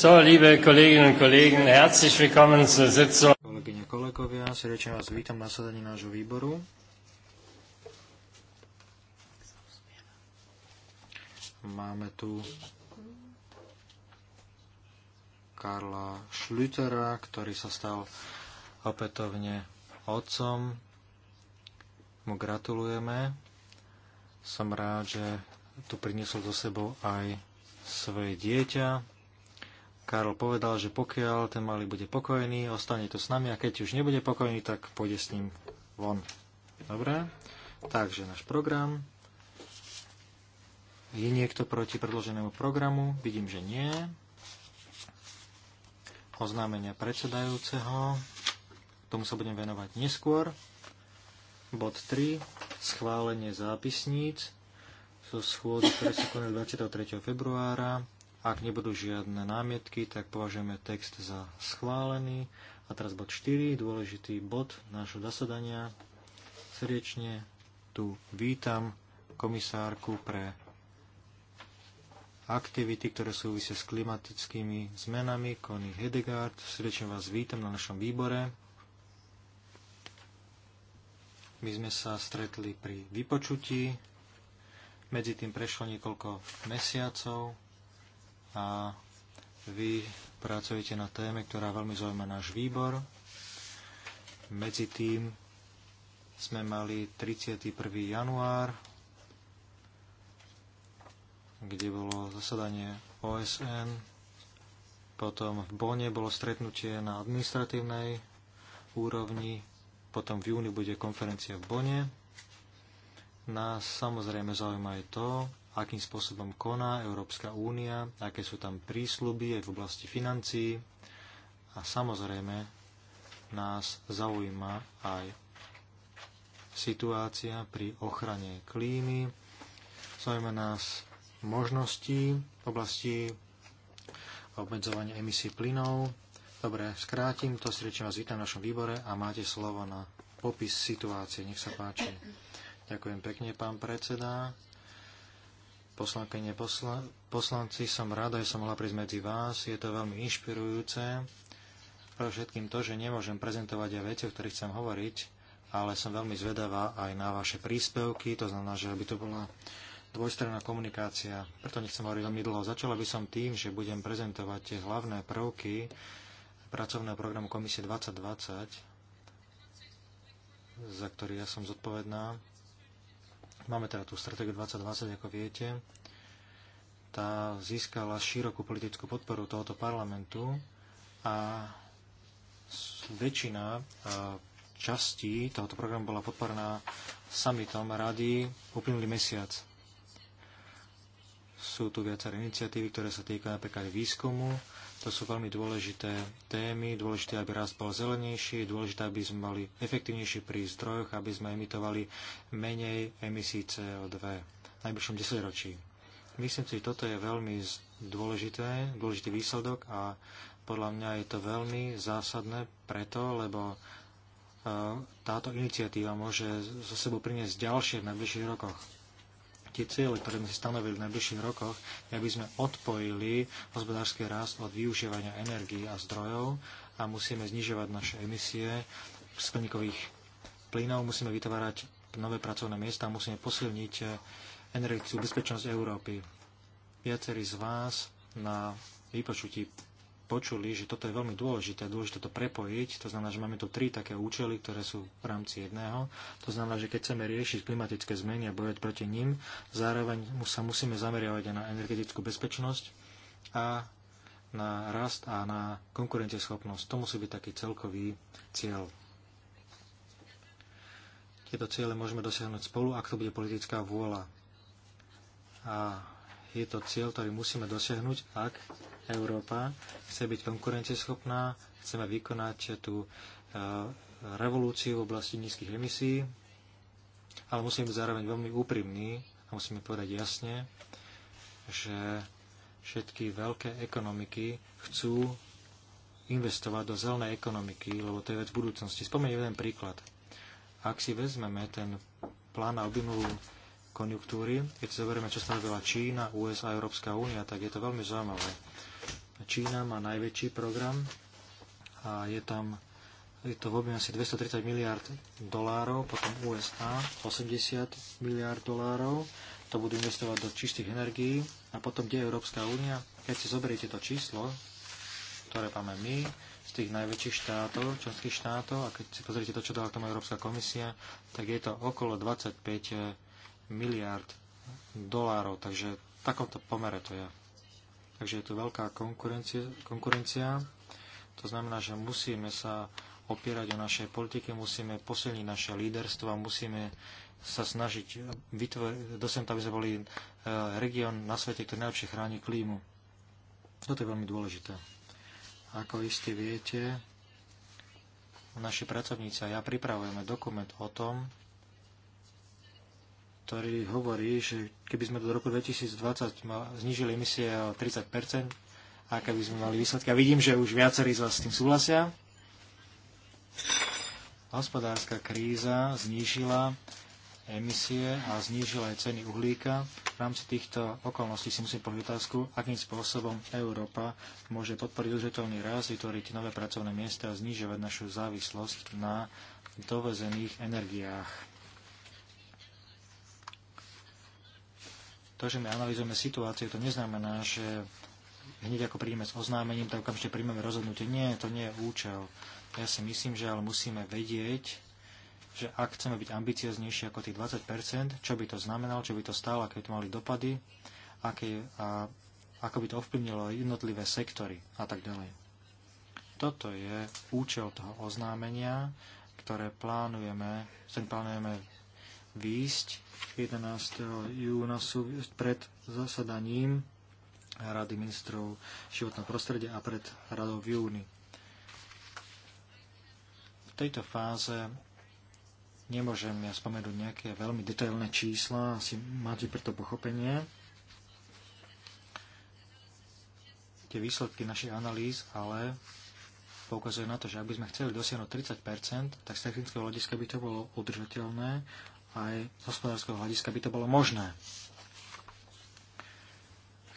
So, liebe Kolleginnen und Kollegen, herzlich willkommen zur Sitzung. Kolegyne, kolegovia, srdečne vás vítam na sedení nášho výboru. Máme tu Karla Schlütera, ktorý sa stal opätovne otcom. Mu gratulujeme. Som rád, že tu priniesol so sebou aj svoje dieťa. Karol povedal, že pokiaľ ten malý bude pokojný, ostane tu s nami a keď už nebude pokojný, tak pôjde s ním von. Dobre? Takže náš program. Je niekto proti predloženému programu? Vidím, že nie. Oznámenia predsedajúceho. Tomu sa budem venovať neskôr. Bod 3. Schválenie zápisníc zo schôdze ktoré sa 23. februára ak nebudú žiadne námietky, tak považujeme text za schválený. A teraz bod 4, dôležitý bod nášho zasadania. Srdečne tu vítam komisárku pre aktivity, ktoré súvisia s klimatickými zmenami, Connie Hedegaard. Srdečne vás vítam na našom výbore. My sme sa stretli pri vypočutí. Medzi tým prešlo niekoľko mesiacov a vy pracujete na téme, ktorá veľmi zaujíma náš výbor. Medzi tým sme mali 31. január, kde bolo zasadanie OSN, potom v Bone bolo stretnutie na administratívnej úrovni, potom v júni bude konferencia v Bone. Nás samozrejme zaujíma aj to, akým spôsobom koná Európska únia, aké sú tam prísľuby aj v oblasti financií a samozrejme nás zaujíma aj situácia pri ochrane klímy, zaujíma nás možnosti v oblasti obmedzovania emisí plynov. Dobre, skrátim to, srdečne vás vítam v našom výbore a máte slovo na popis situácie. Nech sa páči. Ďakujem pekne, pán predseda poslankyne, posla, poslanci, som rada, že som mohla prísť medzi vás. Je to veľmi inšpirujúce. Pre všetkým to, že nemôžem prezentovať aj veci, o ktorých chcem hovoriť, ale som veľmi zvedavá aj na vaše príspevky. To znamená, že aby to bola dvojstranná komunikácia. Preto nechcem hovoriť veľmi dlho. Začala by som tým, že budem prezentovať tie hlavné prvky pracovného programu Komisie 2020, za ktorý ja som zodpovedná. Máme teda tú stratégiu 2020, ako viete. Tá získala širokú politickú podporu tohoto parlamentu a väčšina častí tohoto programu bola podporená summitom rady uplynulý mesiac. Sú tu viaceré iniciatívy, ktoré sa týkajú napríklad výskumu, to sú veľmi dôležité témy, dôležité, aby rast bol zelenejší, dôležité, aby sme mali efektívnejší pri zdrojoch, aby sme emitovali menej emisí CO2 v najbližšom desaťročí. Myslím si, že toto je veľmi dôležité, dôležitý výsledok a podľa mňa je to veľmi zásadné preto, lebo e, táto iniciatíva môže so sebou priniesť ďalšie v najbližších rokoch tie cieľe, ktoré sme si stanovili v najbližších rokoch, aby sme odpojili hospodársky rast od využívania energií a zdrojov a musíme znižovať naše emisie skleníkových plynov, musíme vytvárať nové pracovné miesta a musíme posilniť eh, energetickú bezpečnosť Európy. Viacerí z vás na vypočutí počuli, že toto je veľmi dôležité, dôležité to prepojiť. To znamená, že máme tu tri také účely, ktoré sú v rámci jedného. To znamená, že keď chceme riešiť klimatické zmeny a bojovať proti ním, zároveň sa musíme zameriavať aj na energetickú bezpečnosť a na rast a na konkurencieschopnosť. To musí byť taký celkový cieľ. Tieto ciele môžeme dosiahnuť spolu, ak to bude politická vôľa. A je to cieľ, ktorý musíme dosiahnuť, ak Európa chce byť konkurencieschopná, chceme vykonať tú e, revolúciu v oblasti nízkych emisí, ale musíme byť zároveň veľmi úprimní a musíme povedať jasne, že všetky veľké ekonomiky chcú investovať do zelenej ekonomiky, lebo to je vec budúcnosti. Spomeniem jeden príklad. Ak si vezmeme ten plán na obnovu konjunktúry. Keď zoberieme, čo stanovila Čína, USA a Európska únia, tak je to veľmi zaujímavé. Čína má najväčší program a je tam je to v objeme asi 230 miliard dolárov, potom USA 80 miliard dolárov, to budú investovať do čistých energií a potom kde je Európska únia, keď si zoberiete to číslo, ktoré máme my, z tých najväčších štátov, členských štátov, a keď si pozriete to, čo dala k tomu Európska komisia, tak je to okolo 25 miliard dolárov, takže v takomto pomere to je. Takže je tu veľká konkurencia, konkurencia. To znamená, že musíme sa opierať o našej politike, musíme posilniť naše líderstvo a musíme sa snažiť vytvoriť, dosiahnuť, aby sme boli e, región na svete, ktorý najlepšie chráni klímu. Toto je veľmi dôležité. Ako isté viete, naši pracovníci a ja pripravujeme dokument o tom, ktorý hovorí, že keby sme do roku 2020 znížili emisie o 30 a keby sme mali výsledky. A vidím, že už viacerí z vás s tým súhlasia. Hospodárska kríza znížila emisie a znížila aj ceny uhlíka. V rámci týchto okolností si musím povedať otázku, akým spôsobom Európa môže podporiť udržateľný rast, vytvoriť nové pracovné miesta a znižovať našu závislosť na dovezených energiách. To, že my analizujeme situáciu, to neznamená, že hneď ako prídeme s oznámením, tak okamžite príjmeme rozhodnutie. Nie, to nie je účel. Ja si myslím, že ale musíme vedieť, že ak chceme byť ambicioznejší ako tých 20%, čo by to znamenalo, čo by to stalo, aké by to mali dopady, aké, a ako by to ovplyvnilo jednotlivé sektory a tak ďalej. Toto je účel toho oznámenia, ktoré plánujeme, ktoré plánujeme výjsť 11. júna pred zasadaním Rady ministrov životného prostredia a pred radou v júni. V tejto fáze nemôžem ja spomenúť nejaké veľmi detailné čísla, asi máte preto pochopenie. Tie výsledky našich analýz ale poukazujú na to, že ak by sme chceli dosiahnuť 30 tak z technického hľadiska by to bolo udržateľné aj z hospodárskeho hľadiska by to bolo možné.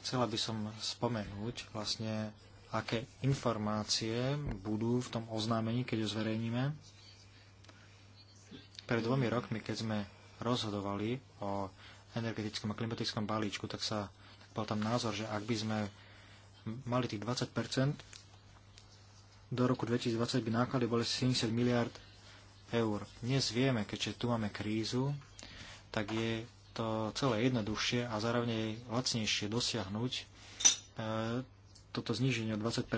Chcela by som spomenúť vlastne, aké informácie budú v tom oznámení, keď ho zverejníme. Pred dvomi rokmi, keď sme rozhodovali o energetickom a klimatickom balíčku, tak sa tak bol tam názor, že ak by sme mali tých 20 do roku 2020 by náklady boli 70 miliard eur. Dnes vieme, keďže tu máme krízu, tak je to celé jednoduchšie a zároveň je lacnejšie dosiahnuť e, toto zníženie o 20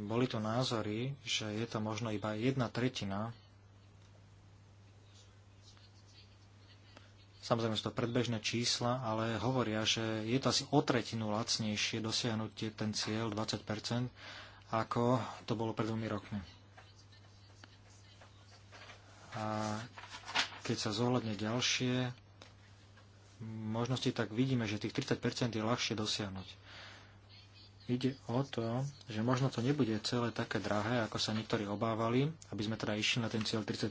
Boli to názory, že je to možno iba jedna tretina. Samozrejme sú to predbežné čísla, ale hovoria, že je to asi o tretinu lacnejšie dosiahnuť ten cieľ 20 ako to bolo pred dvomi rokmi. A keď sa zohľadne ďalšie možnosti, tak vidíme, že tých 30% je ľahšie dosiahnuť. Ide o to, že možno to nebude celé také drahé, ako sa niektorí obávali, aby sme teda išli na ten cieľ 30%.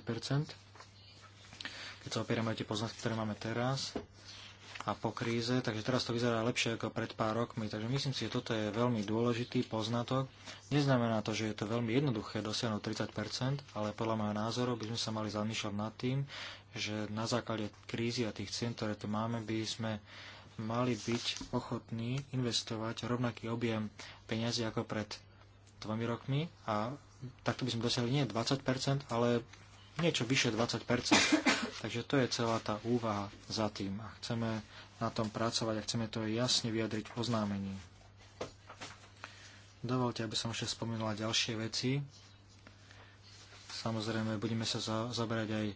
Keď sa opierame o tie poznatky, ktoré máme teraz, a po kríze, takže teraz to vyzerá lepšie ako pred pár rokmi. Takže myslím si, že toto je veľmi dôležitý poznatok. Neznamená to, že je to veľmi jednoduché dosiahnuť 30%, ale podľa môjho názoru by sme sa mali zamýšľať nad tým, že na základe krízy a tých cien, ktoré tu máme, by sme mali byť ochotní investovať rovnaký objem peniazy ako pred dvomi rokmi a takto by sme dosiahli nie 20%, ale niečo vyše 20 Takže to je celá tá úvaha za tým a chceme na tom pracovať a chceme to jasne vyjadriť v oznámení. Dovolte, aby som ešte spomenula ďalšie veci. Samozrejme, budeme sa za, zaberať aj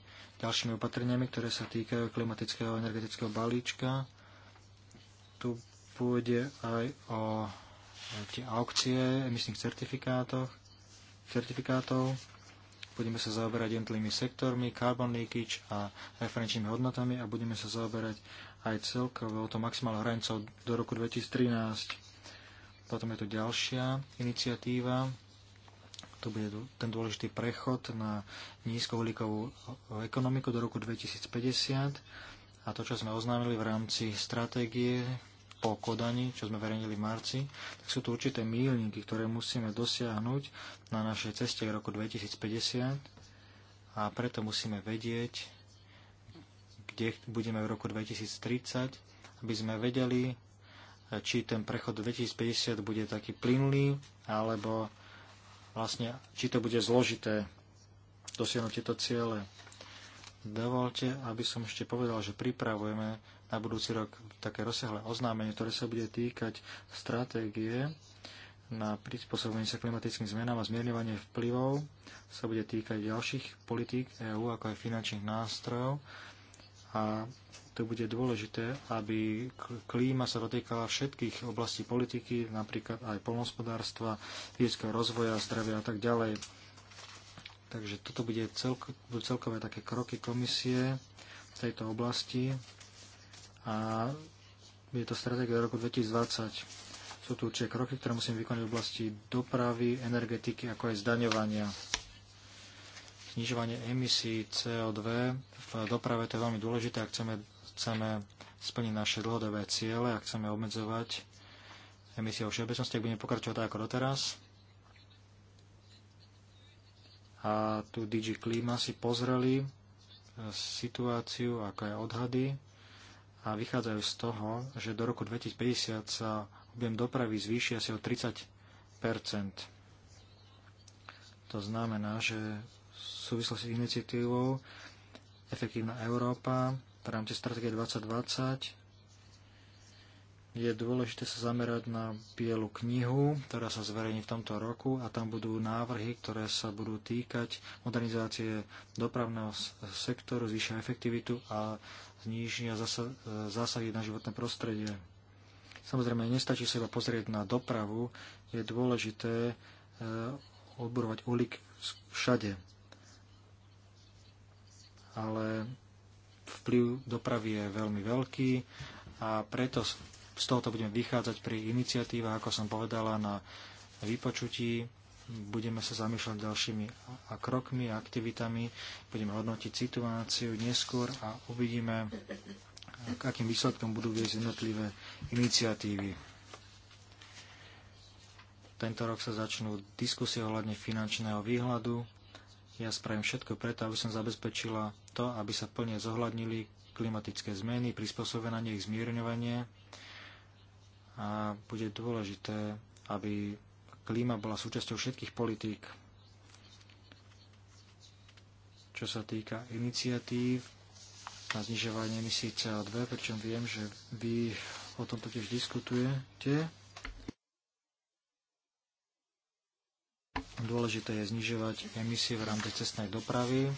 ďalšími opatreniami, ktoré sa týkajú klimatického a energetického balíčka. Tu pôjde aj o tie aukcie emisných certifikátov, certifikátov budeme sa zaoberať jednotlivými sektormi, carbon leakage a referenčnými hodnotami a budeme sa zaoberať aj celkovo to maximálne hranicou do roku 2013. Potom je tu ďalšia iniciatíva, to bude ten dôležitý prechod na nízkouhlíkovú ekonomiku do roku 2050 a to, čo sme oznámili v rámci stratégie po Kodani, čo sme verejnili v marci, tak sú tu určité mílniky, ktoré musíme dosiahnuť na našej ceste k roku 2050 a preto musíme vedieť, kde budeme v roku 2030, aby sme vedeli, či ten prechod 2050 bude taký plynulý, alebo vlastne, či to bude zložité dosiahnuť tieto ciele. Dovolte, aby som ešte povedal, že pripravujeme na budúci rok také rozsiahle oznámenie, ktoré sa bude týkať stratégie na prispôsobenie sa klimatickým zmenám a zmierňovanie vplyvov sa bude týkať ďalších politík EÚ, ako aj finančných nástrojov. A to bude dôležité, aby klíma sa dotýkala všetkých oblastí politiky, napríklad aj polnospodárstva, fyzického rozvoja, zdravia a tak ďalej. Takže toto bude celko, budú celkové také kroky komisie v tejto oblasti a je to stratégia do roku 2020. Sú tu určite kroky, ktoré musíme vykonať v oblasti dopravy, energetiky, ako aj zdaňovania. Znižovanie emisí CO2 v doprave to je veľmi dôležité, ak chceme, chceme splniť naše dlhodobé ciele, ak chceme obmedzovať emisie o všeobecnosti, ak budeme pokračovať tak ako doteraz. A tu DG Klima si pozreli situáciu, ako aj odhady a vychádzajú z toho, že do roku 2050 sa objem dopravy zvýši asi o 30 To znamená, že v súvislosti s iniciatívou Efektívna Európa v rámci stratégie 2020 je dôležité sa zamerať na bielu knihu, ktorá sa zverejní v tomto roku a tam budú návrhy, ktoré sa budú týkať modernizácie dopravného sektoru, zvýšia efektivitu a znížia zásahy na životné prostredie. Samozrejme, nestačí sa iba pozrieť na dopravu, je dôležité e, odborovať uhlík všade. Ale vplyv dopravy je veľmi veľký a preto z tohoto budeme vychádzať pri iniciatívach, ako som povedala, na vypočutí. Budeme sa zamýšľať ďalšími a krokmi a aktivitami. Budeme hodnotiť situáciu neskôr a uvidíme, k akým výsledkom budú viesť jednotlivé iniciatívy. Tento rok sa začnú diskusie ohľadne finančného výhľadu. Ja spravím všetko preto, aby som zabezpečila to, aby sa plne zohľadnili klimatické zmeny, prispôsobenie ich zmierňovanie a bude dôležité, aby klíma bola súčasťou všetkých politík. Čo sa týka iniciatív na znižovanie emisí CO2, pričom viem, že vy o tom tiež diskutujete. Dôležité je znižovať emisie v rámci cestnej dopravy.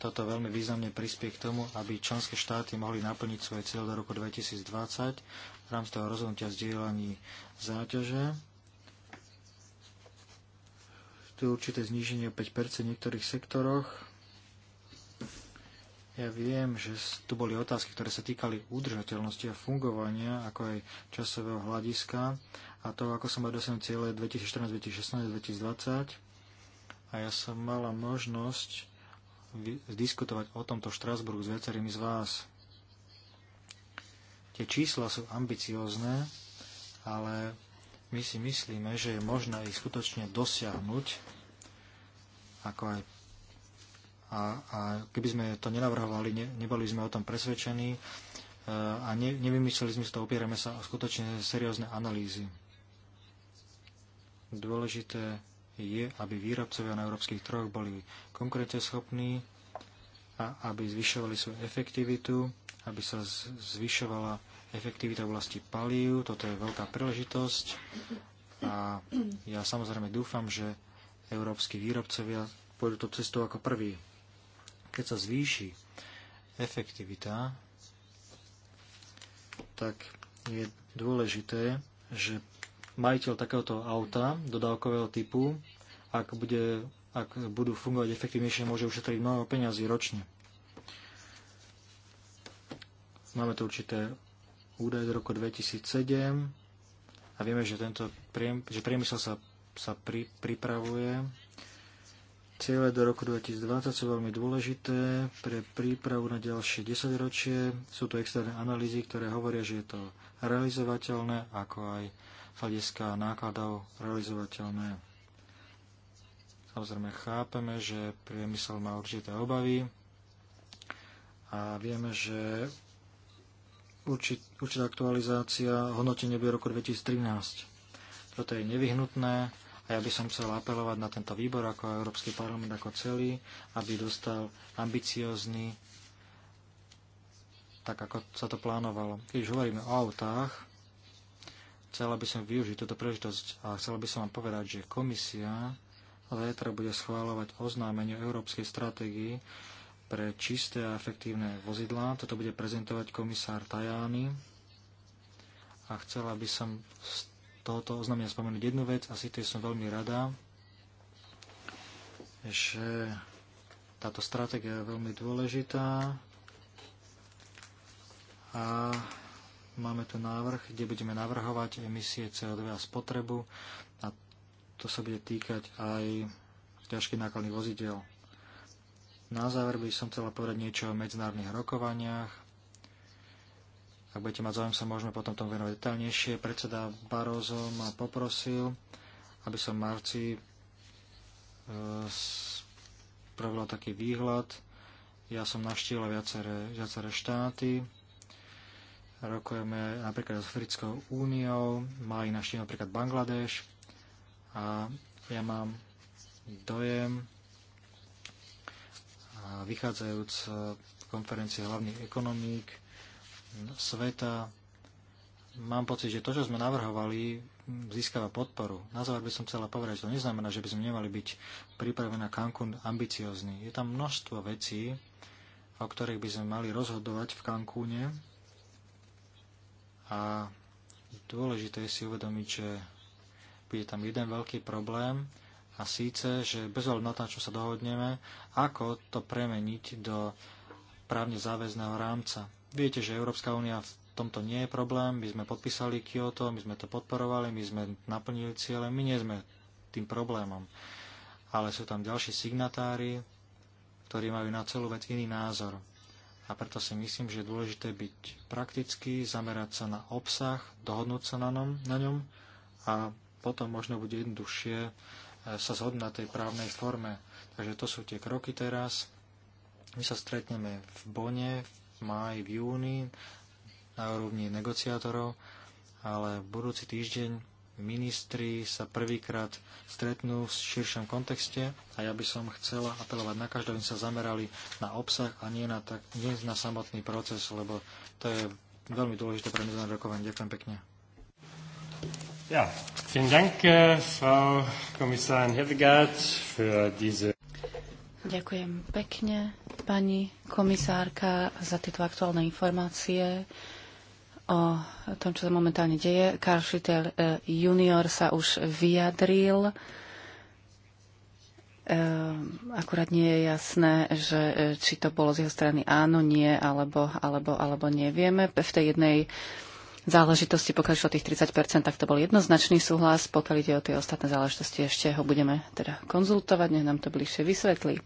Toto veľmi významne prispie k tomu, aby členské štáty mohli naplniť svoje cieľ do roku 2020 rámci toho rozhodnutia zdieľaní záťaže. Tu je určité zníženie o 5% v niektorých sektoroch. Ja viem, že tu boli otázky, ktoré sa týkali udržateľnosti a fungovania, ako aj časového hľadiska a to, ako som mal dosiahnuť cieľe 2014, 2016, 2020. A ja som mala možnosť diskutovať o tomto v s viacerými z vás. Tie čísla sú ambiciózne, ale my si myslíme, že je možné ich skutočne dosiahnuť, ako aj a, a keby sme to nenavrhovali, ne, neboli sme o tom presvedčení e, a ne, nevymysleli sme si to, opierame sa o skutočne seriózne analýzy. Dôležité je, aby výrobcovia na európskych trhoch boli konkurenceschopní a aby zvyšovali svoju efektivitu, aby sa zvyšovala efektivita v oblasti palív. Toto je veľká príležitosť a ja samozrejme dúfam, že európsky výrobcovia pôjdu to cestou ako prvý. Keď sa zvýši efektivita, tak je dôležité, že majiteľ takéhoto auta dodávkového typu, ak, bude, ak budú fungovať efektívnejšie, môže ušetriť mnoho peňazí ročne. Máme tu určité údaj z roku 2007 a vieme, že, tento priem, že priemysel sa, sa pri, pripravuje. Ciele do roku 2020 sú veľmi dôležité pre prípravu na ďalšie 10 ročie. Sú to externé analýzy, ktoré hovoria, že je to realizovateľné, ako aj hľadiska nákladov realizovateľné. Samozrejme chápeme, že priemysel má určité obavy a vieme, že určit, určitá aktualizácia hodnotenie bude roku 2013. Toto je nevyhnutné a ja by som chcel apelovať na tento výbor ako Európsky parlament ako celý, aby dostal ambiciózny tak ako sa to plánovalo. Keď už hovoríme o autách, chcela by som využiť túto príležitosť a chcela by som vám povedať, že komisia zajtra bude schváľovať oznámenie európskej stratégii pre čisté a efektívne vozidlá. Toto bude prezentovať komisár Tajány. A chcela by som z tohoto oznámenia spomenúť jednu vec, si to som veľmi rada, že táto stratégia je veľmi dôležitá a máme tu návrh, kde budeme navrhovať emisie CO2 a spotrebu a to sa bude týkať aj ťažkých nákladných vozidel. Na záver by som chcela povedať niečo o medzinárodných rokovaniach. Ak budete mať záujem, sa môžeme potom tomu venovať detaľnejšie. Predseda Barozo ma poprosil, aby som v marci e, spravila taký výhľad. Ja som navštívila viaceré, viaceré štáty. Rokujeme napríklad s Africkou úniou, mali naštívať napríklad Bangladeš a ja mám dojem, vychádzajúc z konferencie hlavných ekonomík sveta, mám pocit, že to, čo sme navrhovali, získava podporu. Na záver by som chcela povedať, že to neznamená, že by sme nemali byť pripravení na Cancún ambiciozni. Je tam množstvo vecí, o ktorých by sme mali rozhodovať v Cancúne a dôležité je si uvedomiť, že bude tam jeden veľký problém, a síce, že bez ohľadu na to, čo sa dohodneme, ako to premeniť do právne záväzného rámca. Viete, že Európska únia v tomto nie je problém, my sme podpísali Kyoto, my sme to podporovali, my sme naplnili cieľe, my nie sme tým problémom. Ale sú tam ďalší signatári, ktorí majú na celú vec iný názor. A preto si myslím, že je dôležité byť praktický, zamerať sa na obsah, dohodnúť sa na, na ňom a potom možno bude jednoduchšie sa zhodnú na tej právnej forme. Takže to sú tie kroky teraz. My sa stretneme v Bone v máji, v júni na úrovni negociátorov, ale v budúci týždeň ministri sa prvýkrát stretnú v širšom kontexte a ja by som chcela apelovať na každého, aby sa zamerali na obsah a nie na, tak, nie na samotný proces, lebo to je veľmi dôležité pre medzinárodné rokovanie. Ďakujem pekne. Ja, vielen Dank, äh, Frau Kommissarin für diese... Ďakujem pekne, pani komisárka, za tieto aktuálne informácie o tom, čo sa momentálne deje. Karl Schütter äh, junior sa už vyjadril. Äh, akurát nie je jasné, že či to bolo z jeho strany áno, nie, alebo, alebo, alebo nevieme. V tej jednej záležitosti, pokiaľ išlo tých 30%, tak to bol jednoznačný súhlas. Pokiaľ ide o tie ostatné záležitosti, ešte ho budeme teda konzultovať, nech nám to bližšie vysvetlí.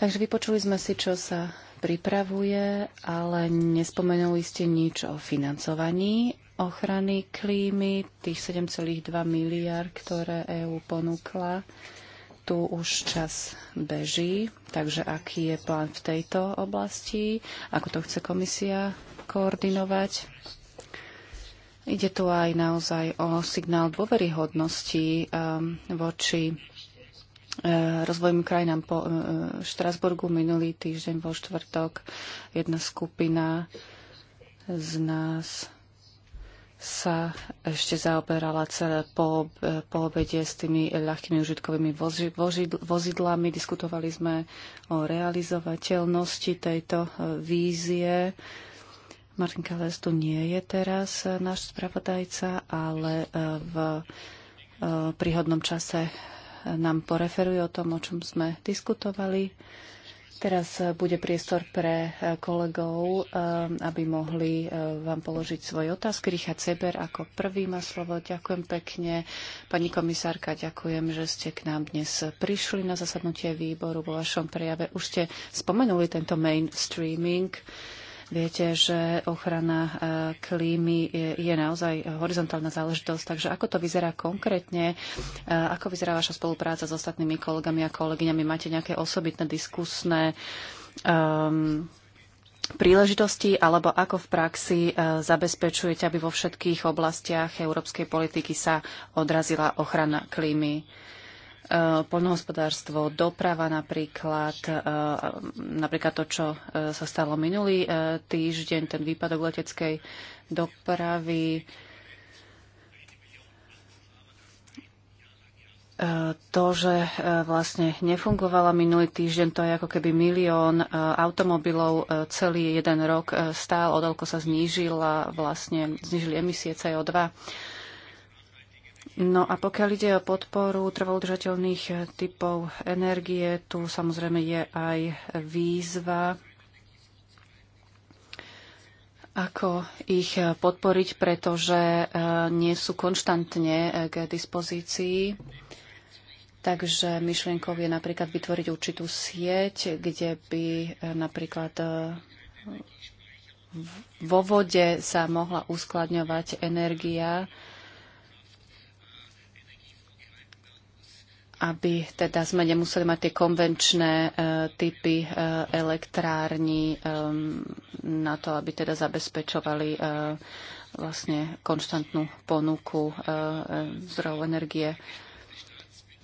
Takže vypočuli sme si, čo sa pripravuje, ale nespomenuli ste nič o financovaní ochrany klímy, tých 7,2 miliard, ktoré EÚ ponúkla. Tu už čas beží, takže aký je plán v tejto oblasti, ako to chce komisia koordinovať. Ide tu aj naozaj o signál dôveryhodnosti ehm, voči eh, rozvojovým krajinám po eh, Štrasburgu minulý týždeň vo štvrtok. Jedna skupina z nás sa ešte zaoberala celé po, eh, po obede s tými ľahkými užitkovými vozi, voži, vozidlami. Diskutovali sme o realizovateľnosti tejto vízie. Martin Kales tu nie je teraz e, náš spravodajca, ale e, v e, príhodnom čase nám poreferuje o tom, o čom sme diskutovali. Teraz bude priestor pre kolegov, aby mohli vám položiť svoje otázky. Richard Seber ako prvý má slovo. Ďakujem pekne. Pani komisárka, ďakujem, že ste k nám dnes prišli na zasadnutie výboru. Vo vašom prejave už ste spomenuli tento mainstreaming. streaming Viete, že ochrana e, klímy je, naozaj horizontálna záležitosť, takže ako to vyzerá konkrétne, e, ako vyzerá vaša spolupráca s ostatnými kolegami a kolegyňami? Máte nejaké osobitné diskusné um, príležitosti, alebo ako v praxi e, zabezpečujete, aby vo všetkých oblastiach európskej politiky sa odrazila ochrana klímy? Eh, poľnohospodárstvo, doprava napríklad, eh, napríklad to, čo eh, sa stalo minulý týždeň, ten výpadok leteckej dopravy, to, že vlastne nefungovala minulý týždeň, to je ako keby milión automobilov celý jeden rok stál, odalko sa znížila, vlastne znížili emisie CO2. No a pokiaľ ide o podporu trvalodržateľných typov energie, tu samozrejme je aj výzva, ako ich podporiť, pretože e, nie sú konštantne e, k dispozícii. Takže myšlienkou je napríklad vytvoriť určitú sieť, kde by e, napríklad vo vode sa mohla uskladňovať energia, aby teda sme nemuseli mať tie konvenčné e, typy e, elektrární e, na to, aby teda zabezpečovali e, vlastne konštantnú ponuku e, e, zdrojov energie.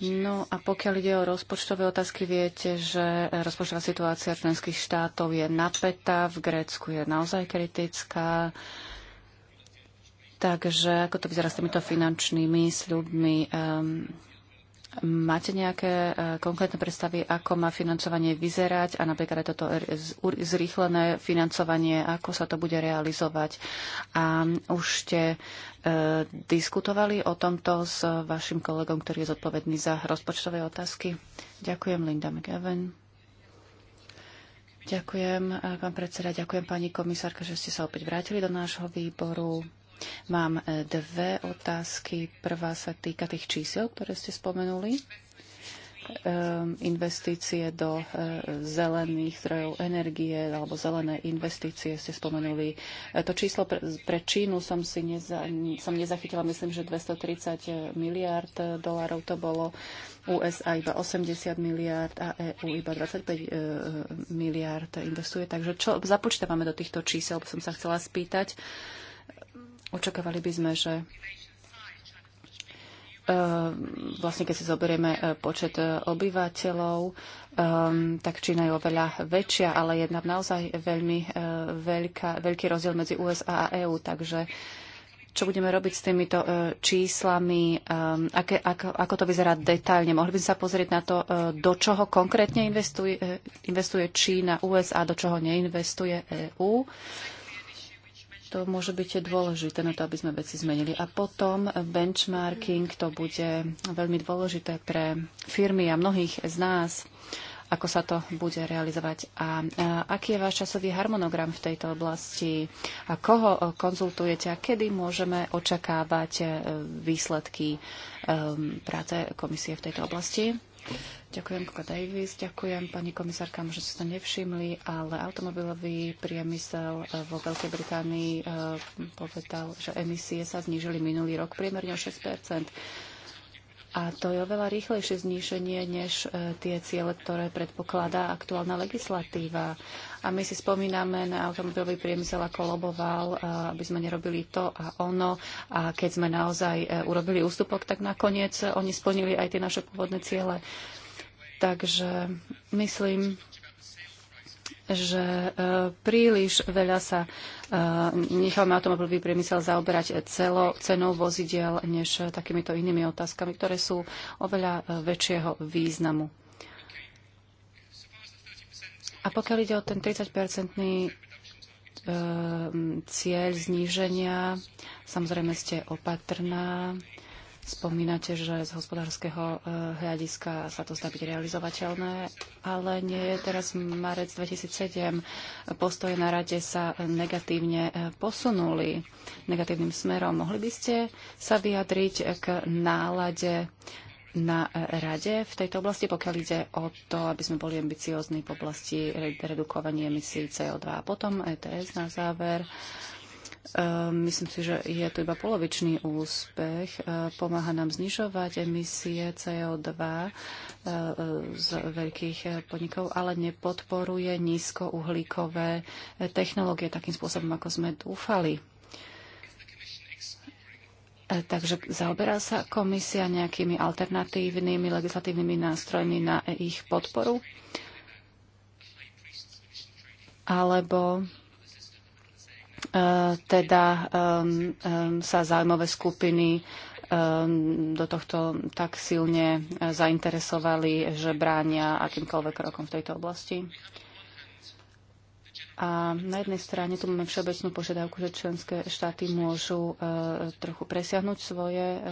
No a pokiaľ ide o rozpočtové otázky, viete, že rozpočtová situácia členských štátov je napätá, v Grécku je naozaj kritická. Takže ako to vyzerá s týmito finančnými sľubmi? Um, Máte nejaké e, konkrétne predstavy, ako má financovanie vyzerať a napríklad aj toto er, zrýchlené financovanie, ako sa to bude realizovať? A už ste e, diskutovali o tomto s vašim kolegom, ktorý je zodpovedný za rozpočtové otázky? Ďakujem, Linda McEwen. Ďakujem, e, pán predseda, ďakujem pani komisárka, že ste sa opäť vrátili do nášho výboru. Mám e, dve otázky. Prvá sa týka tých čísel, ktoré ste spomenuli. Ehm, investície do e, zelených zdrojov energie alebo zelené investície ste spomenuli. E, to číslo pre Čínu som si neza, som nezachytila, myslím, že 230 miliard dolárov to bolo. USA iba 80 miliard a EU iba 25 miliard investuje. Takže čo započítavame do týchto čísel, som sa chcela spýtať. Očakávali by sme, že e, vlastne keď si zoberieme e, počet e, obyvateľov, tak Čína je oveľa väčšia, ale je tam naozaj veľmi veľká, veľký rozdiel medzi USA a EÚ, takže čo budeme robiť s týmito číslami, aké, ako, ako to vyzerá detailne. Mohli by sme sa pozrieť na to, do čoho konkrétne investuje, investuje Čína, USA, do čoho neinvestuje EÚ to môže byť dôležité na to, aby sme veci zmenili. A potom benchmarking, to bude veľmi dôležité pre firmy a mnohých z nás, ako sa to bude realizovať. A, aký je váš časový harmonogram v tejto oblasti? A koho konzultujete a kedy môžeme očakávať e, výsledky e, práce komisie v tejto oblasti? Ďakujem, Koka Davis, ďakujem pani komisárka, že ste to nevšimli, ale automobilový priemysel eh, vo Veľkej Británii eh, povedal, že emisie sa znížili minulý rok priemerne o 6 a to je oveľa rýchlejšie zníšenie než e, tie ciele, ktoré predpokladá aktuálna legislatíva. A my si spomíname na automobilový priemysel, ako loboval, e, aby sme nerobili to a ono. A keď sme naozaj e, urobili ústupok, tak nakoniec oni splnili aj tie naše pôvodné ciele. Takže myslím, že e, príliš veľa sa e, necháme automobilový priemysel zaoberať celo, cenou vozidiel než takýmito inými otázkami, ktoré sú oveľa e, väčšieho významu. A pokiaľ ide o ten 30-percentný cieľ zníženia, samozrejme ste opatrná Spomínate, že z hospodárskeho e, hľadiska sa to zdá byť realizovateľné, ale nie je teraz marec 2007. Postoje na rade sa negatívne e, posunuli negatívnym smerom. Mohli by ste sa vyjadriť k nálade na e, rade v tejto oblasti, pokiaľ ide o to, aby sme boli ambiciózni v oblasti redukovania emisí CO2 a potom ETS na záver. Ehm, myslím si, že je to iba polovičný úspech. Ehm, pomáha nám znižovať emisie CO2 ehm, z veľkých podnikov, ale nepodporuje nízkouhlíkové technológie takým spôsobom, ako sme dúfali. Takže zaoberá sa komisia nejakými alternatívnymi legislatívnymi nástrojmi na ich podporu? Alebo Eh, teda um, um, sa zájmové skupiny um, do tohto tak silne eh, zainteresovali, že bránia akýmkoľvek krokom v tejto oblasti. A na jednej strane tu máme všeobecnú požiadavku, že členské štáty môžu uh, trochu presiahnuť svoje um,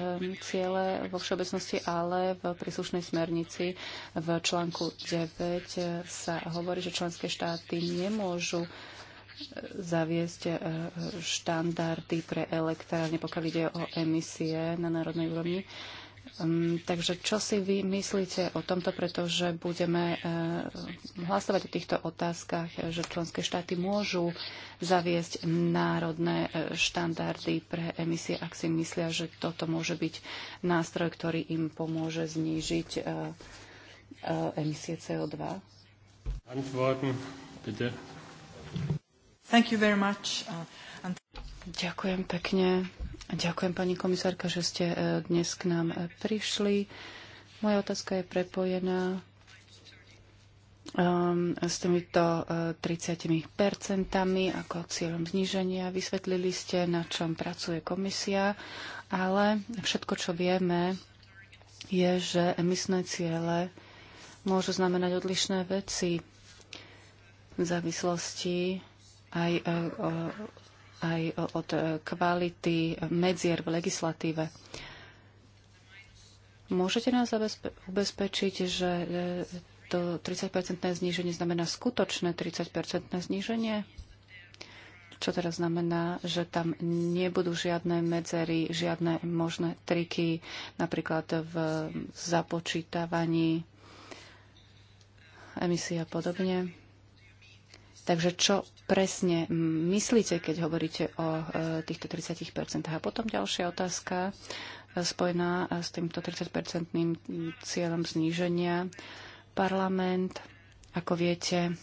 ciele vo všeobecnosti, ale v príslušnej smernici v článku 9 sa hovorí, že členské štáty nemôžu uh, zaviesť eh, štandardy pre elektrárne, pokiaľ ide o emisie na národnej úrovni. Um, takže čo si vy myslíte o tomto, pretože budeme uh, hlasovať o týchto otázkach, eh, že členské štáty môžu zaviesť národné uh, štandardy pre emisie, ak si myslia, že toto môže byť nástroj, ktorý im pomôže znížiť uh, uh, emisie CO2? Antworten, bitte. Thank you very much. Uh, ďakujem pekne. Ďakujem pani komisárka, že ste e, dnes k nám e, prišli. Moja otázka je prepojená um, s týmito 30 e, percentami ako cieľom zníženia. Vysvetlili ste, na čom pracuje komisia, ale všetko, čo vieme, je, že emisné ciele môžu znamenať odlišné veci v závislosti aj, e, e, aj od kvality medzier v legislatíve. Môžete nás ubezpečiť, že e, to 30-percentné zníženie znamená skutočné 30-percentné zníženie? Čo teraz znamená, že tam nebudú žiadne medzery, žiadne možné triky, napríklad v započítavaní emisí a podobne. Takže čo presne myslíte, keď hovoríte o e, týchto 30%? A potom ďalšia otázka e, spojená e, s týmto 30-percentným cieľom zníženia. Parlament, ako viete,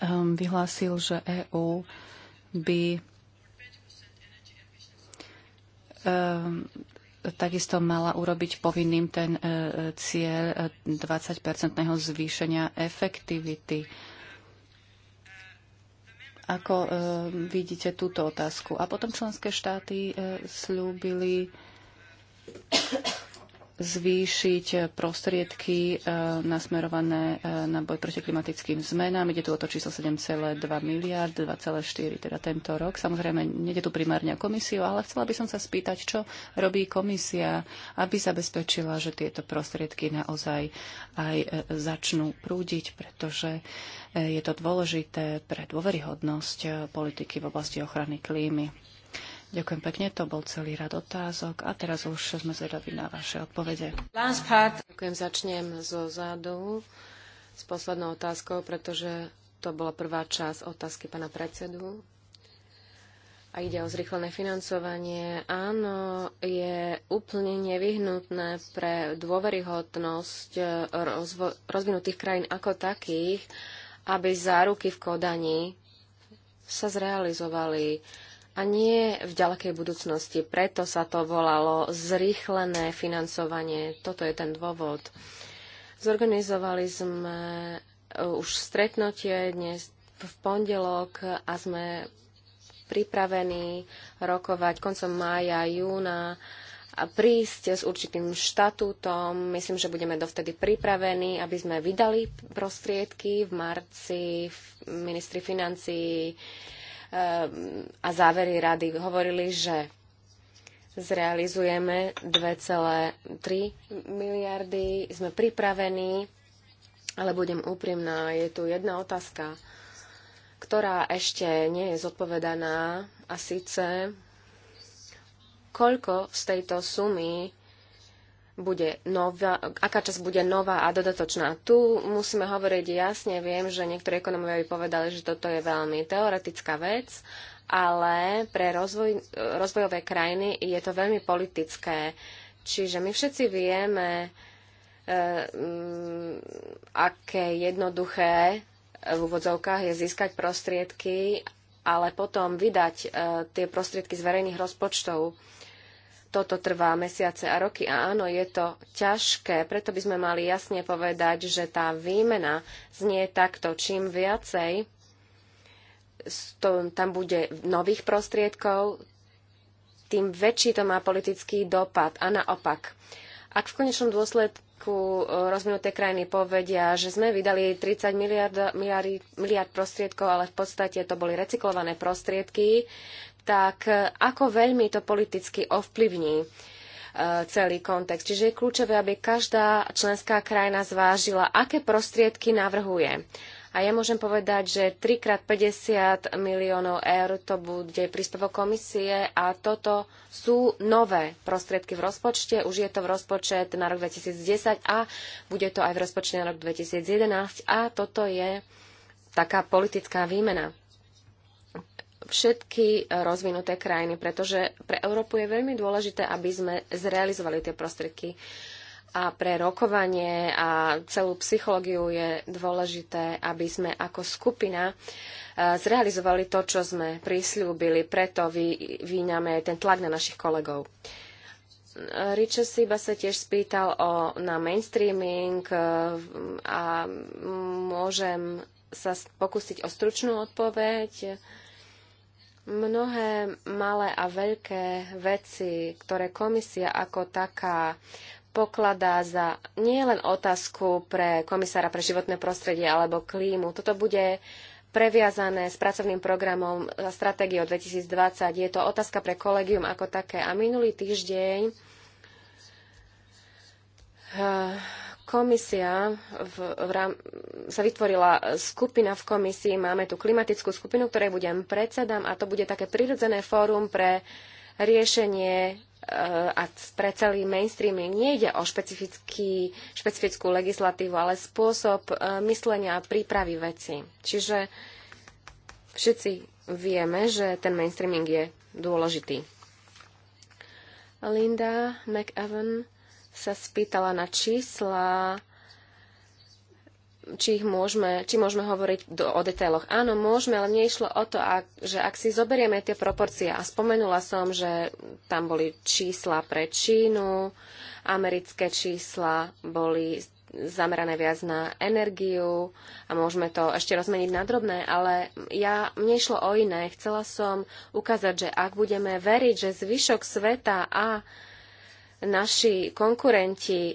ehm, vyhlásil, že EÚ by ehm, takisto mala urobiť povinným ten cieľ 20-percentného zvýšenia efektivity ako e, vidíte túto otázku? A potom členské štáty e, slúbili zvýšiť prostriedky e, nasmerované e, na boj proti klimatickým zmenám. Ide tu o to číslo 7,2 miliard, 2,4 teda tento rok. Samozrejme, nede tu primárne o komisiu, ale chcela by som sa spýtať, čo robí komisia, aby zabezpečila, že tieto prostriedky naozaj aj e, začnú prúdiť, pretože je to dôležité pre dôveryhodnosť politiky v oblasti ochrany klímy. Ďakujem pekne, to bol celý rad otázok a teraz už sme zvedaví na vaše odpovede. Last part. Ďakujem, začnem zo zádu s poslednou otázkou, pretože to bola prvá časť otázky pana predsedu. A ide o zrychlené financovanie. Áno, je úplne nevyhnutné pre dôveryhodnosť eh, rozvinutých krajín ako takých, aby záruky v Kodani sa zrealizovali a nie v ďalekej budúcnosti. Preto sa to volalo zrýchlené financovanie. Toto je ten dôvod. Zorganizovali sme e, už stretnutie dnes v pondelok a sme pripravení rokovať koncom mája, júna a prísť s určitým štatútom. Myslím, že budeme dovtedy pripravení, aby sme vydali prostriedky v marci v ministri financií Ehm, a závery rady hovorili, že zrealizujeme 2,3 miliardy, sme pripravení, ale budem úprimná, je tu jedna otázka, ktorá ešte nie je zodpovedaná a síce koľko z tejto sumy bude nová, aká časť bude nová a dodatočná. Tu musíme hovoriť jasne, viem, že niektorí ekonomovia by povedali, že toto je veľmi teoretická vec, ale pre rozvoj, rozvojové krajiny je to veľmi politické. Čiže my všetci vieme, e, mm, aké jednoduché e, v úvodzovkách je získať prostriedky, ale potom vydať e, tie prostriedky z verejných rozpočtov toto trvá mesiace a roky a áno, je to ťažké, preto by sme mali jasne povedať, že tá výmena znie takto. Čím viacej tam bude nových prostriedkov, tým väčší to má politický dopad. A naopak, ak v konečnom dôsledku e, rozvinuté krajiny povedia, že sme vydali 30 miliard, miliard, miliard prostriedkov, ale v podstate to boli recyklované prostriedky, tak e, ako veľmi to politicky ovplyvní e, celý kontext. Čiže je kľúčové, aby každá členská krajina zvážila, aké prostriedky navrhuje. A ja môžem povedať, že 3x50 miliónov eur to bude príspevok komisie a toto sú nové prostriedky v rozpočte. Už je to v rozpočet na rok 2010 a bude to aj v rozpočte na rok 2011 a toto je taká politická výmena všetky e, rozvinuté krajiny, pretože pre Európu je veľmi dôležité, aby sme zrealizovali tie prostriedky. A pre rokovanie a celú psychológiu je dôležité, aby sme ako skupina e, zrealizovali to, čo sme prislúbili. Preto vyvíňame ten tlak na našich kolegov. Richard Siba sa tiež spýtal o, na mainstreaming e, a môžem sa pokúsiť o stručnú odpoveď. Mnohé malé a veľké veci, ktoré komisia ako taká pokladá za nielen otázku pre komisára pre životné prostredie alebo klímu. Toto bude previazané s pracovným programom za stratégiu 2020. Je to otázka pre kolegium ako také. A minulý týždeň eh, komisia v, v rám, sa vytvorila skupina v komisii, máme tu klimatickú skupinu, ktorej budem predsedám a to bude také prirodzené fórum pre riešenie eh, a pre celý mainstreaming. Nie ide o špecifickú legislatívu, ale spôsob eh, myslenia a prípravy veci. Čiže všetci vieme, že ten mainstreaming je dôležitý. Linda McEwan sa spýtala na čísla, či, ich môžeme, či môžeme hovoriť do, o detailoch. Áno, môžeme, ale mne išlo o to, ak, že ak si zoberieme tie proporcie, a spomenula som, že tam boli čísla pre Čínu, americké čísla boli zamerané viac na energiu a môžeme to ešte rozmeniť na drobné, ale ja, mne išlo o iné. Chcela som ukázať, že ak budeme veriť, že zvyšok sveta a naši konkurenti e,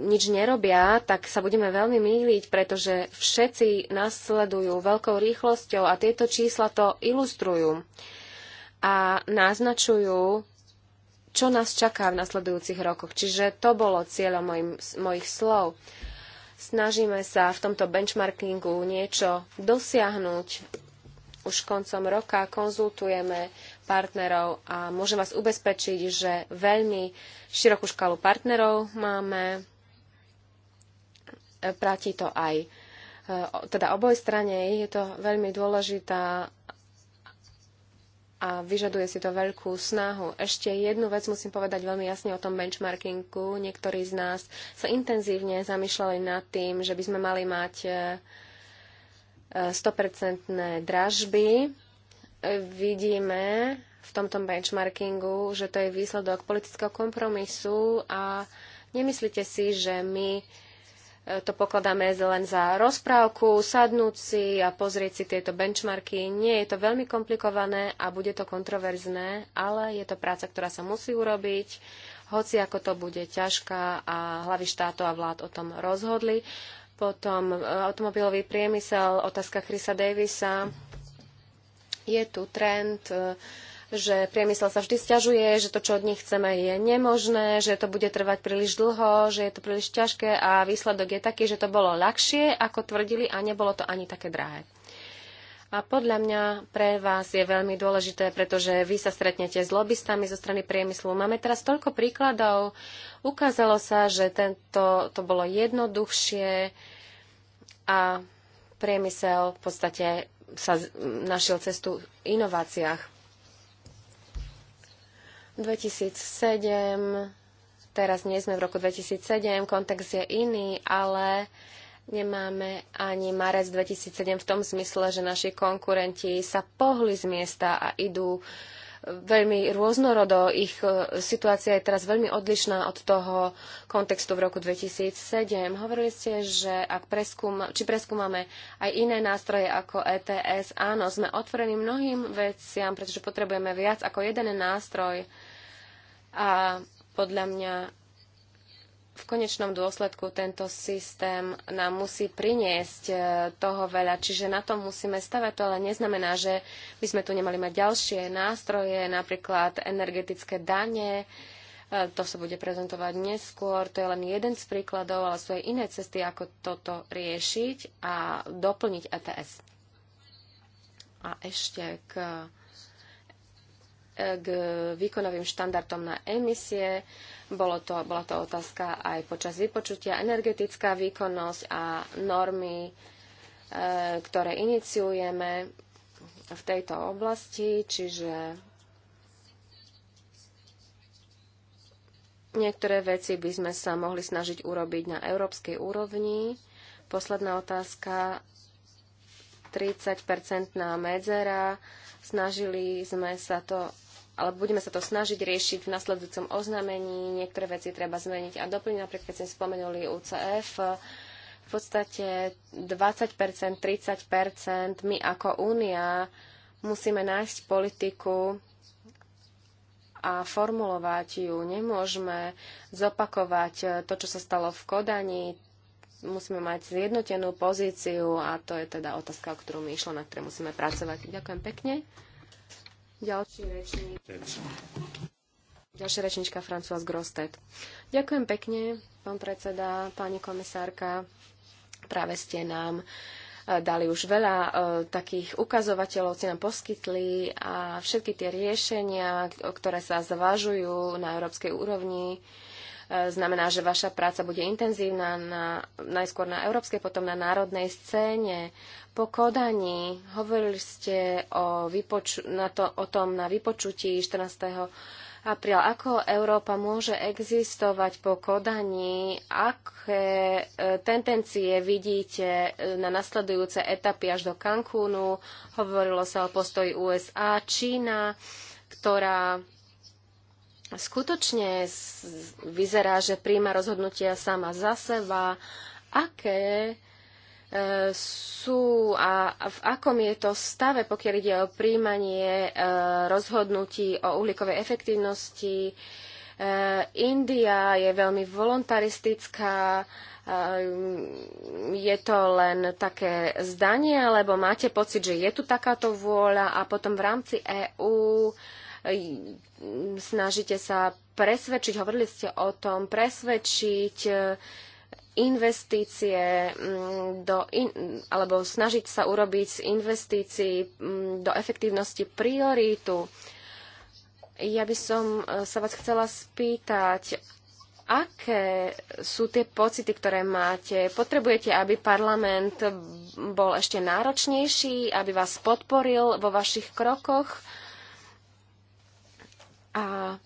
nič nerobia, tak sa budeme veľmi míliť, pretože všetci nasledujú veľkou rýchlosťou a tieto čísla to ilustrujú a naznačujú, čo nás čaká v nasledujúcich rokoch. Čiže to bolo cieľom mojim, mojich slov. Snažíme sa v tomto benchmarkingu niečo dosiahnuť. Už koncom roka konzultujeme partnerov a môžem vás ubezpečiť, že veľmi širokú škálu partnerov máme. Platí to aj e, teda oboj strane, je to veľmi dôležitá a vyžaduje si to veľkú snahu. Ešte jednu vec musím povedať veľmi jasne o tom benchmarkingu. Niektorí z nás sa intenzívne zamýšľali nad tým, že by sme mali mať 100% e, e, dražby vidíme v tomto benchmarkingu, že to je výsledok politického kompromisu a nemyslíte si, že my e, to pokladáme len za rozprávku, sadnúť si a pozrieť si tieto benchmarky. Nie je to veľmi komplikované a bude to kontroverzné, ale je to práca, ktorá sa musí urobiť, hoci ako to bude ťažká a hlavy štátov a vlád o tom rozhodli. Potom e, automobilový priemysel, otázka Chrisa Davisa je tu trend e, že priemysel sa vždy sťažuje, že to, čo od nich chceme, je nemožné, že to bude trvať príliš dlho, že je to príliš ťažké a výsledok je taký, že to bolo ľahšie, ako tvrdili a nebolo to ani také drahé. A podľa mňa pre vás je veľmi dôležité, pretože vy sa stretnete s lobbystami zo strany priemyslu. Máme teraz toľko príkladov. Ukázalo sa, že tento, to bolo jednoduchšie a priemysel v podstate sa našiel cestu v inováciách. 2007, teraz nie sme v roku 2007, kontext je iný, ale nemáme ani marec 2007 v tom zmysle, že naši konkurenti sa pohli z miesta a idú uh, veľmi rôznorodo. Ich e, situácia je teraz veľmi odlišná od toho kontextu v roku 2007. Hovorili ste, že ak preskúma, či preskúmame aj iné nástroje ako ETS, áno, sme otvorení mnohým veciam, pretože potrebujeme viac ako jeden nástroj. A podľa mňa v konečnom dôsledku tento systém nám musí priniesť e, toho veľa, čiže na tom musíme stavať. To ale neznamená, že by sme tu nemali mať ďalšie nástroje, napríklad energetické dane, e, to sa bude prezentovať neskôr, to je len jeden z príkladov, ale sú aj iné cesty, ako toto riešiť a doplniť ETS. A ešte k k výkonovým štandardom na emisie. Bolo to, bola to otázka aj počas vypočutia energetická výkonnosť a normy, e, ktoré iniciujeme v tejto oblasti, čiže niektoré veci by sme sa mohli snažiť urobiť na európskej úrovni. Posledná otázka 30-percentná medzera. Snažili sme sa to ale budeme sa to snažiť riešiť v nasledujúcom oznámení. Niektoré veci treba zmeniť a doplniť. Napríklad, keď sme spomenuli UCF, v podstate 20%, 30% my ako únia musíme nájsť politiku a formulovať ju. Nemôžeme zopakovať to, čo sa stalo v Kodani. Musíme mať zjednotenú pozíciu a to je teda otázka, o ktorú my išlo, na ktorej musíme pracovať. Ďakujem pekne. Ďalší rečník. Ďalšia rečnička Francois Grostet. Ďakujem pekne, pán predseda, pani komisárka. Práve ste nám e, dali už veľa e, takých ukazovateľov, ste nám poskytli a všetky tie riešenia, ktoré sa zvažujú na európskej úrovni, E, znamená, že vaša práca bude intenzívna na, najskôr na európskej, potom na národnej scéne. Po kodaní hovorili ste o, vypoču- na to, o tom na vypočutí 14 apríla. Ako Európa môže existovať po kodaní? Aké e, tendencie vidíte e, na nasledujúce etapy až do Cancúnu? Hovorilo sa o postoji USA, Čína, ktorá skutočne vyzerá, že príjma rozhodnutia sama za seba, aké e, sú a v akom je to stave, pokiaľ ide o príjmanie e, rozhodnutí o uhlíkovej efektívnosti. E, India je veľmi voluntaristická, je to len také zdanie, alebo máte pocit, že je tu takáto vôľa a potom v rámci EÚ EU snažíte sa presvedčiť, hovorili ste o tom, presvedčiť e, investície mm, do in, alebo snažiť sa urobiť z investícií mm, do efektívnosti prioritu. Ja by som e, sa vás chcela spýtať, aké sú tie pocity, ktoré máte? Potrebujete, aby parlament bol ešte náročnejší, aby vás podporil vo vašich krokoch? A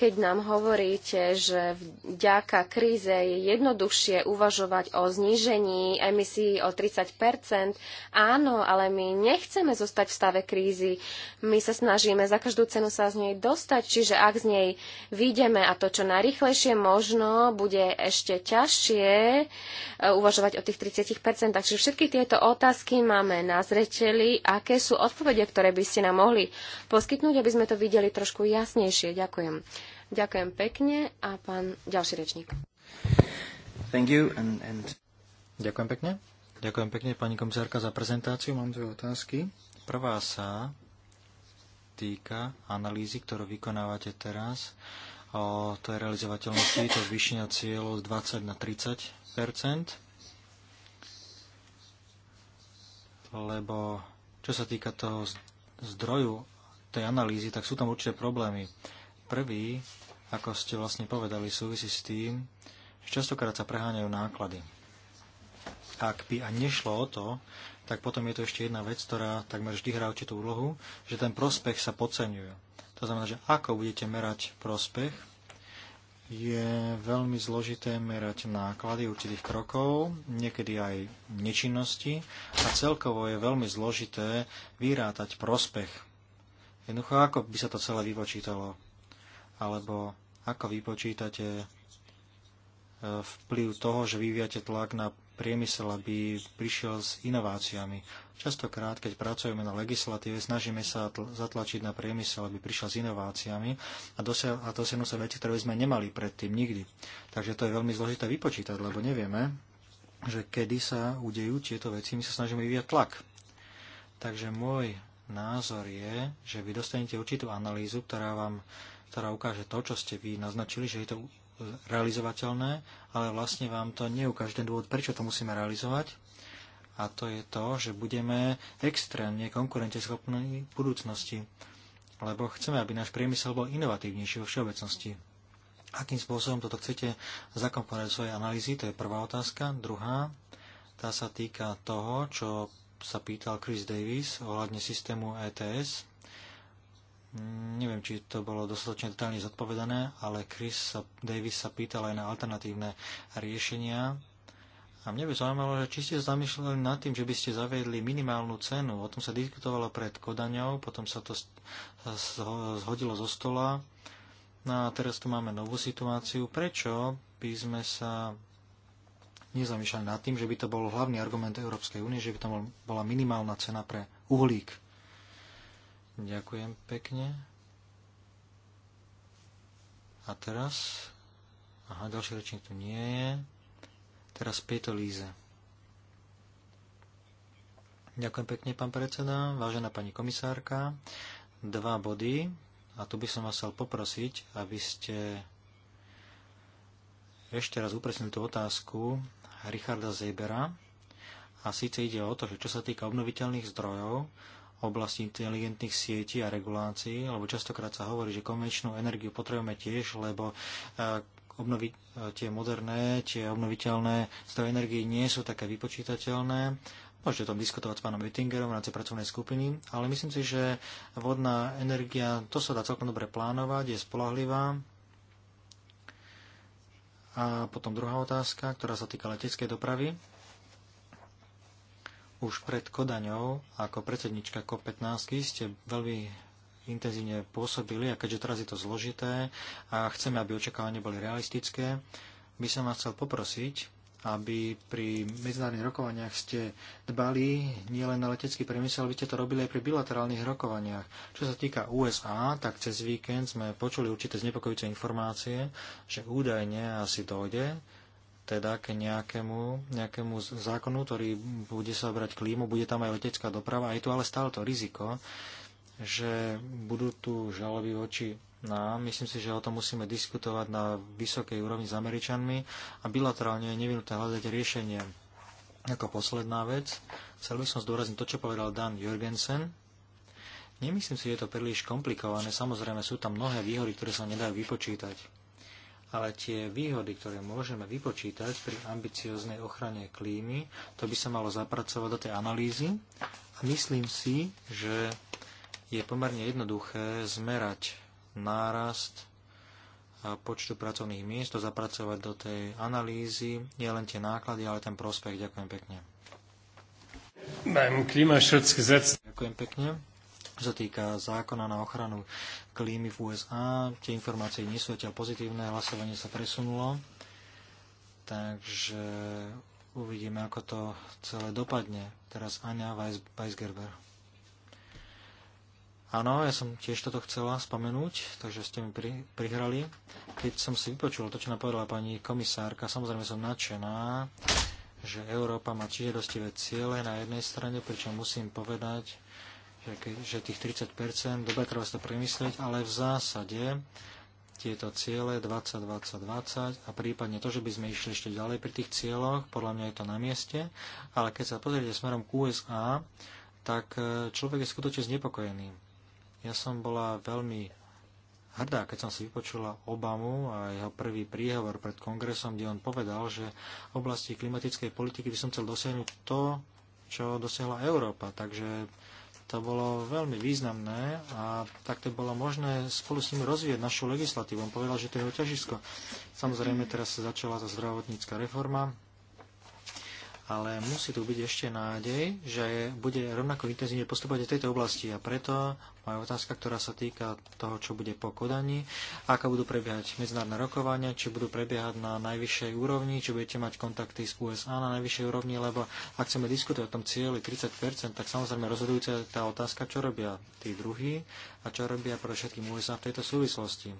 keď nám hovoríte, že vďaka kríze je jednoduchšie uvažovať o znížení emisí o 30 áno, ale my nechceme zostať v stave krízy. My sa snažíme za každú cenu sa z nej dostať, čiže ak z nej vyjdeme a to čo najrychlejšie možno, bude ešte ťažšie e, uvažovať o tých 30 Takže všetky tieto otázky máme na zreteli. Aké sú odpovede, ktoré by ste nám mohli poskytnúť, aby sme to videli trošku jasnejšie? Ďakujem. Ďakujem pekne a pán ďalší rečník. Thank you and, and... Ďakujem pekne. Ďakujem pekne pani komisárka za prezentáciu. Mám dve otázky. Prvá sa týka analýzy, ktorú vykonávate teraz o tej realizovateľnosti, to zvýšenia cieľov z 20 na 30 lebo čo sa týka toho zdroju tej analýzy, tak sú tam určité problémy. Prvý, ako ste vlastne povedali, súvisí s tým, že častokrát sa preháňajú náklady. Ak by a nešlo o to, tak potom je to ešte jedna vec, ktorá takmer vždy hrá určitú úlohu, že ten prospech sa podceňuje. To znamená, že ako budete merať prospech, je veľmi zložité merať náklady určitých krokov, niekedy aj nečinnosti a celkovo je veľmi zložité vyrátať prospech. Jednoducho, ako by sa to celé vypočítalo alebo ako vypočítate e, vplyv toho, že vyvíjate tlak na priemysel, aby prišiel s inováciami. Častokrát, keď pracujeme na legislatíve, snažíme sa zatlačiť na priemysel, aby prišiel s inováciami a, dosiah- a dosiahnu sa veci, ktoré sme nemali predtým nikdy. Takže to je veľmi zložité vypočítať, lebo nevieme, že kedy sa udejú tieto veci, my sa snažíme vyvíjať tlak. Takže môj názor je, že vy dostanete určitú analýzu, ktorá vám ktorá ukáže to, čo ste vy naznačili, že je to realizovateľné, ale vlastne vám to neukáže ten dôvod, prečo to musíme realizovať. A to je to, že budeme extrémne konkurenteschopní v budúcnosti, lebo chceme, aby náš priemysel bol inovatívnejší vo všeobecnosti. Akým spôsobom toto chcete zakomponovať do svojej analýzy, to je prvá otázka. Druhá, tá sa týka toho, čo sa pýtal Chris Davis ohľadne systému ETS. Mm, neviem, či to bolo dostatočne detálne zodpovedané, ale Chris sa, Davis sa pýtal aj na alternatívne riešenia. A mne by zaujímalo, že či ste zamýšľali nad tým, že by ste zaviedli minimálnu cenu. O tom sa diskutovalo pred Kodaňou, potom sa to zhodilo zo stola. No a teraz tu máme novú situáciu. Prečo by sme sa nezamýšľali nad tým, že by to bol hlavný argument Európskej únie, že by to bola minimálna cena pre uhlík? Ďakujem pekne. A teraz... Aha, ďalší rečník tu nie je. Teraz Peto Líze. Ďakujem pekne, pán predseda, vážená pani komisárka. Dva body. A tu by som vás chcel poprosiť, aby ste ešte raz upresnili tú otázku Richarda Zebera. A síce ide o to, že čo sa týka obnoviteľných zdrojov, oblasti inteligentných sietí a regulácií, lebo častokrát sa hovorí, že konvenčnú energiu potrebujeme tiež, lebo e, obnovi, e, tie moderné, tie obnoviteľné zdroje energie nie sú také vypočítateľné. Môžete o tom diskutovať s pánom Wittingerom v rámci pracovnej skupiny, ale myslím si, že vodná energia, to sa dá celkom dobre plánovať, je spolahlivá. A potom druhá otázka, ktorá sa týka leteckej dopravy už pred Kodaňou ako predsednička COP15 ste veľmi intenzívne pôsobili a keďže teraz je to zložité a chceme, aby očakávania boli realistické, by som vás chcel poprosiť, aby pri medzinárodných rokovaniach ste dbali nielen na letecký priemysel, aby ste to robili aj pri bilaterálnych rokovaniach. Čo sa týka USA, tak cez víkend sme počuli určité znepokojúce informácie, že údajne asi dojde teda k nejakému, nejakému zákonu, ktorý bude sa obrať klímu, bude tam aj letecká doprava. A je tu ale stále to riziko, že budú tu žaloby voči nám. Myslím si, že o tom musíme diskutovať na vysokej úrovni s Američanmi a bilaterálne je nevinuté hľadať riešenie. Ako posledná vec, chcel by som zdôrazniť to, čo povedal Dan Jürgensen. Nemyslím si, že je to príliš komplikované. Samozrejme, sú tam mnohé výhody, ktoré sa nedajú vypočítať ale tie výhody, ktoré môžeme vypočítať pri ambicioznej ochrane klímy, to by sa malo zapracovať do tej analýzy. A myslím si, že je pomerne jednoduché zmerať nárast počtu pracovných miest, to zapracovať do tej analýzy, nie len tie náklady, ale ten prospech. Ďakujem pekne. Ďakujem pekne čo sa týka zákona na ochranu klímy v USA. Tie informácie nie sú zatiaľ pozitívne, hlasovanie sa presunulo. Takže uvidíme, ako to celé dopadne. Teraz Aňa Weisgerber. Áno, ja som tiež toto chcela spomenúť, takže ste mi pri, prihrali. Keď som si vypočul to, čo napovedala pani komisárka, samozrejme som nadšená, že Európa má dostivé ciele na jednej strane, pričom musím povedať, že, že tých 30%, dobre, treba si to premyslieť, ale v zásade tieto ciele 20, 20, 20 a prípadne to, že by sme išli ešte ďalej pri tých cieľoch, podľa mňa je to na mieste, ale keď sa pozriete smerom k USA, tak e, človek je skutočne znepokojený. Ja som bola veľmi hrdá, keď som si vypočula Obamu a jeho prvý príhovor pred kongresom, kde on povedal, že v oblasti klimatickej politiky by som chcel dosiahnuť to, čo dosiahla Európa. Takže to bolo veľmi významné a takto bolo možné spolu s ním rozvíjať našu legislatívu. On povedal, že to je ťažisko. Samozrejme, teraz sa začala tá zdravotnícka reforma, ale musí tu byť ešte nádej, že bude rovnako intenzívne postupovať v tejto oblasti a preto moja otázka, ktorá sa týka toho, čo bude po Kodani, ako budú prebiehať medzinárodné rokovania, či budú prebiehať na najvyššej úrovni, či budete mať kontakty s USA na najvyššej úrovni, lebo ak chceme diskutovať o tom cieľi 30%, tak samozrejme rozhodujúca je tá otázka, čo robia tí druhí a čo robia pre všetkým USA v tejto súvislosti.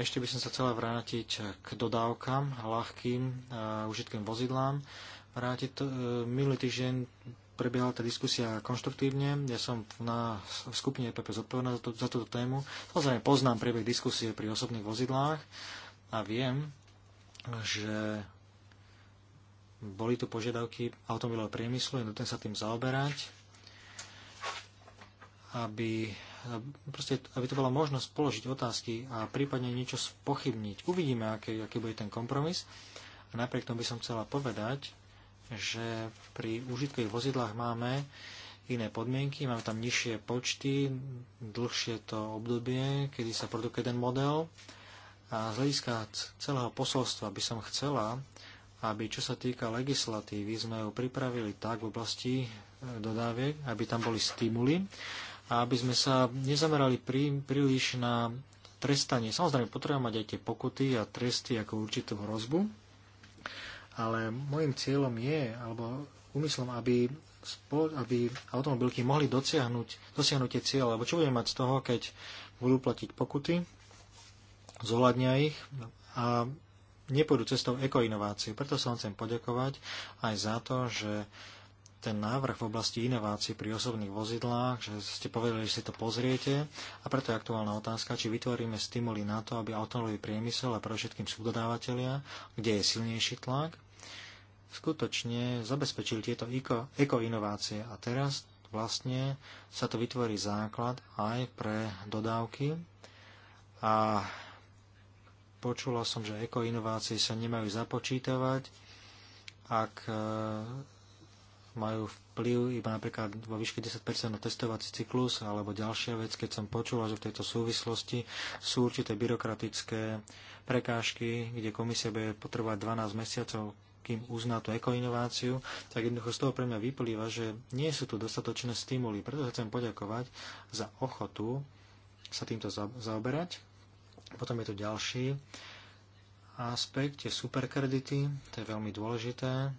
Ešte by som sa chcela vrátiť k dodávkam, ľahkým a e, užitkým vozidlám. Vrátiť to, e, minulý týždeň prebiehala tá diskusia konštruktívne. Ja som na, v skupine EPP zodpovedná za, to, za túto tému. Samozrejme poznám priebeh diskusie pri osobných vozidlách a viem, že boli tu požiadavky automobilového priemyslu, je nutné sa tým zaoberať aby, proste, aby to bola možnosť položiť otázky a prípadne niečo spochybniť. Uvidíme, aký, aký bude ten kompromis. A napriek tomu by som chcela povedať, že pri užitkových vozidlách máme iné podmienky, máme tam nižšie počty, dlhšie to obdobie, kedy sa produkuje ten model. A z hľadiska celého posolstva by som chcela, aby čo sa týka legislatívy, sme ju pripravili tak v oblasti eh, dodáviek, aby tam boli stimuly, a aby sme sa nezamerali prí, príliš na trestanie. Samozrejme, potrebujeme mať aj tie pokuty a tresty ako určitú hrozbu, ale môjim cieľom je, alebo úmyslom, aby, spol, aby automobilky mohli dosiahnuť, dosiahnuť tie cieľe. Lebo čo budeme mať z toho, keď budú platiť pokuty, zohľadnia ich a nepôjdu cestou ekoinovácie. Preto sa vám chcem poďakovať aj za to, že ten návrh v oblasti inovácií pri osobných vozidlách, že ste povedali, že si to pozriete a preto je aktuálna otázka, či vytvoríme stimuly na to, aby automobilový priemysel a pre všetkým dodávateľia, kde je silnejší tlak, skutočne zabezpečili tieto ekoinovácie a teraz vlastne sa to vytvorí základ aj pre dodávky a počula som, že ekoinovácie sa nemajú započítavať, ak majú vplyv iba napríklad vo výške 10% na testovací cyklus, alebo ďalšia vec, keď som počula, že v tejto súvislosti sú určité byrokratické prekážky, kde komisia bude potrebovať 12 mesiacov, kým uzná tú ekoinováciu, tak jednoducho z toho pre mňa vyplýva, že nie sú tu dostatočné stimuly. Preto chcem poďakovať za ochotu sa týmto zaoberať. Potom je tu ďalší aspekt, je superkredity, to je veľmi dôležité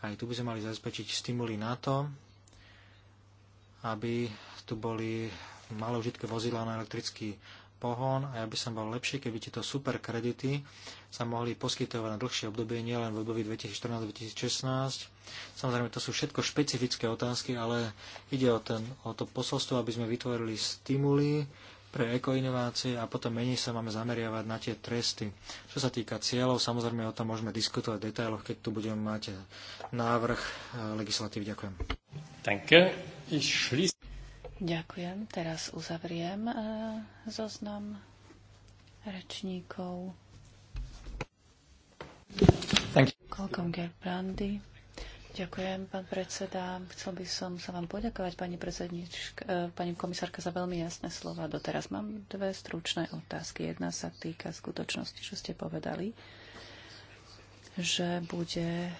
aj tu by sme mali zabezpečiť stimuly na to, aby tu boli malé užitké vozidla na elektrický pohon a ja by som bol lepšie, keby tieto superkredity sa mohli poskytovať na dlhšie obdobie, nielen v období 2014-2016. Samozrejme, to sú všetko špecifické otázky, ale ide o, ten, o to posolstvo, aby sme vytvorili stimuly, pre ekoinovácie a potom menej sa máme zameriavať na tie tresty. Čo sa týka cieľov, samozrejme o tom môžeme diskutovať v detailoch, keď tu budeme mať návrh eh, legislatívy. Ďakujem. Ďakujem. Teraz uzavriem eh, zoznam rečníkov. Thank you. Kolkom Gerbrandy. Ďakujem, pán predseda. Chcel by som sa vám poďakovať, pani, eh, pani komisárka, za veľmi jasné slova. Doteraz mám dve stručné otázky. Jedna sa týka skutočnosti, čo ste povedali, že bude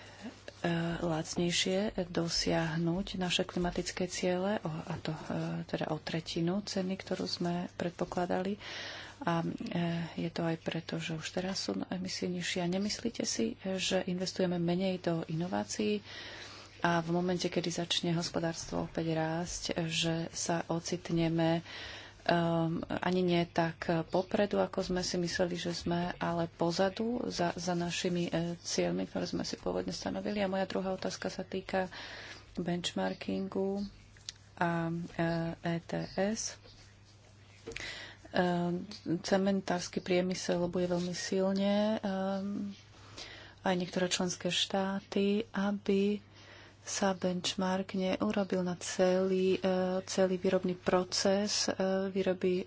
Eh, lacnejšie dosiahnuť naše klimatické ciele, a to eh, teda o tretinu ceny, ktorú sme predpokladali. A eh, je to aj preto, že už teraz sú emisie nižšie. Nemyslíte si, že investujeme menej do inovácií a v momente, kedy začne hospodárstvo opäť rásť, že sa ocitneme um, ani nie tak eh, popredu, ako sme si mysleli, že sme, ale pozadu za, za našimi e, cieľmi, ktoré sme si pôvodne stanovili. A moja druhá otázka sa týka benchmarkingu a eh, e, ETS. E, ehm, cementársky priemysel lobuje veľmi silne e, aj niektoré členské štáty, aby sa benchmark neurobil na celý, e, celý výrobný proces e, výroby e,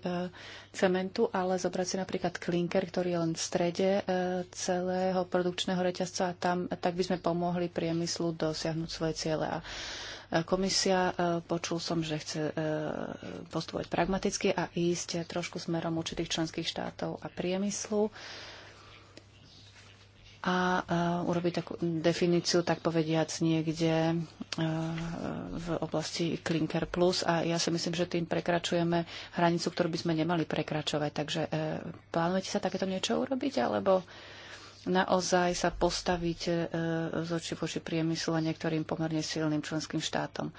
cementu, ale zobrať si napríklad klinker, ktorý je len v strede celého produkčného reťazca a tam tak by sme pomohli priemyslu dosiahnuť svoje ciele. A komisia, počul som, že chce postupovať pragmaticky a ísť trošku smerom určitých členských štátov a priemyslu a urobiť takú definíciu, tak povediac, niekde e, v oblasti Klinker Plus. A ja si myslím, že tým prekračujeme hranicu, ktorú by sme nemali prekračovať. Takže e, plánujete sa takéto niečo urobiť, alebo naozaj sa postaviť e, z oči voči priemyslu a niektorým pomerne silným členským štátom.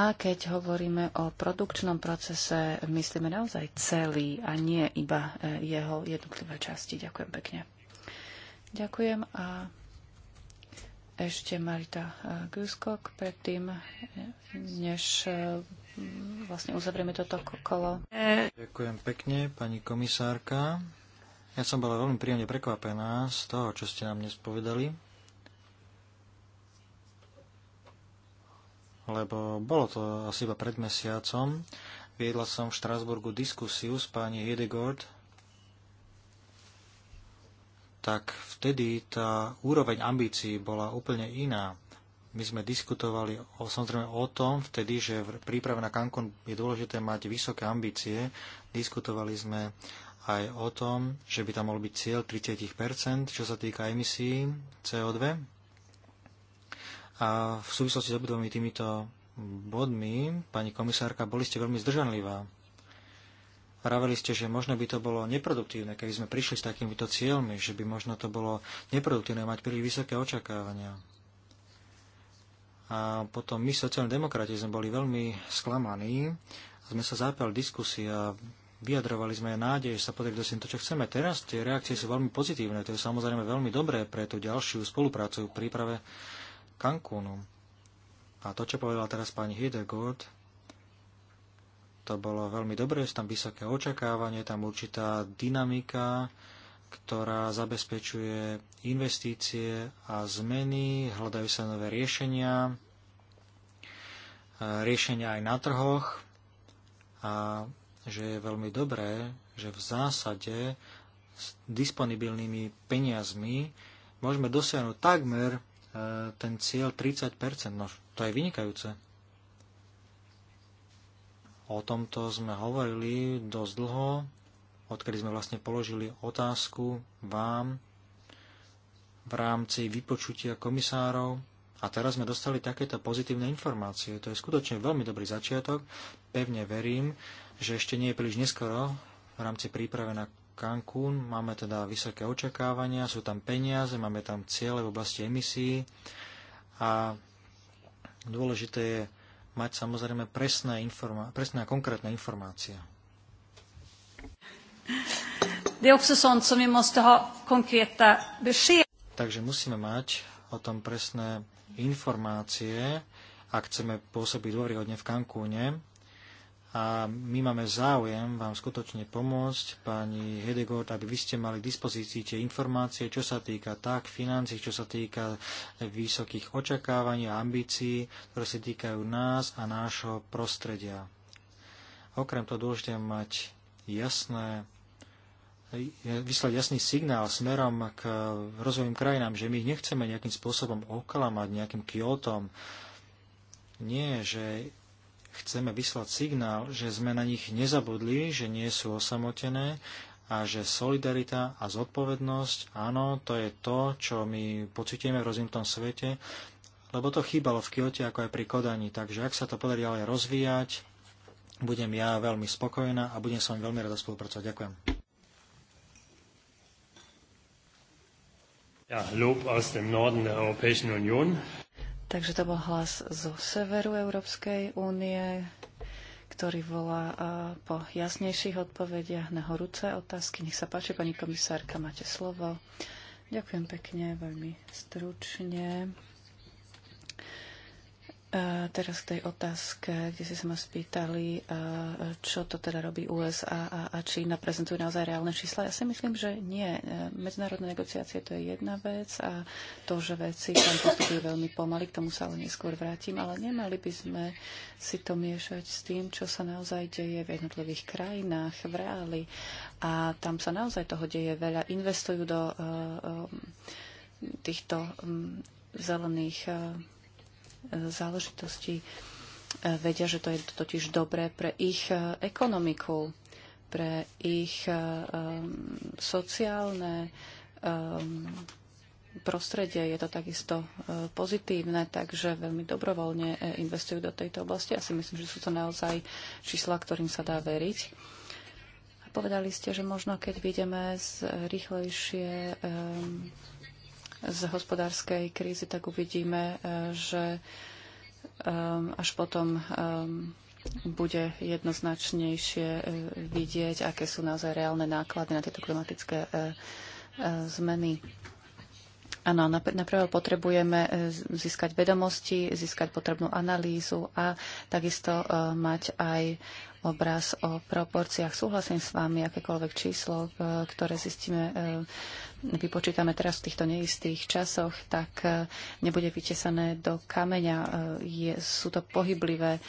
A keď hovoríme o produkčnom procese, myslíme naozaj celý a nie iba jeho jednotlivé časti. Ďakujem pekne. Ďakujem a ešte Marita e, Guskok predtým, e, než e, vlastne uzavrieme toto kolo. Ďakujem pekne, pani komisárka. Ja som bola veľmi príjemne prekvapená z toho, čo ste nám dnes povedali. Lebo bolo to asi iba pred mesiacom. Viedla som v Štrásburgu diskusiu s pani Hedegord, tak vtedy tá úroveň ambícií bola úplne iná. My sme diskutovali o, samozrejme o tom vtedy, že v príprave na Cancún je dôležité mať vysoké ambície. Diskutovali sme aj o tom, že by tam mohol byť cieľ 30%, čo sa týka emisí CO2. A v súvislosti s obidvomi týmito bodmi, pani komisárka, boli ste veľmi zdržanlivá. Vraveli ste, že možno by to bolo neproduktívne, keby sme prišli s takýmito cieľmi, že by možno to bolo neproduktívne mať príliš vysoké očakávania. A potom my, sociálni demokrati, sme boli veľmi sklamaní. a Sme sa zápali diskusie a vyjadrovali sme nádej, že sa podarí dosiahnuť to, čo chceme. Teraz tie reakcie sú veľmi pozitívne. To je samozrejme veľmi dobré pre tú ďalšiu spoluprácu v príprave Cancúnu. A to, čo povedala teraz pani Hidegord, to bolo veľmi dobré, sú tam vysoké očakávanie, tam určitá dynamika, ktorá zabezpečuje investície a zmeny, hľadajú sa nové riešenia, e, riešenia aj na trhoch a že je veľmi dobré, že v zásade s disponibilnými peniazmi môžeme dosiahnuť takmer e, ten cieľ 30%. No to je vynikajúce. O tomto sme hovorili dosť dlho, odkedy sme vlastne položili otázku vám v rámci vypočutia komisárov a teraz sme dostali takéto pozitívne informácie. To je skutočne veľmi dobrý začiatok. Pevne verím, že ešte nie je príliš neskoro v rámci príprave na Cancún. Máme teda vysoké očakávania, sú tam peniaze, máme tam ciele v oblasti emisí a dôležité je mať samozrejme presné informa- presná konkrétna informácia. Takže musíme mať o tom presné informácie, ak chceme pôsobiť dôveryhodne v Cancúne a my máme záujem vám skutočne pomôcť, pani Hedegord, aby vy ste mali k dispozícii tie informácie, čo sa týka tak financí, čo sa týka vysokých očakávaní a ambícií, ktoré sa týkajú nás a nášho prostredia. Okrem toho dôležité mať jasné vyslať jasný signál smerom k rozvojovým krajinám, že my ich nechceme nejakým spôsobom oklamať, nejakým kiotom. Nie, že Chceme vyslať signál, že sme na nich nezabudli, že nie sú osamotené a že solidarita a zodpovednosť, áno, to je to, čo my pocitujeme v rozvinutom svete, lebo to chýbalo v Kyote ako aj pri Kodani. Takže ak sa to podarí ale rozvíjať, budem ja veľmi spokojná a budem s vám veľmi rada spolupracovať. Ďakujem. Ja, Lob aus dem Norden der Europäischen Union. Takže to bol hlas zo severu Európskej únie, ktorý volá e, po jasnejších odpovediach na horúce otázky. Nech sa páči, pani komisárka, máte slovo. Ďakujem pekne, veľmi stručne. E, teraz k tej otázke, kde ste sa ma spýtali, e, čo to teda robí USA a, a Čína, prezentuje naozaj reálne čísla. Ja si myslím, že nie. E, medzinárodné negociácie to je jedna vec a to, že veci tam postupujú veľmi pomaly, k tomu sa ale neskôr vrátim, ale nemali by sme si to miešať s tým, čo sa naozaj deje v jednotlivých krajinách, v reáli. A tam sa naozaj toho deje veľa. Investujú do uh, týchto um, zelených uh, záležitosti. E, vedia, že to je totiž dobré pre ich e, ekonomiku, pre ich e, sociálne prostredie je to takisto pozitívne, takže veľmi dobrovoľne investujú do tejto oblasti. Ja si myslím, že sú to naozaj čísla, ktorým sa dá veriť. Povedali ste, že možno keď vidíme z rýchlejšie um, z hospodárskej krízy, tak uvidíme, e, že e, až potom e, bude jednoznačnejšie vidieť, aké sú naozaj reálne náklady na tieto klimatické zmeny. Áno, najprv potrebujeme získať vedomosti, získať potrebnú analýzu a takisto mať aj obraz o proporciách. Súhlasím s vami, akékoľvek číslo, ktoré zistíme vypočítame teraz v týchto neistých časoch, tak e, nebude vytesané do kameňa. E, je, sú to pohyblivé e,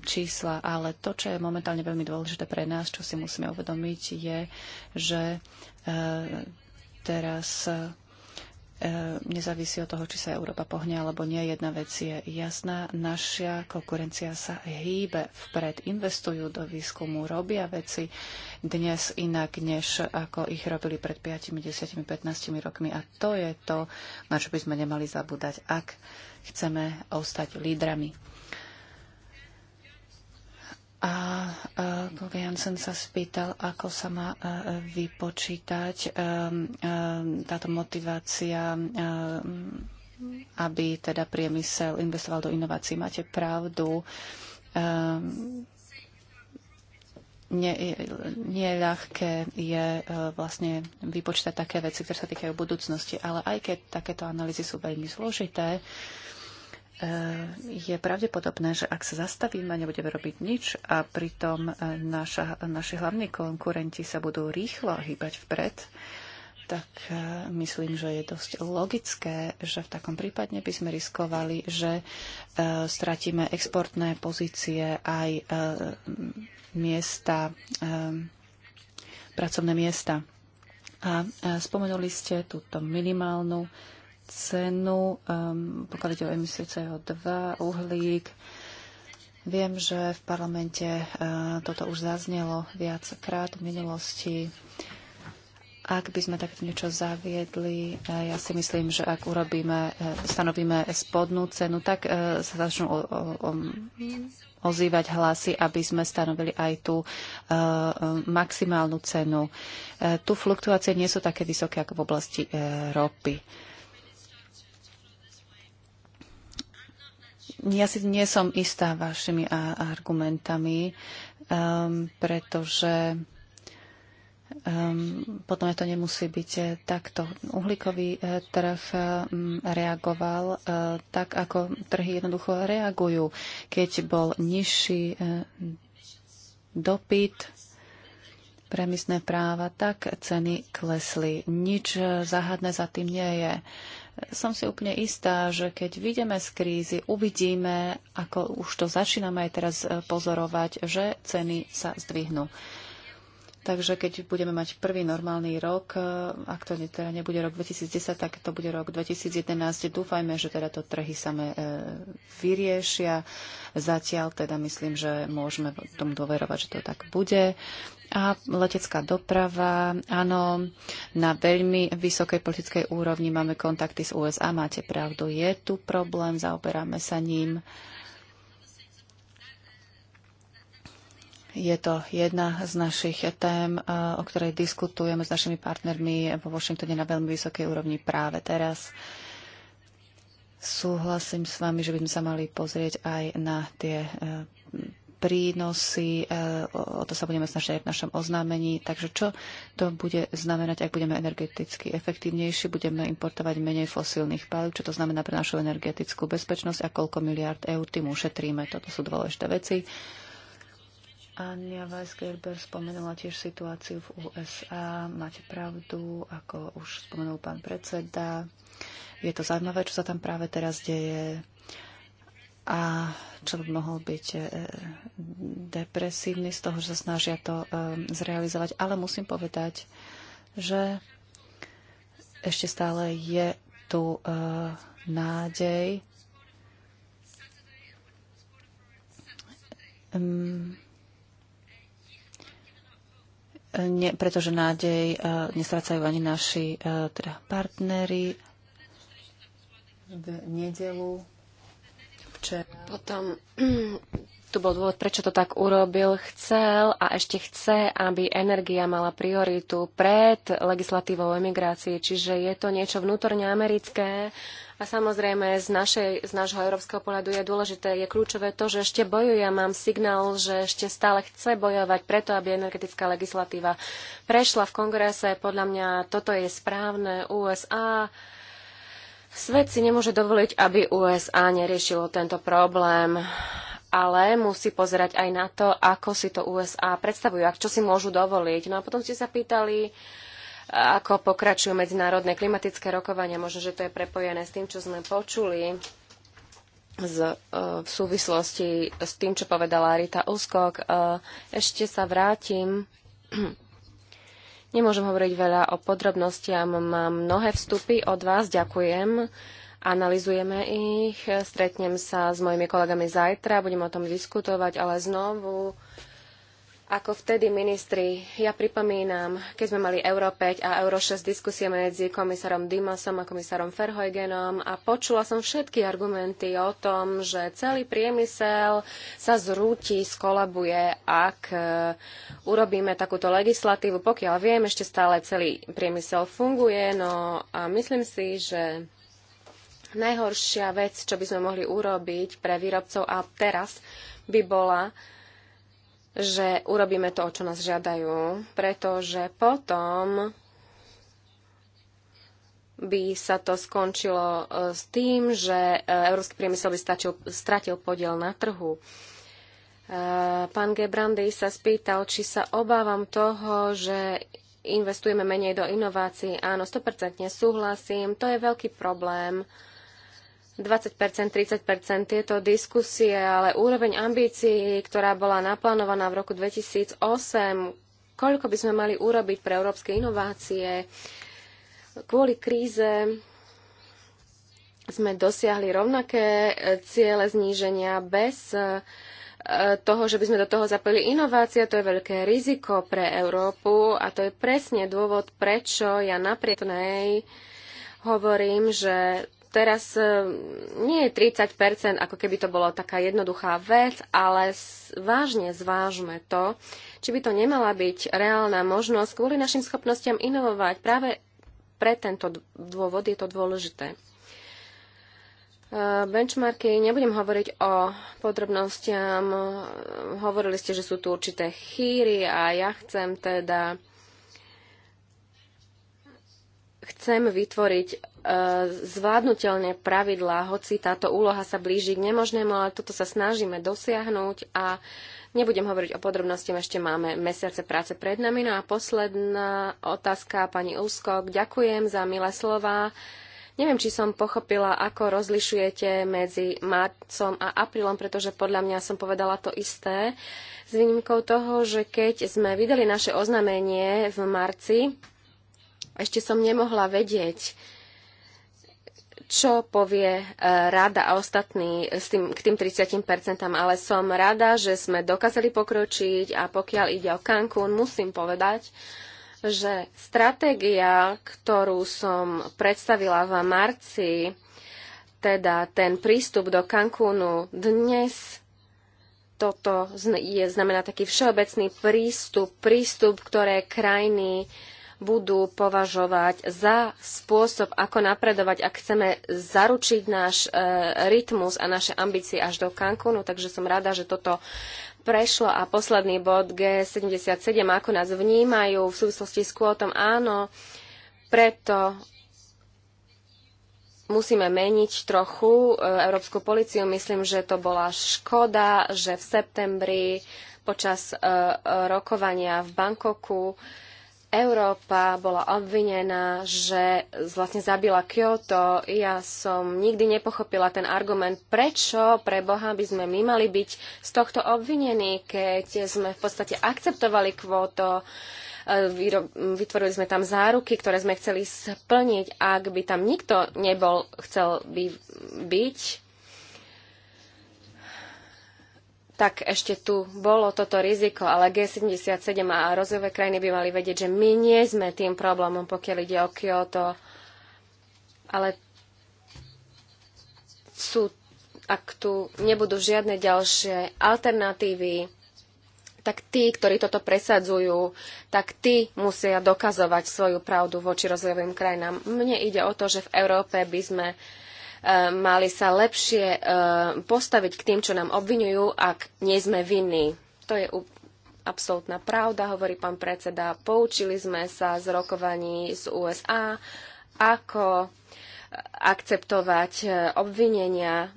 čísla, ale to, čo je momentálne veľmi dôležité pre nás, čo si musíme uvedomiť, je, že teraz E, nezávisí od toho, či sa Európa pohne alebo nie. Jedna vec je jasná. Naša konkurencia sa hýbe vpred, investujú do výskumu, robia veci dnes inak, než ako ich robili pred 5, 10, 15 rokmi. A to je to, na čo by sme nemali zabúdať, ak chceme ostať lídrami. A e, kolega som sa spýtal, ako sa má e, vypočítať e, táto motivácia, aby teda priemysel investoval do inovácií. Máte pravdu. Nie, nie je ľahké je vlastne vypočítať také veci, ktoré sa týkajú budúcnosti, ale aj keď takéto analýzy sú veľmi zložité, Eh, je pravdepodobné, že ak sa zastavíme, nebudeme robiť nič a pritom eh, naša, naši hlavní konkurenti sa budú rýchlo hýbať vpred, tak eh, myslím, že je dosť logické, že v takom prípade by sme riskovali, že stratíme exportné pozície aj miesta, pracovné miesta. A spomenuli ste túto minimálnu cenu, um, pokiaľ ide o emisie CO2, uhlík. Viem, že v parlamente uh, toto už zaznelo viackrát v minulosti. Ak by sme takto niečo zaviedli, uh, ja si myslím, že ak urobíme, uh, stanovíme spodnú cenu, tak uh, sa začnú o, o, o, ozývať hlasy, aby sme stanovili aj tú maximálnu cenu. tu fluktuácie nie sú také vysoké ako v oblasti ropy. Ja si nie som istá vašimi argumentami, um, pretože um, potom to nemusí byť e, takto. Uhlíkový e, trh mm, reagoval e, tak, ako trhy jednoducho reagujú. Keď bol nižší dopyt, premisné práva, tak ceny klesli. Nič záhadné za tým nie je som si úplne istá, že keď vidíme z krízy, uvidíme, ako už to začíname aj teraz e, pozorovať, že ceny sa zdvihnú. Takže keď budeme mať prvý normálny rok, e, ak to teda nebude rok 2010, tak to bude rok 2011. Dúfajme, že teda to trhy same e, vyriešia. Zatiaľ teda myslím, že môžeme tomu dôverovať, že to tak bude. A letecká doprava, áno, na veľmi vysokej politickej úrovni máme kontakty s USA, máte pravdu, je tu problém, zaoberáme sa ním. Je to jedna z našich tém, eh, o ktorej diskutujeme s našimi partnermi vo Washingtone na veľmi vysokej úrovni práve teraz. Súhlasím s vami, že by sme sa mali pozrieť aj na tie eh, prínosy, e, o to sa budeme snažiť aj v našom oznámení. Takže čo to bude znamenať, ak budeme energeticky efektívnejší, budeme importovať menej fosílnych palív, čo to znamená pre našu energetickú bezpečnosť a koľko miliard eur tým ušetríme. Toto sú dôležité veci. Ania Weisgerber spomenula tiež situáciu v USA. Máte pravdu, ako už spomenul pán predseda. Je to zaujímavé, čo sa tam práve teraz deje a čo by mohol byť e, depresívny z toho, že sa snažia to e, zrealizovať. Ale musím povedať, že ešte stále je tu e, nádej. Ne, pretože nádej nestrácajú ani naši teda partnery v nedelu včera. Potom tu bol dôvod, prečo to tak urobil. Chcel a ešte chce, aby energia mala prioritu pred legislatívou emigrácie, čiže je to niečo vnútorne americké. A samozrejme, z, našej, z nášho európskeho pohľadu je dôležité, je kľúčové to, že ešte bojuje. Mám signál, že ešte stále chce bojovať preto, aby energetická legislatíva prešla v kongrese. Podľa mňa toto je správne. USA Svet si nemôže dovoliť, aby USA neriešilo tento problém, ale musí pozerať aj na to, ako si to USA predstavujú, ak čo si môžu dovoliť. No a potom ste sa pýtali, ako pokračujú medzinárodné klimatické rokovania. Možno, že to je prepojené s tým, čo sme počuli z, e, v súvislosti s tým, čo povedala Rita Uskok. E, ešte sa vrátim Nemôžem hovoriť veľa o podrobnostiach. mám mnohé vstupy od vás, ďakujem. Analizujeme ich, stretnem sa s mojimi kolegami zajtra, budem o tom diskutovať, ale znovu ako vtedy ministri. Ja pripomínam, keď sme mali Euro 5 a Euro 6 diskusie medzi komisárom Dimasom a komisárom Ferhojgenom a počula som všetky argumenty o tom, že celý priemysel sa zrúti, skolabuje, ak e, urobíme takúto legislatívu. Pokiaľ viem, ešte stále celý priemysel funguje, no a myslím si, že najhoršia vec, čo by sme mohli urobiť pre výrobcov a teraz by bola, že urobíme to, o čo nás žiadajú, pretože potom by sa to skončilo e, s tým, že e, európsky priemysel by stačil, stratil podiel na trhu. E, pán Gebrandy sa spýtal, či sa obávam toho, že investujeme menej do inovácií. Áno, 100% súhlasím. To je veľký problém 20%, 30%, tieto diskusie, ale úroveň ambícií, ktorá bola naplánovaná v roku 2008, koľko by sme mali urobiť pre európske inovácie. Kvôli kríze sme dosiahli rovnaké ciele zníženia bez e, toho, že by sme do toho zapojili inovácie, to je veľké riziko pre Európu a to je presne dôvod, prečo ja napriek nej hovorím, že teraz e, nie je 30%, ako keby to bolo taká jednoduchá vec, ale vážne zvážme to, či by to nemala byť reálna možnosť kvôli našim schopnostiam inovovať. Práve pre tento dôvod je to dôležité. E, benchmarky, nebudem hovoriť o podrobnostiam. Hovorili ste, že sú tu určité chýry a ja chcem teda chcem vytvoriť e, zvládnutelné pravidlá, hoci táto úloha sa blíži k nemožnému, ale toto sa snažíme dosiahnuť a nebudem hovoriť o podrobnosti, ešte máme mesiace práce pred nami. No a posledná otázka, pani Úskok, ďakujem za milé slova. Neviem, či som pochopila, ako rozlišujete medzi marcom a aprílom, pretože podľa mňa som povedala to isté, s výnimkou toho, že keď sme vydali naše oznámenie v marci, ešte som nemohla vedieť, čo povie e, rada a ostatní s tým, k tým 30%, ale som rada, že sme dokázali pokročiť a pokiaľ ide o Cancún, musím povedať, že stratégia, ktorú som predstavila v marci, teda ten prístup do Cancúnu dnes, toto je, znamená taký všeobecný prístup, prístup, ktoré krajiny uh, budú považovať za spôsob, ako napredovať, ak chceme zaručiť náš e, rytmus a naše ambície až do Cancúnu. Takže som rada, že toto prešlo a posledný bod G77, ako nás vnímajú v súvislosti s kvótom, áno, preto musíme meniť trochu e, európsku policiu. Myslím, že to bola škoda, že v septembri počas e, rokovania v Bankoku Európa bola obvinená, že vlastne zabila Kyoto. Ja som nikdy nepochopila ten argument, prečo pre Boha by sme my mali byť z tohto obvinení, keď sme v podstate akceptovali kvóto, e, vytvorili sme tam záruky, ktoré sme chceli splniť. Ak by tam nikto nebol chcel by byť, tak ešte tu bolo toto riziko, ale G77 a rozvojové krajiny by mali vedieť, že my nie sme tým problémom, pokiaľ ide o Kyoto, ale sú, ak tu nebudú žiadne ďalšie alternatívy, tak tí, ktorí toto presadzujú, tak tí musia dokazovať svoju pravdu voči rozvojovým krajinám. Mne ide o to, že v Európe by sme uh, mali sa lepšie e, postaviť k tým, čo nám obvinujú, ak nie sme vinní. To je absolútna pravda, hovorí pán predseda. Poučili sme sa z rokovaní z USA, ako akceptovať e, obvinenia,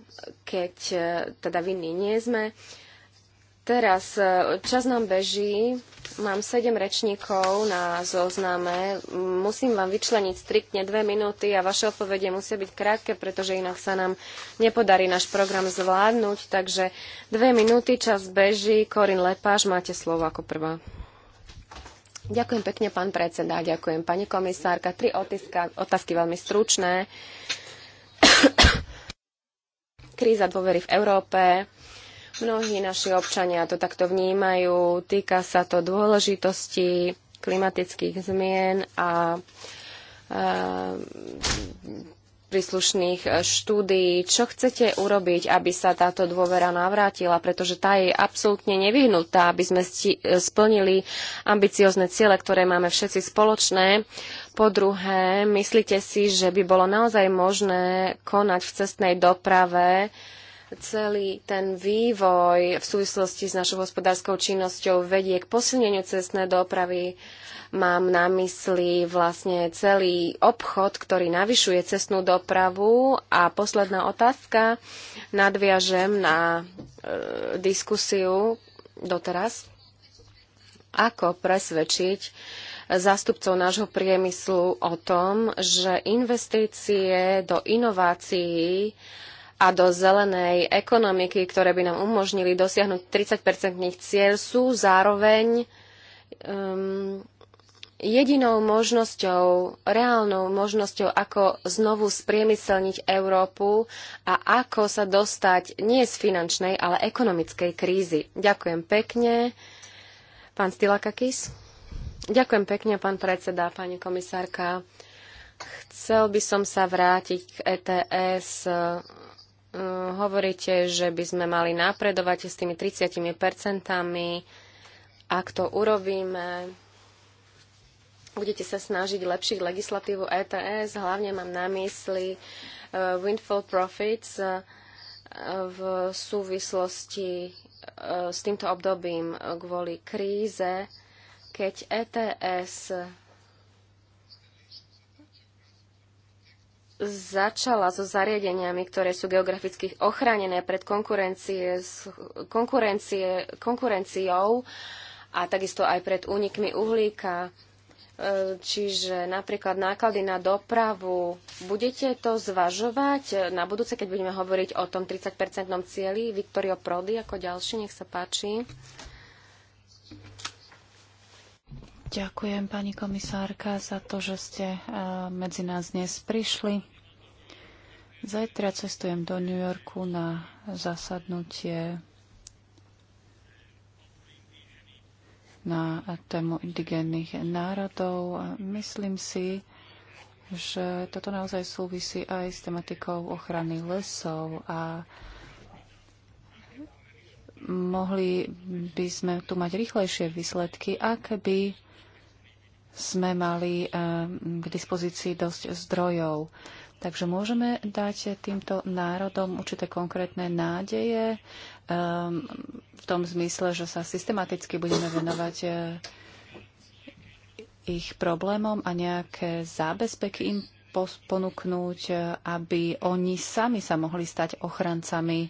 keď e, teda vinní nie sme. Teraz e, čas nám beží, mám sedem rečníkov na zozname. Musím vám vyčleniť striktne dve minúty a vaše odpovede musia byť krátke, pretože inak sa nám nepodarí náš program zvládnuť. Takže dve minúty, čas beží. Korin Lepáš, máte slovo ako prvá. Ďakujem pekne, pán predseda, ďakujem pani komisárka. Tri otázka, otázky veľmi stručné. Kríza dôvery v Európe Mnohí naši občania to takto vnímajú. Týka sa to dôležitosti klimatických zmien a, príslušných štúdií, čo chcete urobiť, aby sa táto dôvera navrátila, pretože tá je absolútne nevyhnutá, aby sme splnili ambiciozne ciele, ktoré máme všetci spoločné. Po druhé, myslíte si, že by bolo naozaj možné konať v cestnej doprave celý ten vývoj v súvislosti s našou hospodárskou činnosťou vedie k posilneniu cestnej dopravy. Mám na mysli vlastne celý obchod, ktorý navyšuje cestnú dopravu. A posledná otázka. Nadviažem na e, diskusiu doteraz. Ako presvedčiť zástupcov nášho priemyslu o tom, že investície do inovácií a do zelenej ekonomiky, ktoré by nám umožnili dosiahnuť 30-percentných cieľ, sú zároveň um, jedinou možnosťou, reálnou možnosťou, ako znovu spriemyselniť Európu a ako sa dostať nie z finančnej, ale ekonomickej krízy. Ďakujem pekne. Pán Stilakakis. Ďakujem pekne, pán predseda, pani komisárka. Chcel by som sa vrátiť k ETS hovoríte, že by sme mali napredovať s tými 30 percentami. Ak to urobíme, budete sa snažiť lepšiť legislatívu ETS, hlavne mám na mysli e, windfall profits e, v súvislosti e, s týmto obdobím kvôli kríze, keď ETS začala so zariadeniami, ktoré sú geograficky ochránené pred konkurencie, konkurencie, konkurenciou a takisto aj pred únikmi uhlíka. E, čiže napríklad náklady na dopravu. Budete to zvažovať na budúce, keď budeme hovoriť o tom 30-percentnom cieli? Viktorio Prody ako ďalší, nech sa páči. Ďakujem, pani komisárka, za to, že ste eh, medzi nás dnes prišli. Zajtra cestujem do New Yorku na zasadnutie na tému indigénnych národov. Myslím si, že toto naozaj súvisí aj s tematikou ochrany lesov a mohli by sme tu mať rýchlejšie výsledky, ak by sme mali eh, k dispozícii dosť zdrojov. Takže môžeme dať týmto národom určité konkrétne nádeje eh, v tom zmysle, že sa systematicky budeme venovať eh, ich problémom a nejaké zábezpeky im ponúknuť, aby oni sami sa mohli stať ochrancami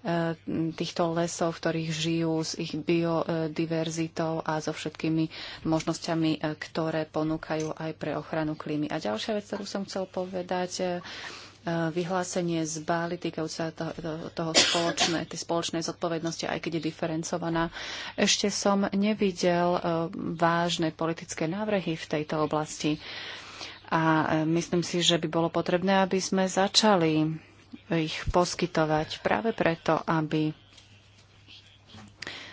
Eh, týchto lesov, v ktorých žijú, s ich biodiverzitou a so všetkými možnosťami, eh, ktoré ponúkajú aj pre ochranu klímy. A ďalšia vec, ktorú som chcel povedať, eh, vyhlásenie z Bály týkajúca toho, toho spoločné, tej spoločnej zodpovednosti, aj keď je diferencovaná. Ešte som nevidel vážne politické návrhy v tejto oblasti. A myslím si, že by bolo potrebné, aby sme začali ich poskytovať práve preto, aby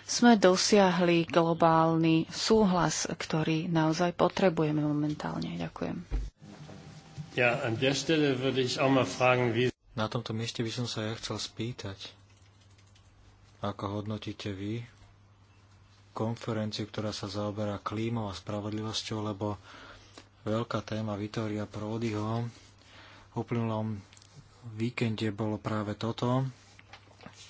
sme dosiahli globálny súhlas, ktorý naozaj potrebujeme momentálne. Ďakujem. Na tomto mieste by som sa ja chcel spýtať, ako hodnotíte vy konferenciu, ktorá sa zaoberá klímou a spravodlivosťou, lebo veľká téma Vitoria Prodiho uplynulom víkende bolo práve toto,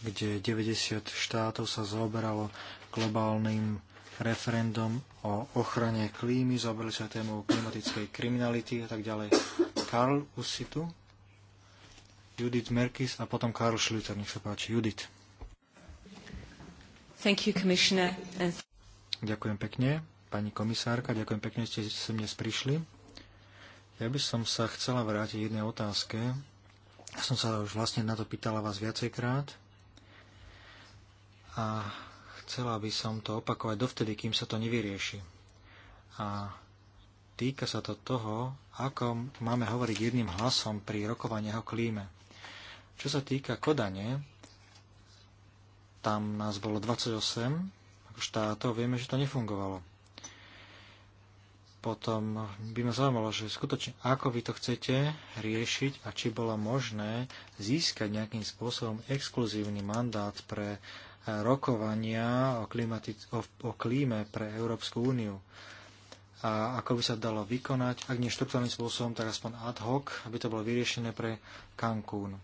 kde 90 štátov sa zaoberalo globálnym referendum o ochrane klímy, zaoberali sa tému klimatickej kriminality a tak ďalej. Karl, už si tu? Judith Merkis a potom Karl Schlüter, nech sa páči. Judith. Thank you, commissioner. Ďakujem pekne, pani komisárka, ďakujem pekne, že ste sem dnes prišli. Ja by som sa chcela vrátiť jednej otázke, ja som sa už vlastne na to pýtala vás viacejkrát a chcela by som to opakovať dovtedy, kým sa to nevyrieši. A týka sa to toho, ako máme hovoriť jedným hlasom pri rokovaniach o klíme. Čo sa týka Kodane, tam nás bolo 28 štátov, vieme, že to nefungovalo potom by ma zaujímalo, že skutočne ako vy to chcete riešiť a či bolo možné získať nejakým spôsobom exkluzívny mandát pre eh, rokovania o, klimatic- o, o klíme pre Európsku úniu. A ako by sa dalo vykonať, ak nie štruktúrnym spôsobom, tak aspoň ad hoc, aby to bolo vyriešené pre Cancún.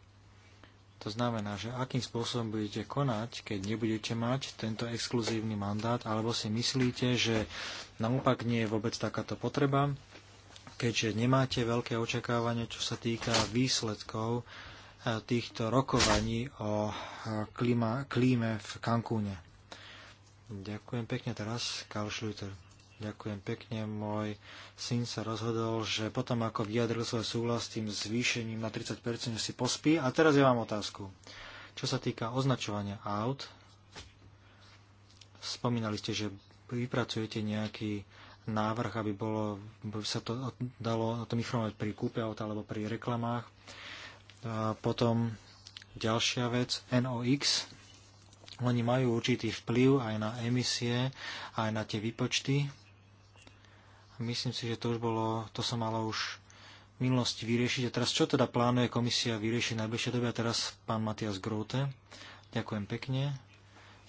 To znamená, že akým spôsobom budete konať, keď nebudete mať tento exkluzívny mandát, alebo si myslíte, že naopak nie je vôbec takáto potreba, keďže nemáte veľké očakávanie, čo sa týka výsledkov eh, týchto rokovaní o eh, klíma, klíme v Cancúne. Ďakujem pekne teraz, Karl Schlüter. Ďakujem pekne. Môj syn sa rozhodol, že potom ako vyjadril svoj súhlas tým zvýšením na 30% si pospí. A teraz ja mám otázku. Čo sa týka označovania aut, spomínali ste, že vypracujete nejaký návrh, aby, bolo, aby sa to dalo o tom informovať pri kúpe auta alebo pri reklamách. A potom ďalšia vec, NOx. Oni majú určitý vplyv aj na emisie, aj na tie výpočty. Myslím si, že to už bolo, to sa malo už v minulosti vyriešiť. A teraz čo teda plánuje komisia vyriešiť najbližšie dobe? A teraz pán Matias Grote. Ďakujem pekne.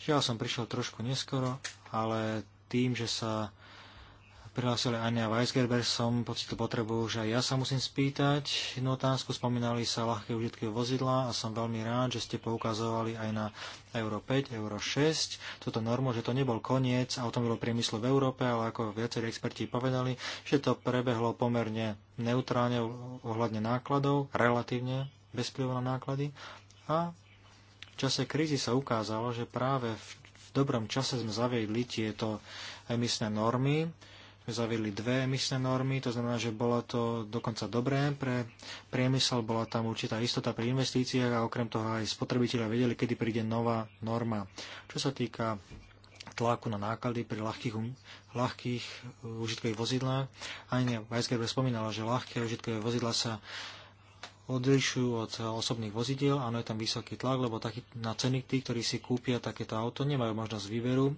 Žiaľ som prišiel trošku neskoro, ale tým, že sa prihlásili Ania Weisgerber, som pocitil potrebu, že aj ja sa musím spýtať. Jednu otázku spomínali sa ľahké užitky vozidla a som veľmi rád, že ste poukazovali aj na Euro 5, Euro 6. Toto normu, že to nebol koniec automobilového priemyslu v Európe, ale ako viacerí experti povedali, že to prebehlo pomerne neutrálne ohľadne nákladov, relatívne bez na náklady. A v čase krízy sa ukázalo, že práve v dobrom čase sme zaviedli tieto emisné normy, sme dve emisné normy, to znamená, že bolo to dokonca dobré pre priemysel, bola tam určitá istota pri investíciách a okrem toho aj spotrebitelia vedeli, kedy príde nová norma. Čo sa týka tlaku na náklady pri ľahkých, um- ľahkých uh, užitkových vozidlách. Ani Weisgerber spomínala, že ľahké užitkové vozidla sa odlišujú od osobných vozidiel. Áno, je tam vysoký tlak, lebo taký, na ceny tí, ktorí si kúpia takéto auto, nemajú možnosť výberu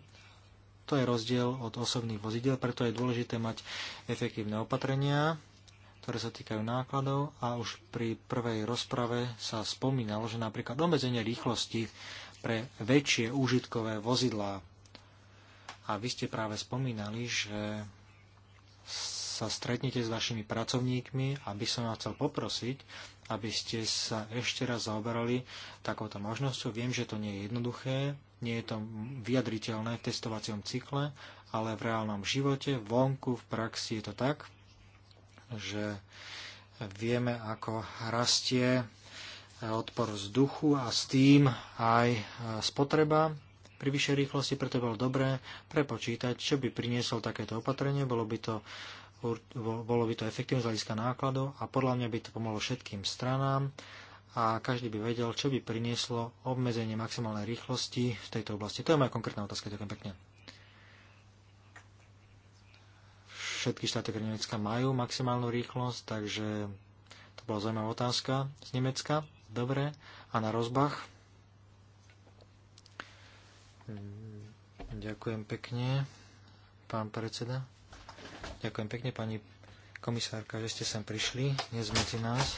to je rozdiel od osobných vozidel, preto je dôležité mať efektívne opatrenia, ktoré sa týkajú nákladov a už pri prvej rozprave sa spomínalo, že napríklad obmedzenie rýchlosti pre väčšie úžitkové vozidlá. A vy ste práve spomínali, že sa stretnete s vašimi pracovníkmi, aby som vás chcel poprosiť, aby ste sa ešte raz zaoberali takouto možnosťou. Viem, že to nie je jednoduché, nie je to vyjadriteľné v testovacom cykle, ale v reálnom živote, vonku, v praxi je to tak, že vieme, ako rastie odpor vzduchu a s tým aj e, spotreba pri vyššej rýchlosti, preto bolo dobré prepočítať, čo by priniesol takéto opatrenie. Bolo by to bolo by to efektívne z hľadiska nákladov a podľa mňa by to pomohlo všetkým stranám a každý by vedel, čo by prinieslo obmedzenie maximálnej rýchlosti v tejto oblasti. To je moja konkrétna otázka. Ďakujem pekne. Všetky štáty okrem Nemecka majú maximálnu rýchlosť, takže to bola zaujímavá otázka z Nemecka. Dobre. A na rozbach? Ďakujem pekne, pán predseda. Ďakujem pekne, pani komisárka, že ste sem prišli dnes medzi nás.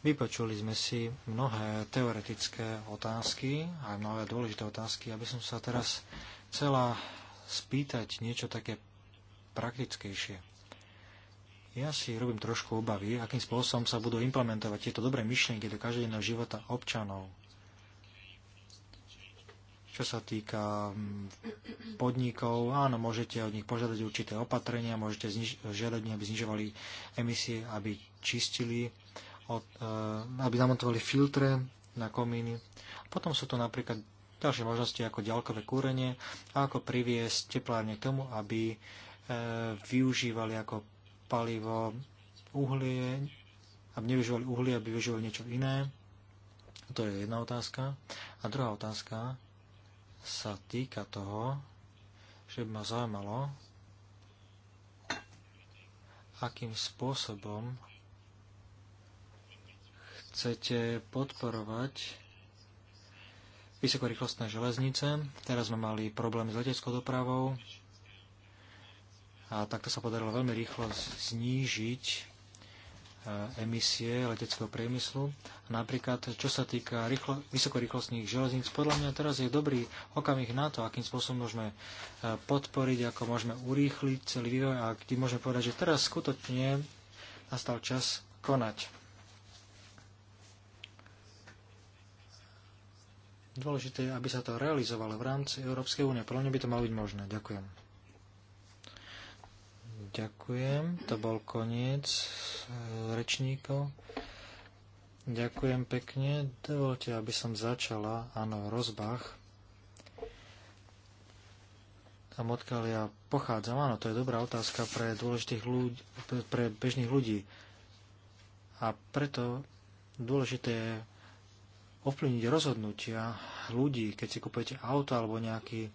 Vypočuli sme si mnohé teoretické otázky, aj mnohé dôležité otázky. Aby som sa teraz chcela spýtať niečo také praktickejšie. Ja si robím trošku obavy, akým spôsobom sa budú implementovať tieto dobré myšlienky do každodenného života občanov. Čo sa týka mm, podnikov, áno, môžete od nich požiadať určité opatrenia, môžete zniž- žiadať, aby znižovali emisie, aby čistili, od, eh, aby zamontovali filtre na komíny. Potom sú to napríklad ďalšie možnosti ako ďalkové kúrenie a ako priviesť teplárne k tomu, aby e, využívali ako palivo uhlie, aby nevyužívali uhlie, aby využívali niečo iné. To je jedna otázka. A druhá otázka sa týka toho, že by ma zaujímalo, akým spôsobom chcete podporovať vysokorýchlostné železnice. Teraz sme mali problém s leteckou dopravou a takto sa podarilo veľmi rýchlo znížiť E, emisie leteckého priemyslu. Napríklad, čo sa týka rýchlo, vysokorýchlostných železníc, podľa mňa teraz je dobrý okamih na to, akým spôsobom môžeme e, podporiť, ako môžeme urýchliť celý vývoj a kde môžeme povedať, že teraz skutočne nastal čas konať. Dôležité je, aby sa to realizovalo v rámci Európskej únie. Podľa mňa by to malo byť možné. Ďakujem. Ďakujem. To bol koniec eh, rečníkov. Ďakujem pekne. Dovolte, aby som začala, áno, rozbach. A odkiaľ ja pochádzam, áno, to je dobrá otázka pre dôležitých ľudí, pre bežných ľudí. A preto dôležité je ovplyvniť rozhodnutia ľudí, keď si kúpete auto alebo nejaký eh,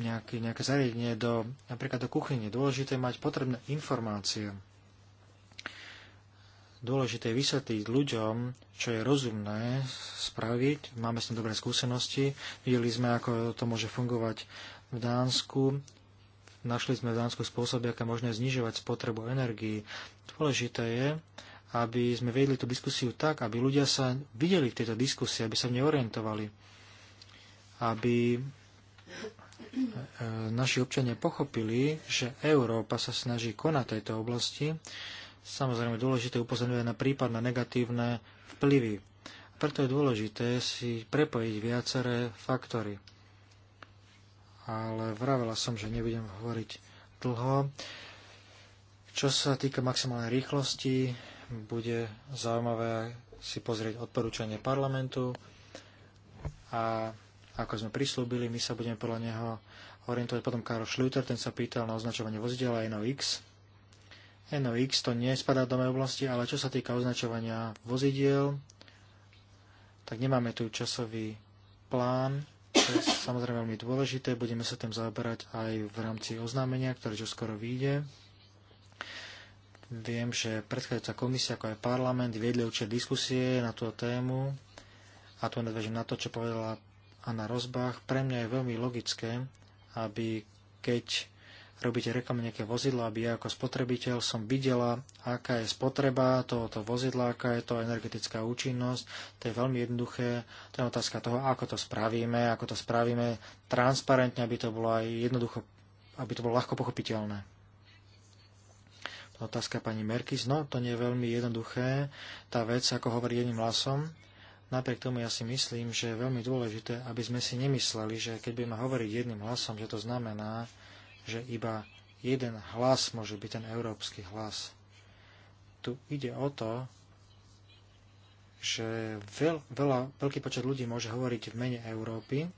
nejaké nejaké zariadenie do, napríklad do kuchyne. Dôležité mať potrebné informácie. Dôležité je vysvetliť ľuďom, čo je rozumné spraviť. Máme s tým dobré skúsenosti. Videli sme, ako to môže fungovať v Dánsku. Našli sme v Dánsku spôsoby, aké možné znižovať spotrebu energii. Dôležité je, aby sme vedli tú diskusiu tak, aby ľudia sa videli v tejto diskusii, aby sa v nej orientovali, aby E, naši občania pochopili, že Európa sa snaží konať tejto oblasti. Samozrejme, dôležité upozorňuje na prípadné negatívne vplyvy. Preto je dôležité si prepojiť viaceré faktory. Ale vravela som, že nebudem hovoriť dlho. Čo sa týka maximálnej rýchlosti, bude zaujímavé si pozrieť odporúčanie parlamentu a ako sme prislúbili, my sa budeme podľa neho orientovať. Potom Karol Schluter, ten sa pýtal na označovanie vozidela NOx. NOx to nespadá do mojej oblasti, ale čo sa týka označovania vozidiel, tak nemáme tu časový plán, to je samozrejme veľmi dôležité, budeme sa tým zaoberať aj v rámci oznámenia, ktoré čo skoro vyjde. Viem, že predchádzajúca komisia, ako aj parlament, viedli určite diskusie na túto tému a tu nadvežím na to, čo povedala a na rozbách, pre mňa je veľmi logické, aby keď robíte reklamu nejaké vozidla, aby ja ako spotrebiteľ som videla, aká je spotreba tohoto vozidla, aká je to energetická účinnosť. To je veľmi jednoduché. To je otázka toho, ako to spravíme, ako to spravíme transparentne, aby to bolo aj jednoducho, aby to bolo ľahko pochopiteľné. Otázka pani Merkis. No, to nie je veľmi jednoduché. Tá vec, ako hovorí jedným hlasom, Napriek tomu ja si myslím, že je veľmi dôležité, aby sme si nemysleli, že keď budeme hovoriť jedným hlasom, že to znamená, že iba jeden hlas môže byť ten európsky hlas. Tu ide o to, že veľ, veľa, veľký počet ľudí môže hovoriť v mene Európy.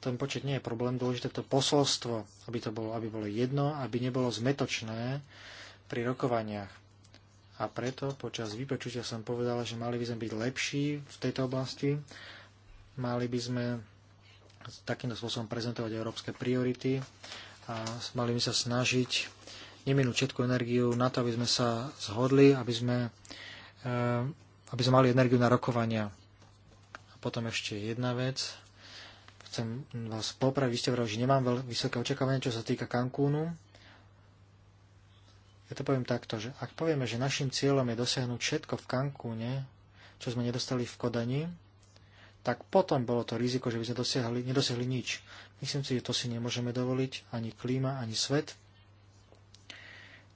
Ten počet nie je problém, dôležité to posolstvo, aby to bolo, aby bolo jedno, aby nebolo zmetočné pri rokovaniach a preto počas vypočutia som povedala, že mali by sme byť lepší v tejto oblasti, mali by sme takýmto spôsobom prezentovať európske priority a mali by sa snažiť neminúť všetku energiu na to, aby sme sa zhodli, aby sme, eh, aby sme mali energiu na rokovania. A potom ešte jedna vec. Chcem vás popraviť, vy ste vrali, že nemám veľ, vysoké očakávanie, čo sa týka Cancúnu ja to poviem takto, že ak povieme, že našim cieľom je dosiahnuť všetko v Cancúne, čo sme nedostali v Kodani, tak potom bolo to riziko, že by sme dosiahli, nedosiahli nič. Myslím si, že to si nemôžeme dovoliť, ani klíma, ani svet.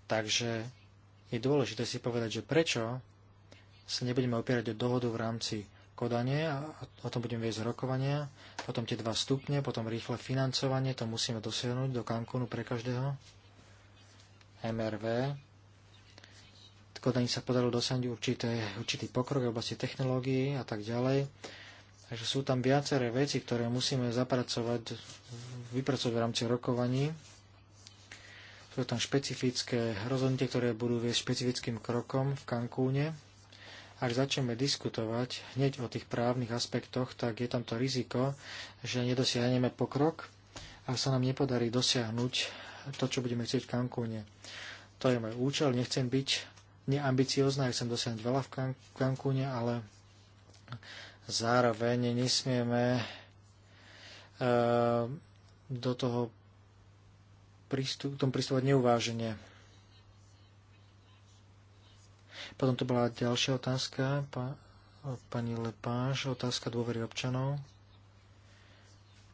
Takže je dôležité si povedať, že prečo sa nebudeme opierať o dohodu v rámci kodanie, a o tom budeme viesť rokovania, potom tie dva stupne, potom rýchle financovanie, to musíme dosiahnuť do Cancúnu pre každého. MRV. Kodaní sa podarilo dosiahnuť určité, určitý pokrok v oblasti technológií a tak ďalej. Takže sú tam viaceré veci, ktoré musíme zapracovať, vypracovať v rámci rokovaní. Sú tam špecifické rozhodnutie, ktoré budú viesť špecifickým krokom v Cancúne. Ak začneme diskutovať hneď o tých právnych aspektoch, tak je tam to riziko, že nedosiahneme pokrok, ak sa nám nepodarí dosiahnuť to, čo budeme chcieť v Cancúne. To je môj účel, nechcem byť neambiciózna, chcem dosiahnuť veľa v Cancúne, ale zároveň nesmieme e, do toho pristup, tom pristupovať neuváženie. Potom to bola ďalšia otázka, pani Lepáš, otázka dôvery občanov.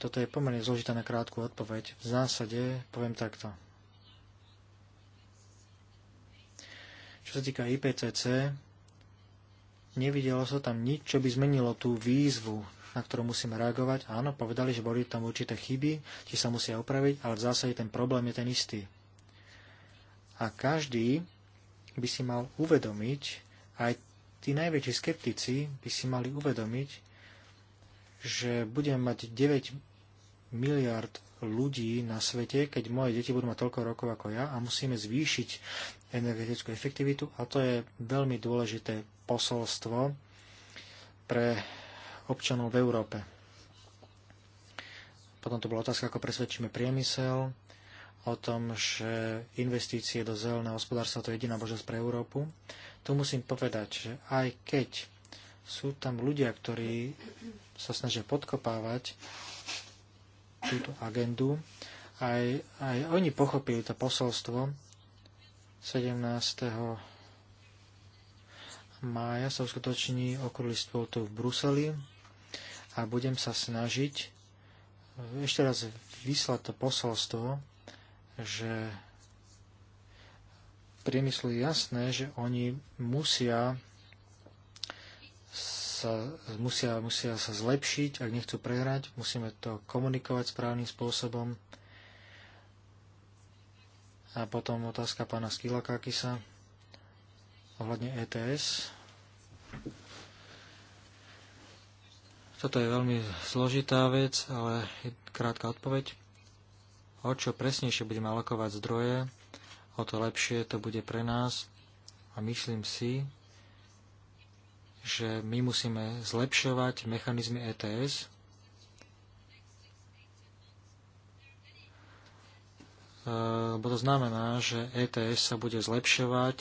Toto je pomerne zložitá na krátku odpoveď. V zásade poviem takto. Čo sa týka IPCC, nevidelo sa tam nič, čo by zmenilo tú výzvu, na ktorú musíme reagovať. Áno, povedali, že boli tam určité chyby, tie sa musia opraviť, ale v zásade ten problém je ten istý. A každý by si mal uvedomiť, aj tí najväčší skeptici by si mali uvedomiť, že budeme mať 9 miliard ľudí na svete, keď moje deti budú mať toľko rokov ako ja a musíme zvýšiť energetickú efektivitu a to je veľmi dôležité posolstvo pre občanov v Európe. Potom to bola otázka, ako presvedčíme priemysel o tom, že investície do zeleného hospodárstva to je jediná možnosť pre Európu. Tu musím povedať, že aj keď sú tam ľudia, ktorí sa snažia podkopávať túto agendu. Aj, aj oni pochopili to posolstvo 17. mája sa uskutoční okrúhly stôl tu v Bruseli a budem sa snažiť eh, ešte raz vyslať to posolstvo, že priemyslu je jasné, že oni musia sa, musia, musia sa zlepšiť, ak nechcú prehrať, musíme to komunikovať správnym spôsobom. A potom otázka pána Skilakakisa ohľadne ETS. Toto je veľmi zložitá vec, ale je krátka odpoveď. O čo presnejšie budeme alokovať zdroje, o to lepšie to bude pre nás. A myslím si, že my musíme zlepšovať mechanizmy ETS. Lebo to znamená, že ETS sa bude zlepšovať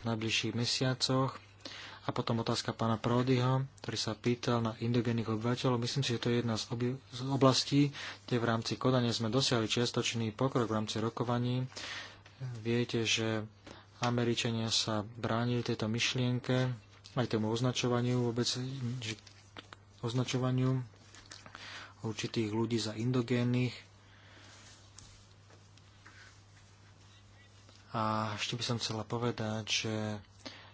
v najbližších mesiacoch. A potom otázka pána Prodyho, ktorý sa pýtal na indogénnych obyvateľov. Myslím si, že to je jedna z, z oblastí, kde v rámci Kodane sme dosiahli čiastočný pokrok v rámci rokovaní. Viete, že Američania sa bránili tejto myšlienke, aj tomu označovaniu vôbec, že označovaniu určitých ľudí za indogénnych. A ešte by som chcela povedať, že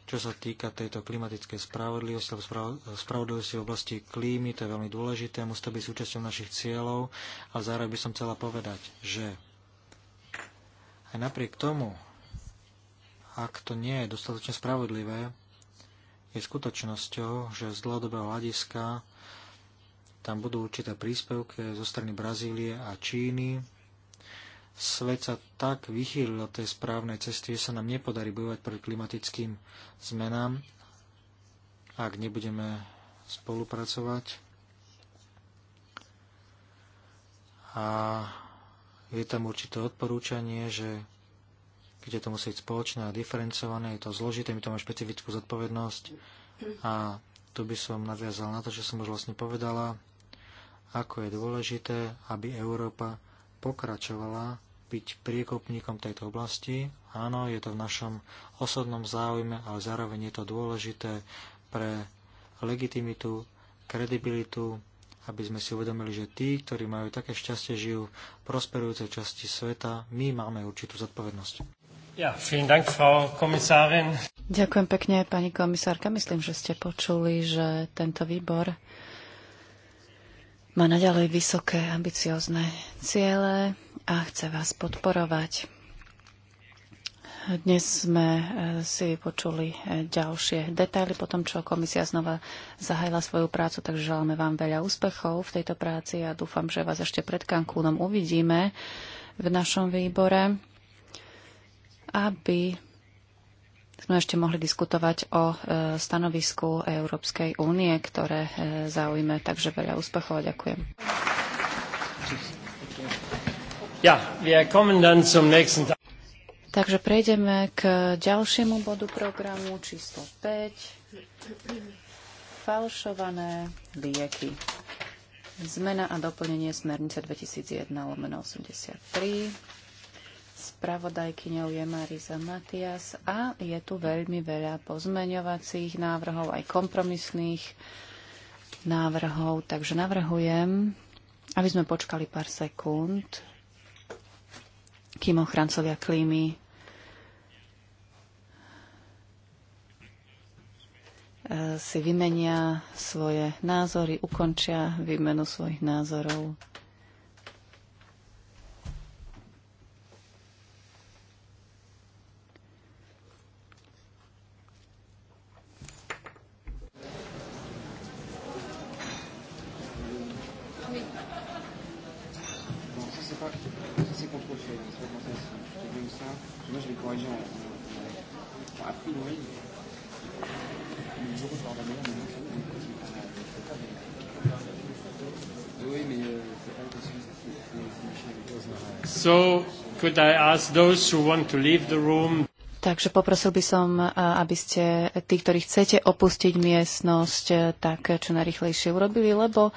čo sa týka tejto klimatickej spravodlivosti alebo spravodlivosti v oblasti klímy, to je veľmi dôležité, musí to byť súčasťou našich cieľov a zároveň by som chcela povedať, že aj napriek tomu, ak to nie je dostatočne spravodlivé, je skutočnosťou, že z dlhodobého hľadiska tam budú určité príspevky zo strany Brazílie a Číny. Svet sa tak vychýlil od tej správnej cesty, že sa nám nepodarí bojovať proti klimatickým zmenám, ak nebudeme spolupracovať. A je tam určité odporúčanie, že je to musí byť spoločné a diferencované, je to zložité, my to máme špecifickú zodpovednosť a tu by som nadviazal na to, čo som už vlastne povedala, ako je dôležité, aby Európa pokračovala byť priekopníkom tejto oblasti. Áno, je to v našom osobnom záujme, ale zároveň je to dôležité pre legitimitu, kredibilitu, aby sme si uvedomili, že tí, ktorí majú také šťastie, žijú v prosperujúcej časti sveta, my máme určitú zodpovednosť. Ja, vielen Dank, Frau Kommissarin. Ďakujem pekne, pani komisárka. Myslím, že ste počuli, že tento výbor má naďalej vysoké ambiciozne ciele a chce vás podporovať. Dnes sme eh, si počuli eh, ďalšie detaily po tom, čo komisia znova zahajila svoju prácu, takže želáme vám veľa úspechov v tejto práci a dúfam, že vás ešte pred Cancúnom uvidíme v našom výbore aby sme ešte mohli diskutovať o e, stanovisku Európskej únie, ktoré e, zaujíme. Takže veľa úspechov a ďakujem. Ja, wir kommen dann zum nächsten Takže prejdeme k ďalšiemu bodu programu číslo 5. Falšované lieky. Zmena a doplnenie smernice 2001 83. Spravodajkyňou je Marisa Matias a je tu veľmi veľa pozmeňovacích návrhov, aj kompromisných návrhov, takže navrhujem, aby sme počkali pár sekúnd, kým ochrancovia klímy si vymenia svoje názory, ukončia výmenu svojich názorov. So, could I ask those who want to leave the room? Takže poprosil by som, aby ste tí, ktorí chcete opustiť miestnosť, e, tak e, čo najrychlejšie urobili, lebo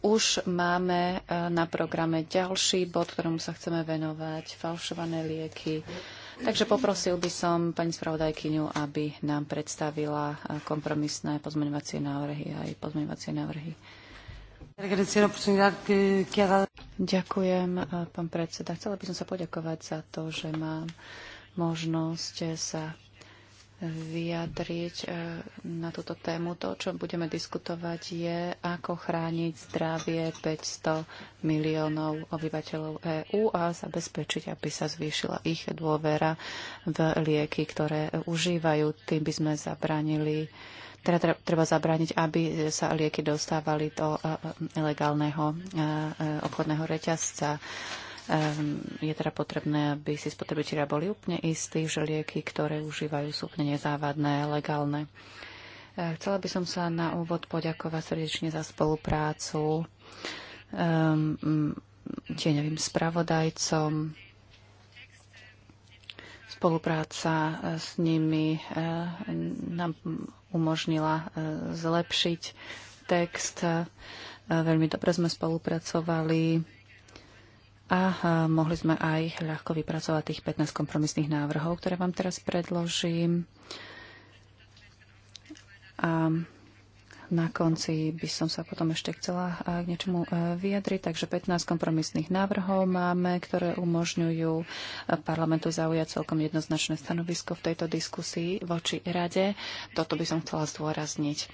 už máme e, na programe ďalší bod, ktorému sa chceme venovať, falšované lieky. Takže poprosil by som pani spravodajkyňu, aby nám predstavila kompromisné pozmeňovacie návrhy aj pozmeňovacie návrhy. Ďakujem, eh, pán predseda. Chcela by som sa poďakovať za to, že mám možnosť sa vyjadriť eh, na túto tému. To, čo budeme diskutovať, je, ako chrániť zdravie 500 miliónov obyvateľov EÚ a zabezpečiť, aby sa zvýšila ich dôvera v lieky, ktoré užívajú. Tým by sme zabránili teda treba zabrániť, aby sa lieky dostávali do e, e, legálneho e, obchodného reťazca. Ehm, je teda potrebné, aby si spotrebitelia boli úplne istí, že lieky, ktoré užívajú, sú úplne nezávadné, legálne. Chcela by som sa na úvod poďakovať srdečne za spoluprácu ehm, tieňovým spravodajcom, Spolupráca e, s nimi e, nám umožnila e, zlepšiť text. Veľmi dobre sme spolupracovali a mohli sme aj ľahko vypracovať tých 15 kompromisných návrhov, ktoré vám teraz predložím. A na konci by som sa potom ešte chcela eh, k niečomu eh, vyjadriť. Takže 15 kompromisných návrhov máme, ktoré umožňujú eh, parlamentu zaujať celkom jednoznačné stanovisko v tejto diskusii voči rade. Toto by som chcela zdôrazniť.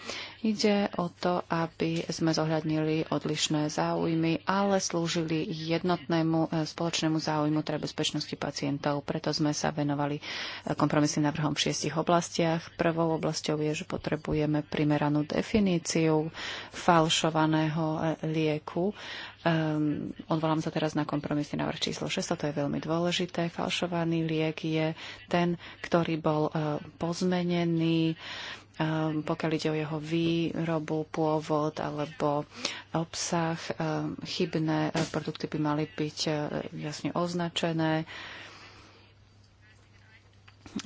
Ide o to, aby sme zohľadnili odlišné záujmy, ale slúžili jednotnému spoločnému záujmu, pre bezpečnosti pacientov. Preto sme sa venovali kompromisným návrhom v šiestich oblastiach. Prvou oblasťou je, že potrebujeme primeranú definíciu definíciu falšovaného e, lieku. Um, odvolám sa teraz na kompromisný návrh číslo 6, to je veľmi dôležité. Falšovaný liek je ten, ktorý bol uh, pozmenený um, pokiaľ ide o jeho výrobu, pôvod alebo obsah. Um, chybné e, produkty by mali byť uh, jasne označené. Um,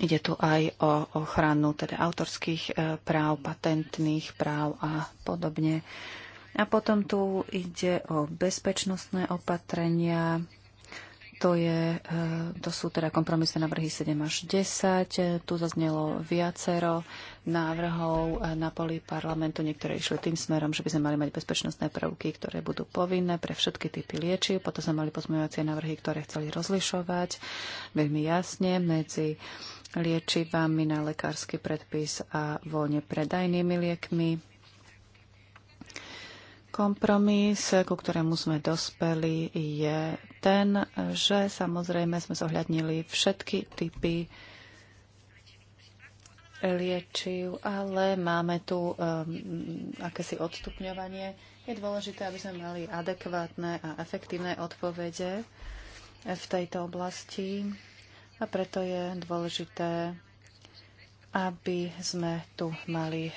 Ide tu aj o ochranu teda autorských e, práv, patentných práv a podobne. A potom tu ide o bezpečnostné opatrenia, to, je, eh, to sú teda kompromisné návrhy 7 až 10. Tu zaznelo viacero návrhov eh, na poli parlamentu. Niektoré išli tým smerom, že by sme mali mať bezpečnostné prvky, ktoré budú povinné pre všetky typy liečiv. Potom sme mali pozmeňovacie návrhy, ktoré chceli rozlišovať veľmi jasne medzi liečivami na lekársky predpis a voľne predajnými liekmi Kompromis, ku ktorému sme dospeli, je ten, že samozrejme sme zohľadnili všetky typy liečiv, ale máme tu um, akési odstupňovanie. Je dôležité, aby sme mali adekvátne a efektívne odpovede v tejto oblasti a preto je dôležité aby sme tu mali, e,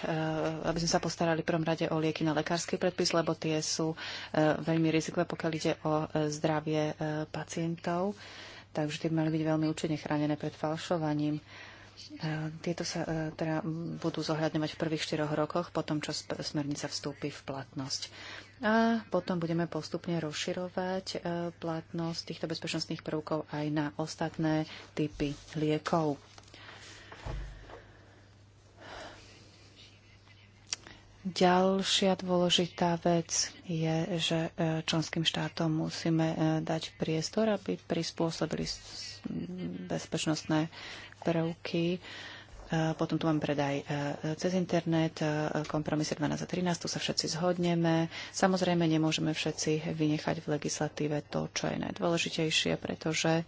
aby sme sa postarali prvom rade o lieky na lekársky predpis, lebo tie sú e, veľmi rizikové, pokiaľ ide o e, zdravie pacientov. Takže tie by mali byť veľmi účinne chránené pred falšovaním. Tieto sa teda budú zohľadňovať v prvých štyroch rokoch, potom čo smernica vstúpi v platnosť. A potom budeme postupne rozširovať platnosť týchto bezpečnostných prvkov aj na ostatné typy liekov. Ďalšia dôležitá vec je, že e, členským štátom musíme e, dať priestor, aby prispôsobili bezpečnostné prvky. E, potom tu mám predaj cez internet, kompromisy 12 a 13, tu sa všetci zhodneme. Samozrejme, nemôžeme všetci vynechať v legislatíve to, čo je najdôležitejšie, pretože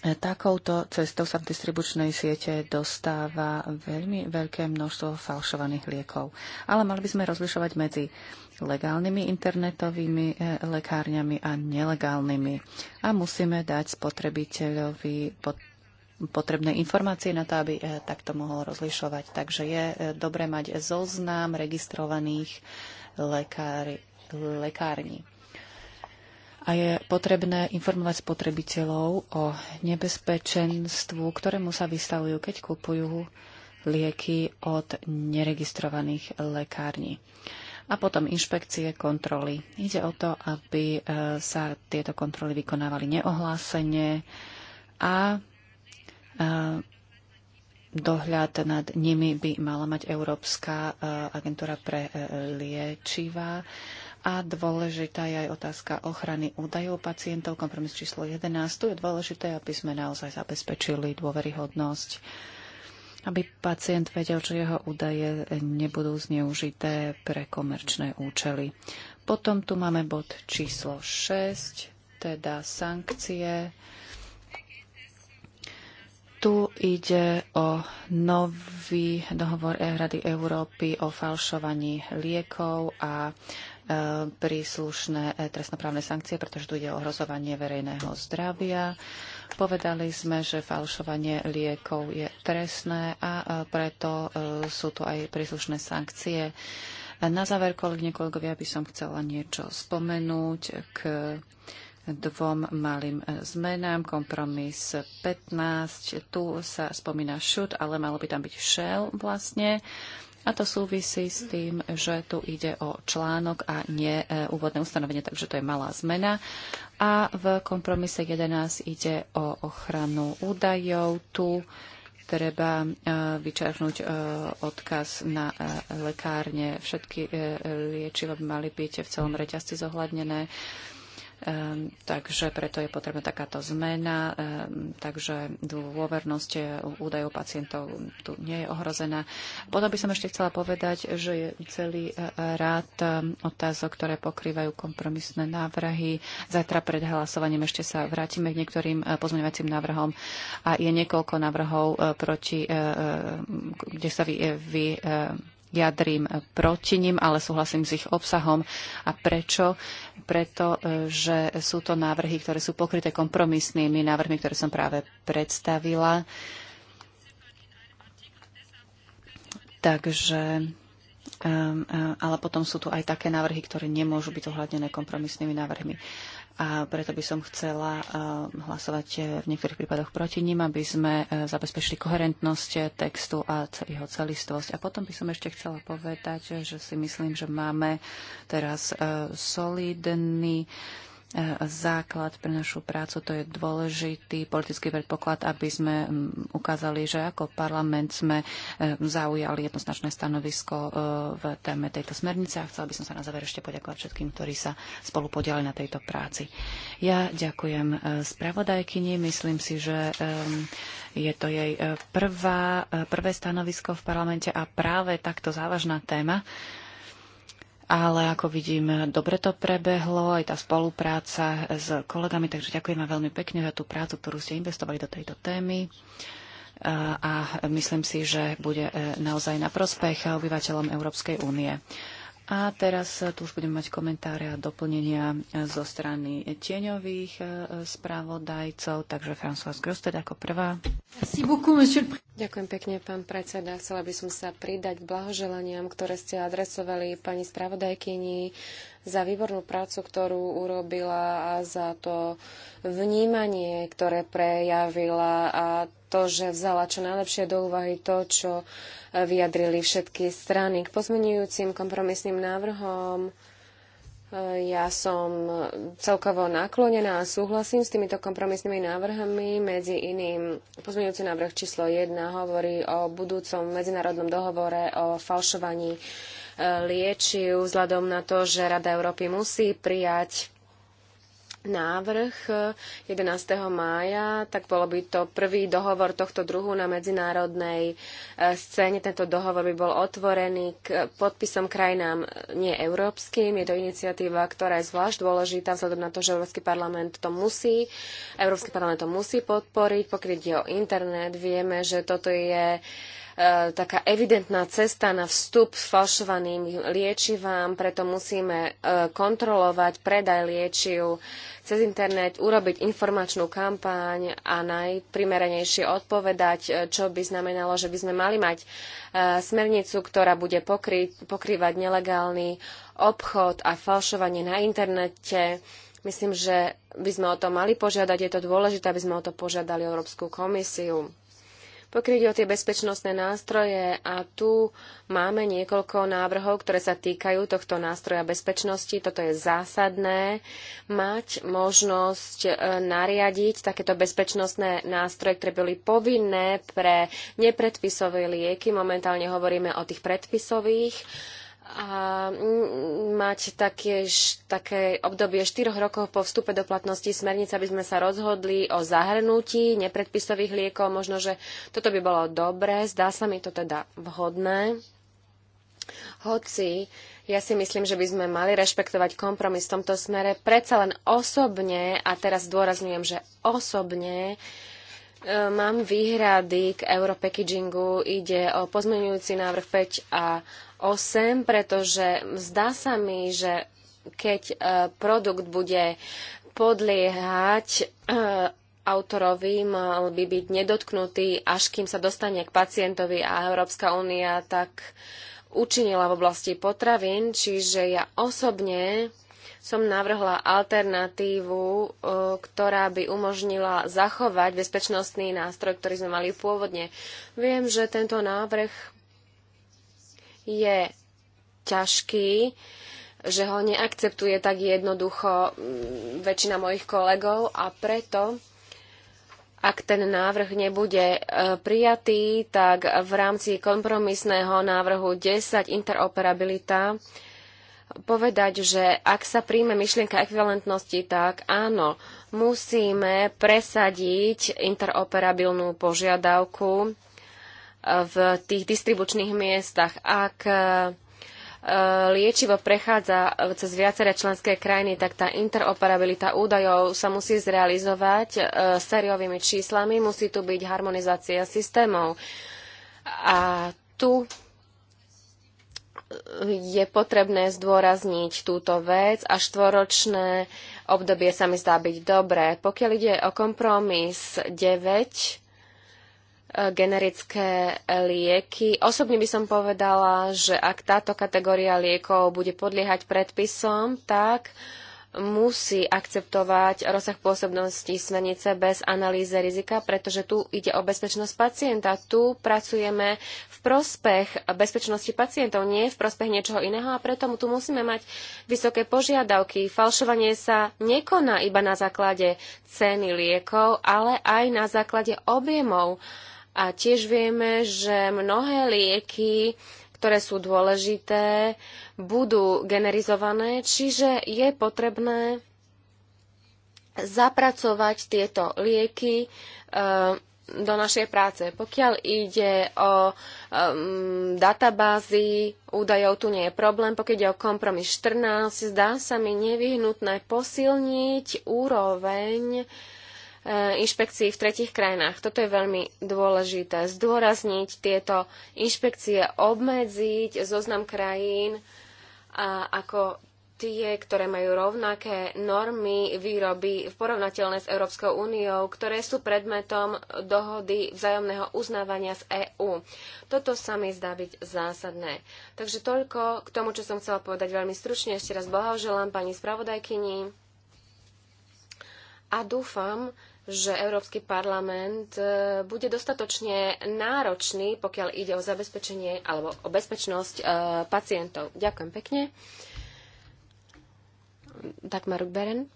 E, takouto cestou sa v distribučnej siete dostáva veľmi veľké množstvo falšovaných liekov. Ale mali by sme rozlišovať medzi legálnymi internetovými e, lekárňami a nelegálnymi. A musíme dať spotrebiteľovi potrebné informácie na to, aby e, takto mohol rozlišovať. Takže je dobré mať zoznam registrovaných lekári, lekární a je potrebné informovať spotrebiteľov o nebezpečenstvu, ktorému sa vystavujú, keď kupujú lieky od neregistrovaných lekární. A potom inšpekcie, kontroly. Ide o to, aby e, sa tieto kontroly vykonávali neohlásenie a e, dohľad nad nimi by mala mať Európska e, agentúra pre liečiva a dôležitá je aj otázka ochrany údajov pacientov. Kompromis číslo 11. Tu je dôležité, aby sme naozaj zabezpečili dôveryhodnosť aby pacient vedel, že jeho údaje nebudú zneužité pre komerčné účely. Potom tu máme bod číslo 6, teda sankcie. Tu ide o nový dohovor Rady Európy o falšovaní liekov a príslušné eh, trestnoprávne sankcie, pretože tu ide o ohrozovanie verejného zdravia. Povedali sme, že falšovanie liekov je trestné a eh, preto eh, sú tu aj príslušné sankcie. Na záver, kolegyne, kolegovia, by som chcela niečo spomenúť k dvom malým zmenám. Kompromis 15. Tu sa spomína should, ale malo by tam byť Shell vlastne. A to súvisí s tým, že tu ide o článok a nie e, úvodné ustanovenie, takže to je malá zmena. A v kompromise 11 ide o ochranu údajov. Tu treba e, vyčerpnúť e, odkaz na lekárne. Všetky liečiva by mali byť v celom reťazci zohľadnené. Ehm, takže preto je potrebná takáto zmena, ehm, takže dôvernosť eh, údajov pacientov tu nie je ohrozená. Potom by som ešte chcela povedať, že je celý eh, rád ehm, otázok, ktoré pokrývajú kompromisné návrhy. Zajtra pred hlasovaním ešte sa vrátime k niektorým eh, pozmeňovacím návrhom a je niekoľko návrhov proti, kde sa vy, vy jadrím proti ním, ale súhlasím s ich obsahom. A prečo? Preto, e, že sú to návrhy, ktoré sú pokryté kompromisnými návrhmi, ktoré som práve predstavila. Takže, e, e, ale potom sú tu aj také návrhy, ktoré nemôžu byť ohľadené kompromisnými návrhmi a preto by som chcela eh, hlasovať eh, v niektorých prípadoch proti ním, aby sme eh, zabezpečili koherentnosť textu a jeho celistvosť. A potom by som ešte chcela povedať, že si myslím, že máme teraz solidný E, základ pre našu prácu. To je dôležitý politický predpoklad, aby sme ukázali, že ako parlament sme e, zaujali jednoznačné stanovisko e, v téme tejto smernice a chcela by som sa na záver ešte poďakovať všetkým, ktorí sa spolu podiali na tejto práci. Ja ďakujem spravodajkyni. Myslím si, že je to jej prvá, prvé stanovisko v parlamente a práve takto závažná téma ale ako vidím, dobre to prebehlo, aj tá spolupráca s kolegami, takže ďakujem vám veľmi pekne za tú prácu, ktorú ste investovali do tejto témy a myslím si, že bude e, naozaj na prospech obyvateľom Európskej únie. A teraz tu už budeme mať komentáre a doplnenia zo strany tieňových e, spravodajcov, takže François Grosted ako prvá. Merci beaucoup, monsieur Ďakujem pekne, pán predseda. Chcela by som sa pridať k blahoželaniam, ktoré ste adresovali pani spravodajkyni za výbornú prácu, ktorú urobila a za to vnímanie, ktoré prejavila a to, že vzala čo najlepšie do úvahy to, čo vyjadrili všetky strany. K pozmenujúcim kompromisným návrhom ja som celkovo naklonená a súhlasím s týmito kompromisnými návrhami. Medzi iným pozmeňujúci návrh číslo 1 hovorí o budúcom medzinárodnom dohovore o falšovaní eh, liečiv vzhľadom na to, že Rada Európy musí prijať návrh 11. E, mája, tak bolo by to prvý dohovor tohto druhu na medzinárodnej e, scéne. Tento dohovor by bol otvorený k podpisom krajinám e, neeurópskym. Je to iniciatíva, ktorá je zvlášť dôležitá vzhľadom na to, že Európsky parlament to musí, Európsky parlament to musí podporiť. Pokiaľ ide o internet, vieme, že toto je E, taká evidentná cesta na vstup s falšovaným liečivám, preto musíme e, kontrolovať predaj liečiv cez internet, urobiť informačnú kampaň a najprimeranejšie odpovedať, e, čo by znamenalo, že by sme mali mať smernicu, ktorá bude pokry, pokrývať nelegálny obchod a falšovanie na internete. Myslím, že by sme o to mali požiadať. Je to dôležité, aby sme o to požiadali Európsku komisiu. Pokiaľ ide o tie bezpečnostné nástroje, a tu máme niekoľko návrhov, ktoré sa týkajú tohto nástroja bezpečnosti. Toto je zásadné. Mať možnosť e, nariadiť takéto bezpečnostné nástroje, ktoré boli povinné pre nepredpisové lieky. Momentálne hovoríme o tých predpisových a mať taktiež také obdobie 4 rokov po vstupe do platnosti smernice, aby sme sa rozhodli o zahrnutí nepredpisových liekov. Možno, že toto by bolo dobré, zdá sa mi to teda vhodné. Hoci ja si myslím, že by sme mali rešpektovať kompromis v tomto smere, predsa len osobne, a teraz zdôrazňujem, že osobne, e, Mám výhrady k europackagingu, Ide o pozmeňujúci návrh 5 a 8, pretože zdá sa mi, že keď e, produkt bude podliehať e, autorovi, mal by byť nedotknutý, až kým sa dostane k pacientovi a Európska únia tak učinila v oblasti potravín, čiže ja osobne som navrhla alternatívu, e, ktorá by umožnila zachovať bezpečnostný nástroj, ktorý sme mali pôvodne. Viem, že tento návrh je ťažký, že ho neakceptuje tak jednoducho mm, väčšina mojich kolegov a preto ak ten návrh nebude e, prijatý, tak v rámci kompromisného návrhu 10 interoperabilita povedať, že ak sa príjme myšlienka ekvivalentnosti, tak áno, musíme presadiť interoperabilnú požiadavku v tých distribučných miestach. Ak e, e, liečivo prechádza cez viaceré členské krajiny, tak tá interoperabilita údajov sa musí zrealizovať e, sériovými číslami, musí tu byť harmonizácia systémov. A tu je potrebné zdôrazniť túto vec a štvoročné obdobie sa mi zdá byť dobré. Pokiaľ ide o kompromis 9, E, generické lieky. Osobne by som povedala, že ak táto kategória liekov bude podliehať predpisom, tak musí akceptovať rozsah pôsobnosti smernice bez analýzy rizika, pretože tu ide o bezpečnosť pacienta. Tu pracujeme v prospech bezpečnosti pacientov, nie v prospech niečoho iného a preto tu musíme mať vysoké požiadavky. Falšovanie sa nekoná iba na základe ceny liekov, ale aj na základe objemov uh, a tiež vieme, že mnohé lieky, ktoré sú dôležité, budú generizované, čiže je potrebné zapracovať tieto lieky e, do našej práce. Pokiaľ ide o e, databázy údajov, tu nie je problém. Pokiaľ ide o kompromis 14, zdá sa mi nevyhnutné posilniť úroveň e, Eh, inšpekcií v tretich krajinách. Toto je veľmi dôležité. Zdôrazniť tieto inšpekcie, obmedziť zoznam krajín a ako tie, ktoré majú rovnaké normy výroby porovnateľné s Európskou úniou, ktoré sú predmetom dohody vzájomného uznávania z EÚ. Toto sa mi zdá byť zásadné. Takže toľko k tomu, čo som chcela povedať veľmi stručne. Ešte raz blahoželám pani spravodajkyni a dúfam, že Európsky parlament e, bude dostatočne náročný, pokiaľ ide o zabezpečenie alebo o bezpečnosť e, pacientov. Ďakujem pekne. Dagmar Beren.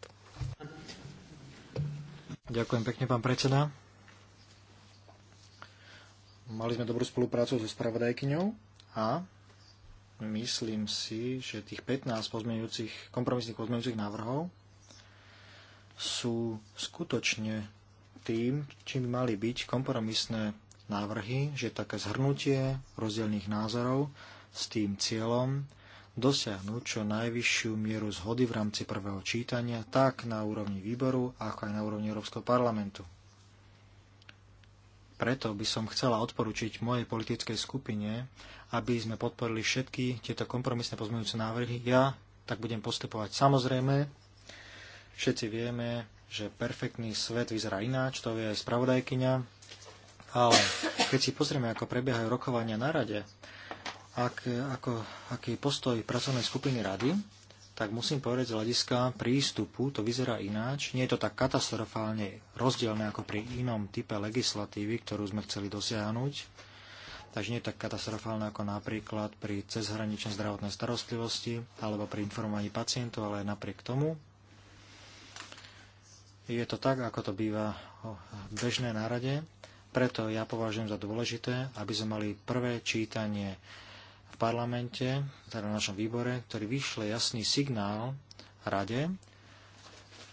Ďakujem pekne, pán predseda. Mali sme dobrú spoluprácu so spravodajkyňou a myslím si, že tých 15 pozmeňujúcich, kompromisných pozmeňujúcich návrhov sú skutočne tým, čím mali byť kompromisné návrhy, že také zhrnutie rozdielných názorov s tým cieľom dosiahnuť čo najvyššiu mieru zhody v rámci prvého čítania, tak na úrovni výboru, ako aj na úrovni Európskeho parlamentu. Preto by som chcela odporučiť mojej politickej skupine, aby sme podporili všetky tieto kompromisné pozmeňujúce návrhy. Ja tak budem postupovať. Samozrejme, Všetci vieme, že perfektný svet vyzerá ináč, to je aj spravodajkyňa, ale keď si pozrieme, ako prebiehajú rokovania na rade, ak, ako, aký postoj pracovnej skupiny rady, tak musím povedať z hľadiska prístupu to vyzerá ináč. Nie je to tak katastrofálne rozdielne ako pri inom type legislatívy, ktorú sme chceli dosiahnuť. Takže nie je tak katastrofálne ako napríklad pri cezhraničnej zdravotnej starostlivosti alebo pri informovaní pacientov, ale aj napriek tomu je to tak, ako to býva bežné bežnej nárade, Preto ja považujem za dôležité, aby sme mali prvé čítanie v parlamente, teda v našom výbore, ktorý vyšle jasný signál rade.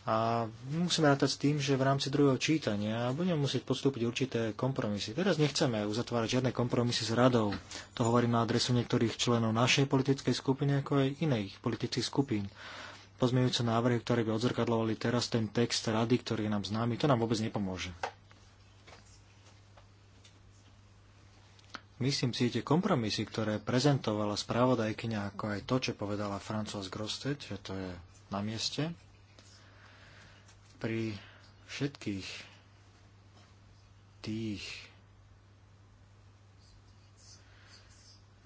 A musíme rátať s tým, že v rámci druhého čítania budeme musieť podstúpiť určité kompromisy. Teraz nechceme uzatvárať žiadne kompromisy s radou. To hovorím na adresu niektorých členov našej politickej skupiny, ako aj iných politických skupín pozmeňujúce návrhy, ktoré by odzrkadlovali teraz ten text rady, ktorý je nám známy, to nám vôbec nepomôže. Myslím si, tie kompromisy, ktoré prezentovala spravodajkyňa, ako aj to, čo povedala Francois Grostet, že to je na mieste, pri všetkých tých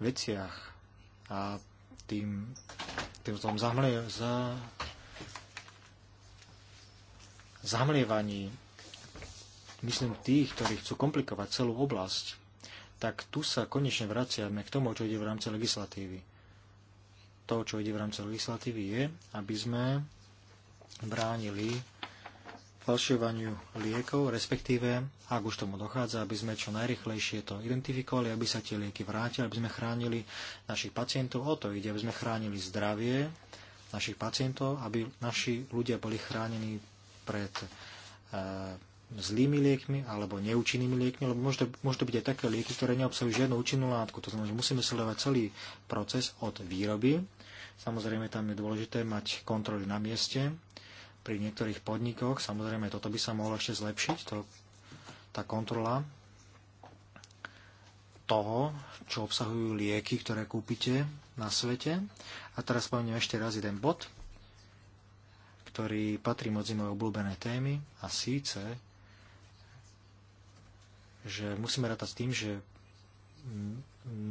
veciach a tým tým tom zahmlie, za, zahmlievaní, myslím tých, ktorí chcú komplikovať celú oblasť, tak tu sa konečne vraciame k tomu, čo ide v rámci legislatívy. To, čo ide v rámci legislatívy, je, aby sme bránili falšovaniu liekov, respektíve, ak už tomu dochádza, aby sme čo najrychlejšie to identifikovali, aby sa tie lieky vrátili, aby sme chránili našich pacientov. O to ide, aby sme chránili zdravie našich pacientov, aby naši ľudia boli chránení pred e, zlými liekmi alebo neúčinnými liekmi, lebo môžu to byť aj také lieky, ktoré neobsahujú žiadnu účinnú látku. To znamená, že musíme sledovať celý proces od výroby. Samozrejme, tam je dôležité mať kontroly na mieste pri niektorých podnikoch. Samozrejme, toto by sa mohlo ešte zlepšiť, to, tá kontrola toho, čo obsahujú lieky, ktoré kúpite na svete. A teraz spomeniem ešte raz jeden bod, ktorý patrí medzi moje obľúbené témy a síce, že musíme rátať s tým, že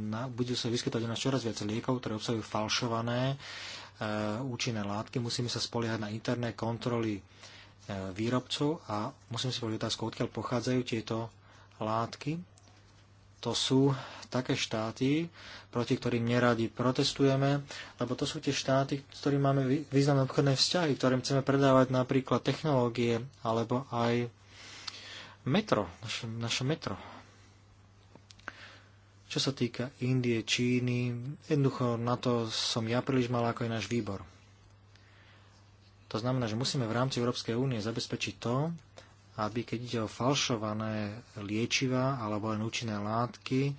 na, budú sa vyskytovať u nás čoraz viac liekov, ktoré obsahujú falšované Eh, účinné látky, musíme sa spoliehať na interné kontroly eh, výrobcov a musím si povedať otázku, odkiaľ pochádzajú tieto látky. To sú také štáty, proti ktorým neradi protestujeme, lebo to sú tie štáty, s ktorými máme významné obchodné vzťahy, ktorým chceme predávať napríklad technológie alebo aj metro, naše, naše metro. Čo sa týka Indie, Číny, jednoducho na to som ja príliš mal ako je náš výbor. To znamená, že musíme v rámci Európskej únie zabezpečiť to, aby keď ide o falšované liečiva alebo len účinné látky,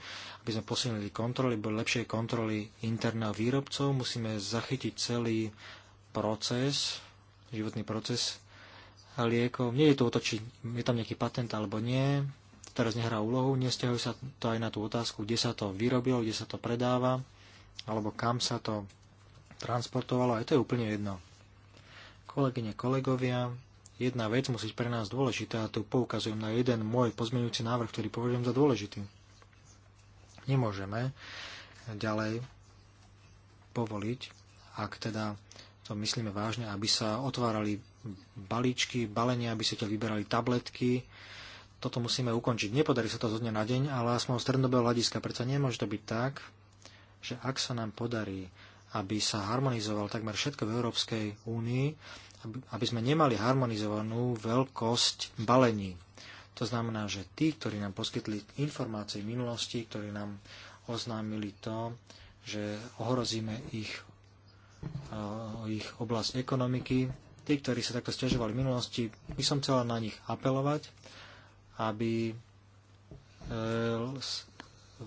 aby sme posilnili kontroly, boli lepšie kontroly interného výrobcov, musíme zachytiť celý proces, životný proces liekov. Nie je to otočiť, je tam nejaký patent alebo nie, teraz nehrá úlohu, nestiahuje sa to aj na tú otázku, kde sa to vyrobilo, kde sa to predáva, alebo kam sa to transportovalo, aj to je úplne jedno. Kolegyne, kolegovia, jedna vec musí pre nás dôležitá a tu poukazujem na jeden môj pozmeňujúci návrh, ktorý považujem za dôležitý. Nemôžeme ďalej povoliť, ak teda to myslíme vážne, aby sa otvárali balíčky, balenia, aby sa ťa vyberali tabletky, toto musíme ukončiť. Nepodarí sa to zo dňa na deň, ale aspoň z strednodobého hľadiska. Preto nemôže to byť tak, že ak sa nám podarí, aby sa harmonizoval takmer všetko v Európskej únii, aby sme nemali harmonizovanú veľkosť balení. To znamená, že tí, ktorí nám poskytli informácie v minulosti, ktorí nám oznámili to, že ohrozíme ich, eh, ich oblasť ekonomiky, tí, ktorí sa takto stiažovali v minulosti, by som chcela na nich apelovať, aby e,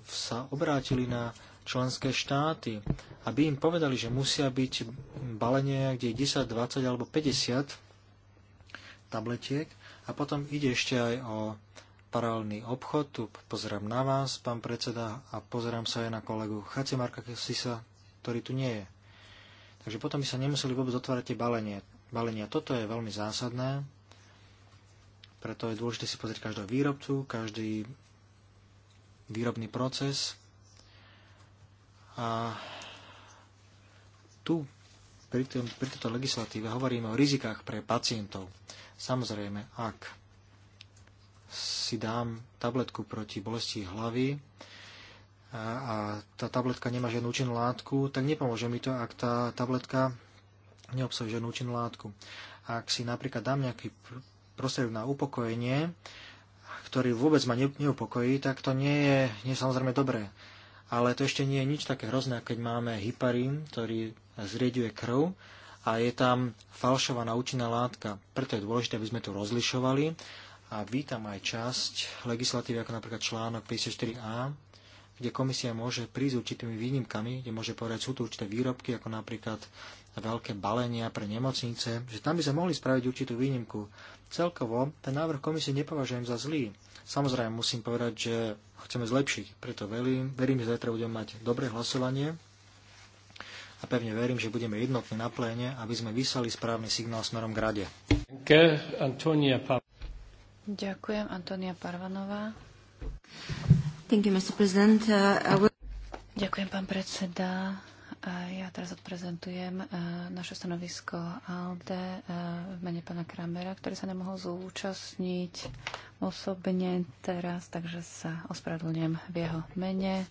sa obrátili na členské štáty, aby im povedali, že musia byť balenie, kde je 10, 20 alebo 50 tabletiek. A potom ide ešte aj o paralelný obchod. Tu pozerám na vás, pán predseda, a pozerám sa aj na kolegu Chacemarka Sisa, ktorý tu nie je. Takže potom by sa nemuseli vôbec otvárať tie balenie. balenia. Toto je veľmi zásadné. Preto je dôležité si pozrieť každého výrobcu, každý výrobný proces. A tu pri, tým, pri tejto legislatíve hovoríme o rizikách pre pacientov. Samozrejme, ak si dám tabletku proti bolesti hlavy a, a tá tabletka nemá žiadnu účinnú látku, tak nepomôže mi to, ak tá tabletka neobsahuje žiadnu účinnú látku. Ak si napríklad dám nejaký prostriedok na upokojenie, ktorý vôbec ma neupokojí, tak to nie je, nie je samozrejme dobré. Ale to ešte nie je nič také hrozné, keď máme hyparín, ktorý zrieďuje krv a je tam falšovaná účinná látka. Preto je dôležité, aby sme to rozlišovali a vítam aj časť legislatívy, ako napríklad článok 54a, kde komisia môže prísť určitými výnimkami, kde môže povedať, sú tu určité výrobky, ako napríklad na veľké balenia pre nemocnice, že tam by sa mohli spraviť určitú výnimku. Celkovo ten návrh komisie nepovažujem za zlý. Samozrejme musím povedať, že ho chceme zlepšiť, preto verím, verím že zajtra budeme mať dobré hlasovanie a pevne verím, že budeme jednotní na pléne, aby sme vyslali správny signál smerom k rade. Ďakujem, Antonia Parvanová. Thank you, Mr. President. Uh, will... Ďakujem, pán predseda. Ja teraz odprezentujem e, naše stanovisko ALDE e, v mene pána Kramera, ktorý sa nemohol zúčastniť osobne teraz, takže sa ospravedlňujem v jeho mene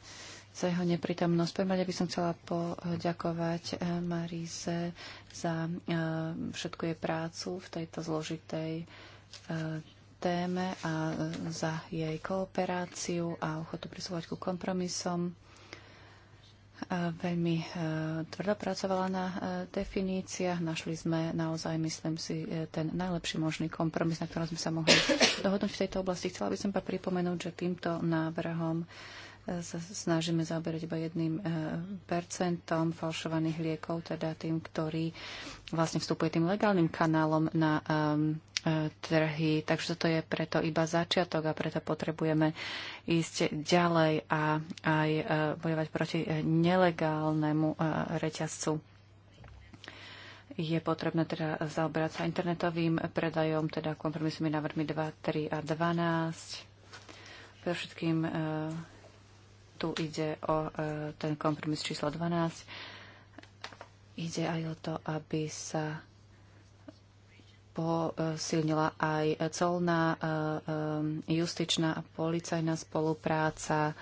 za jeho neprítomnosť. Prvom by som chcela poďakovať e, Maríze za všetku jej prácu v tejto zložitej téme a za jej kooperáciu a ochotu prisúvať ku kompromisom veľmi e, tvrdo pracovala na e, definíciách. Našli sme naozaj, myslím si, e, ten najlepší možný kompromis, na ktorom sme sa mohli dohodnúť v tejto oblasti. Chcela by som pa pripomenúť, že týmto návrhom sa snažíme zaoberať iba jedným percentom falšovaných liekov, teda tým, ktorý vlastne vstupuje tým legálnym kanálom na trhy. Takže toto je preto iba začiatok a preto potrebujeme ísť ďalej a aj e, bojovať proti e, nelegálnemu e, reťazcu. Je potrebné teda zaobrať sa internetovým predajom, teda kompromisnými návrhmi 2, 3 a 12. Pre všetkým tu ide o ten kompromis číslo 12. Ide aj o to, aby sa posilnila aj colná, eh, eh, justičná a policajná spolupráca.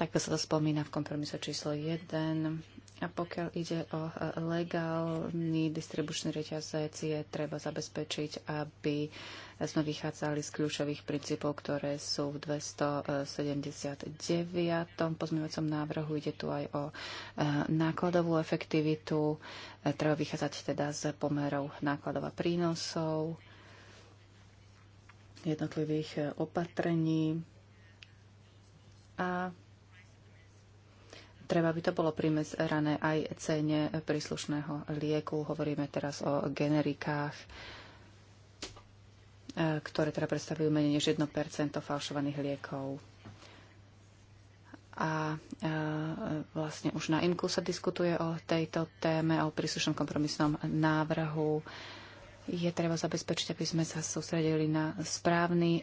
Takto sa to spomína v kompromise číslo 1. A pokiaľ ide o e, legálny distribučný reťazec, je treba zabezpečiť, aby sme vychádzali z kľúčových princípov, ktoré sú v 279. pozmeňovacom návrhu. Ide tu aj o e, nákladovú efektivitu. E, treba vychádzať teda z pomerov nákladov a prínosov jednotlivých opatrení a treba by to bolo primerané aj cene príslušného lieku. Hovoríme teraz o generikách, e, ktoré teda predstavujú menej než 1% falšovaných liekov. A e, vlastne už na IMKU sa diskutuje o tejto téme, o príslušnom kompromisnom návrhu je treba zabezpečiť, aby sme sa sústredili na správny e,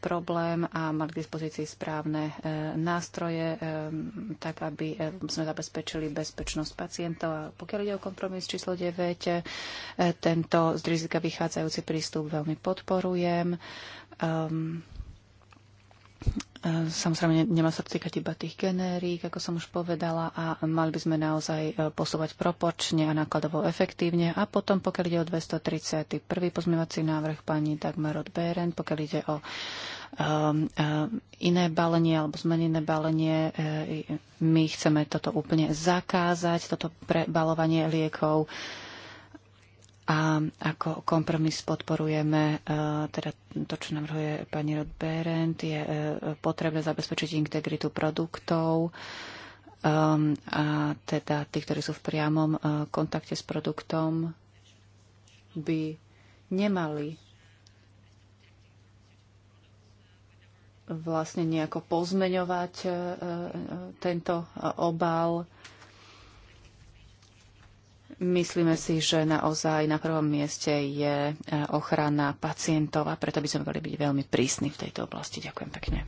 problém a mali k dispozícii správne e, nástroje, e, tak aby e, sme zabezpečili bezpečnosť pacientov. A pokiaľ ide o kompromis číslo 9, e, tento z rizika vychádzajúci prístup veľmi podporujem. Um, E, samozrejme, nemá sa to týkať iba tých generík, ako som už povedala, a mali by sme naozaj e, posúvať proporčne a nákladovo efektívne. A potom, pokiaľ ide o 231. pozmievací návrh pani Dagmar Beren, pokiaľ ide o um, um, iné balenie alebo zmenené balenie, my chceme toto úplne zakázať, toto prebalovanie liekov a ako kompromis podporujeme e, teda to, čo navrhuje pani Rod Berend, je e, potrebné zabezpečiť integritu produktov, ehm, a teda tí, ktorí sú v priamom e, kontakte s produktom, by nemali vlastne nejako pozmeňovať tento obal Myslíme si, že naozaj na prvom mieste je e, ochrana pacientov a preto by sme mali byť veľmi prísni v tejto oblasti. Ďakujem pekne.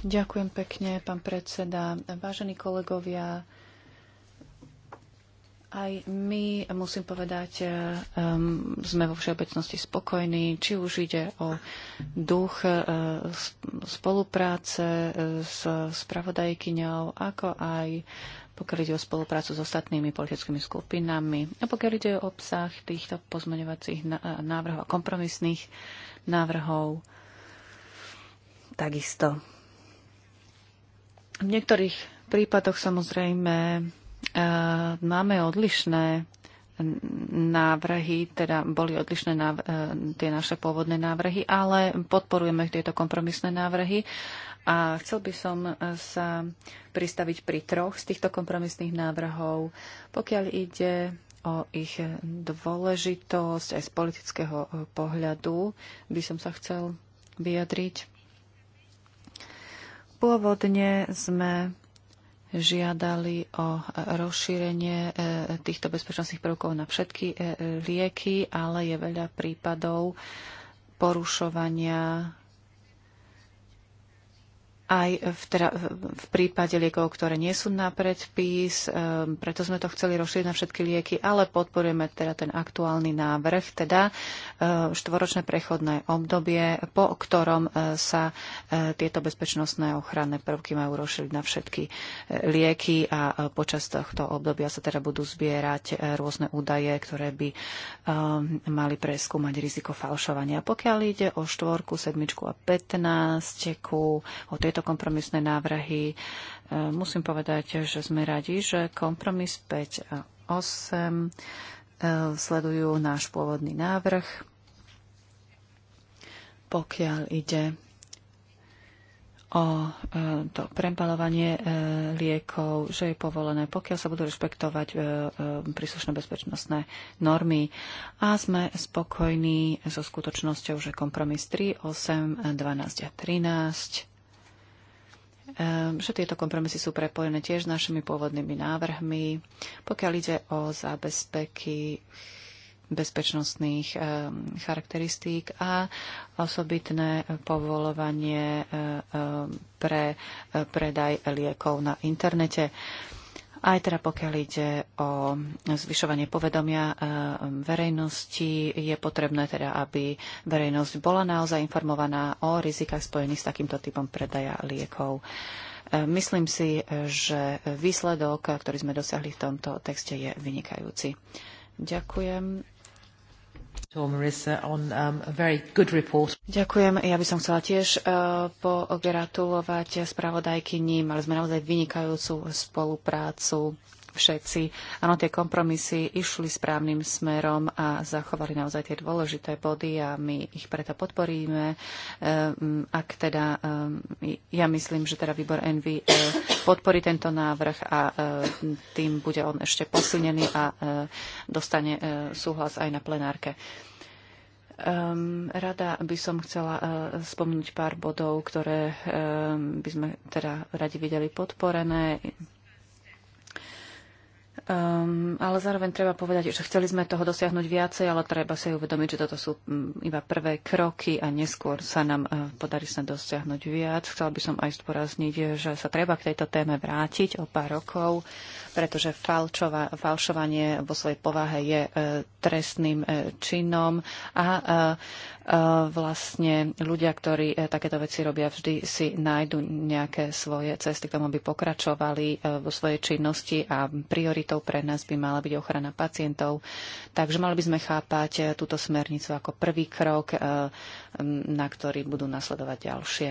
Ďakujem pekne, pán predseda. Vážení kolegovia, aj my, musím povedať, um, sme vo všeobecnosti spokojní, či už ide o duch uh, spolupráce eh, s spravodajkyňou, ako aj pokiaľ ide o spoluprácu s ostatnými politickými skupinami a pokiaľ ide o obsah týchto pozmeňovacích návrhov a kompromisných návrhov, takisto. V niektorých prípadoch samozrejme E, máme odlišné návrhy, teda boli odlišné návr- e, tie naše pôvodné návrhy, ale podporujeme tieto kompromisné návrhy. A chcel by som e, sa pristaviť pri troch z týchto kompromisných návrhov. Pokiaľ ide o ich dôležitosť aj z politického pohľadu, by som sa chcel vyjadriť. Pôvodne sme žiadali o e, rozšírenie e, týchto bezpečnostných prvkov na všetky e, lieky, ale je veľa prípadov porušovania aj v, teda, v prípade liekov, ktoré nie sú na predpis, um, preto sme to chceli rozšíriť na všetky lieky, ale podporujeme teda ten aktuálny návrh, teda uh, štvoročné prechodné obdobie, po ktorom uh, sa uh, tieto bezpečnostné ochranné prvky majú rozšíriť na všetky e, lieky a počas tohto obdobia sa teda budú zbierať rôzne údaje, ktoré by um, mali preskúmať riziko falšovania. Pokiaľ ide o štvorku, sedmičku a 15, o tieto tieto kompromisné návrhy. E, musím povedať, že sme radi, že kompromis 5 a 8 e, sledujú náš pôvodný návrh. Pokiaľ ide o e, to prembalovanie liekov, že je povolené, pokiaľ sa budú rešpektovať príslušné bezpečnostné normy. A sme spokojní so skutočnosťou, že kompromis 3, 8, 12 a 13 že ehm, tieto kompromisy sú prepojené tiež s našimi pôvodnými návrhmi. Pokiaľ ide o zabezpeky bezpečnostných ehm, charakteristík a osobitné povolovanie ehm, pre eh, predaj liekov na internete aj teda pokiaľ ide o zvyšovanie povedomia e, verejnosti, je potrebné teda, aby verejnosť bola naozaj informovaná o rizikách spojených s takýmto typom predaja liekov. E, myslím si, že výsledok, ktorý sme dosiahli v tomto texte, je vynikajúci. Ďakujem. Um, Ďakujem. Ja by som chcela tiež uh, pogratulovať spravodajkyni. Mali sme naozaj vynikajúcu spoluprácu všetci. Áno, tie kompromisy išli správnym smerom a zachovali naozaj tie dôležité body a my ich preto podporíme. Ehm, ak teda, ehm, ja myslím, že teda výbor Envy eh, podporí tento návrh a eh, tým bude on ešte posilnený a eh, dostane súhlas aj na plenárke. Um, rada by som chcela uh, spomnúť pár bodov, ktoré um, by sme teda radi videli podporené. Um, ale zároveň treba povedať, že chceli sme toho dosiahnuť viacej, ale treba si uvedomiť, že toto sú mm, iba prvé kroky a neskôr sa nám uh, podarí sa dosiahnuť viac. Chcela by som aj zdôrazniť, že sa treba k tejto téme vrátiť o pár rokov pretože falčova, falšovanie vo svojej povahe je e, trestným e, činom a e, vlastne ľudia, ktorí takéto veci robia, vždy si nájdu nejaké svoje cesty k tomu, aby pokračovali vo svojej činnosti a prioritou pre nás by mala byť ochrana pacientov. Takže mali by sme chápať túto smernicu ako prvý krok, na ktorý budú nasledovať ďalšie.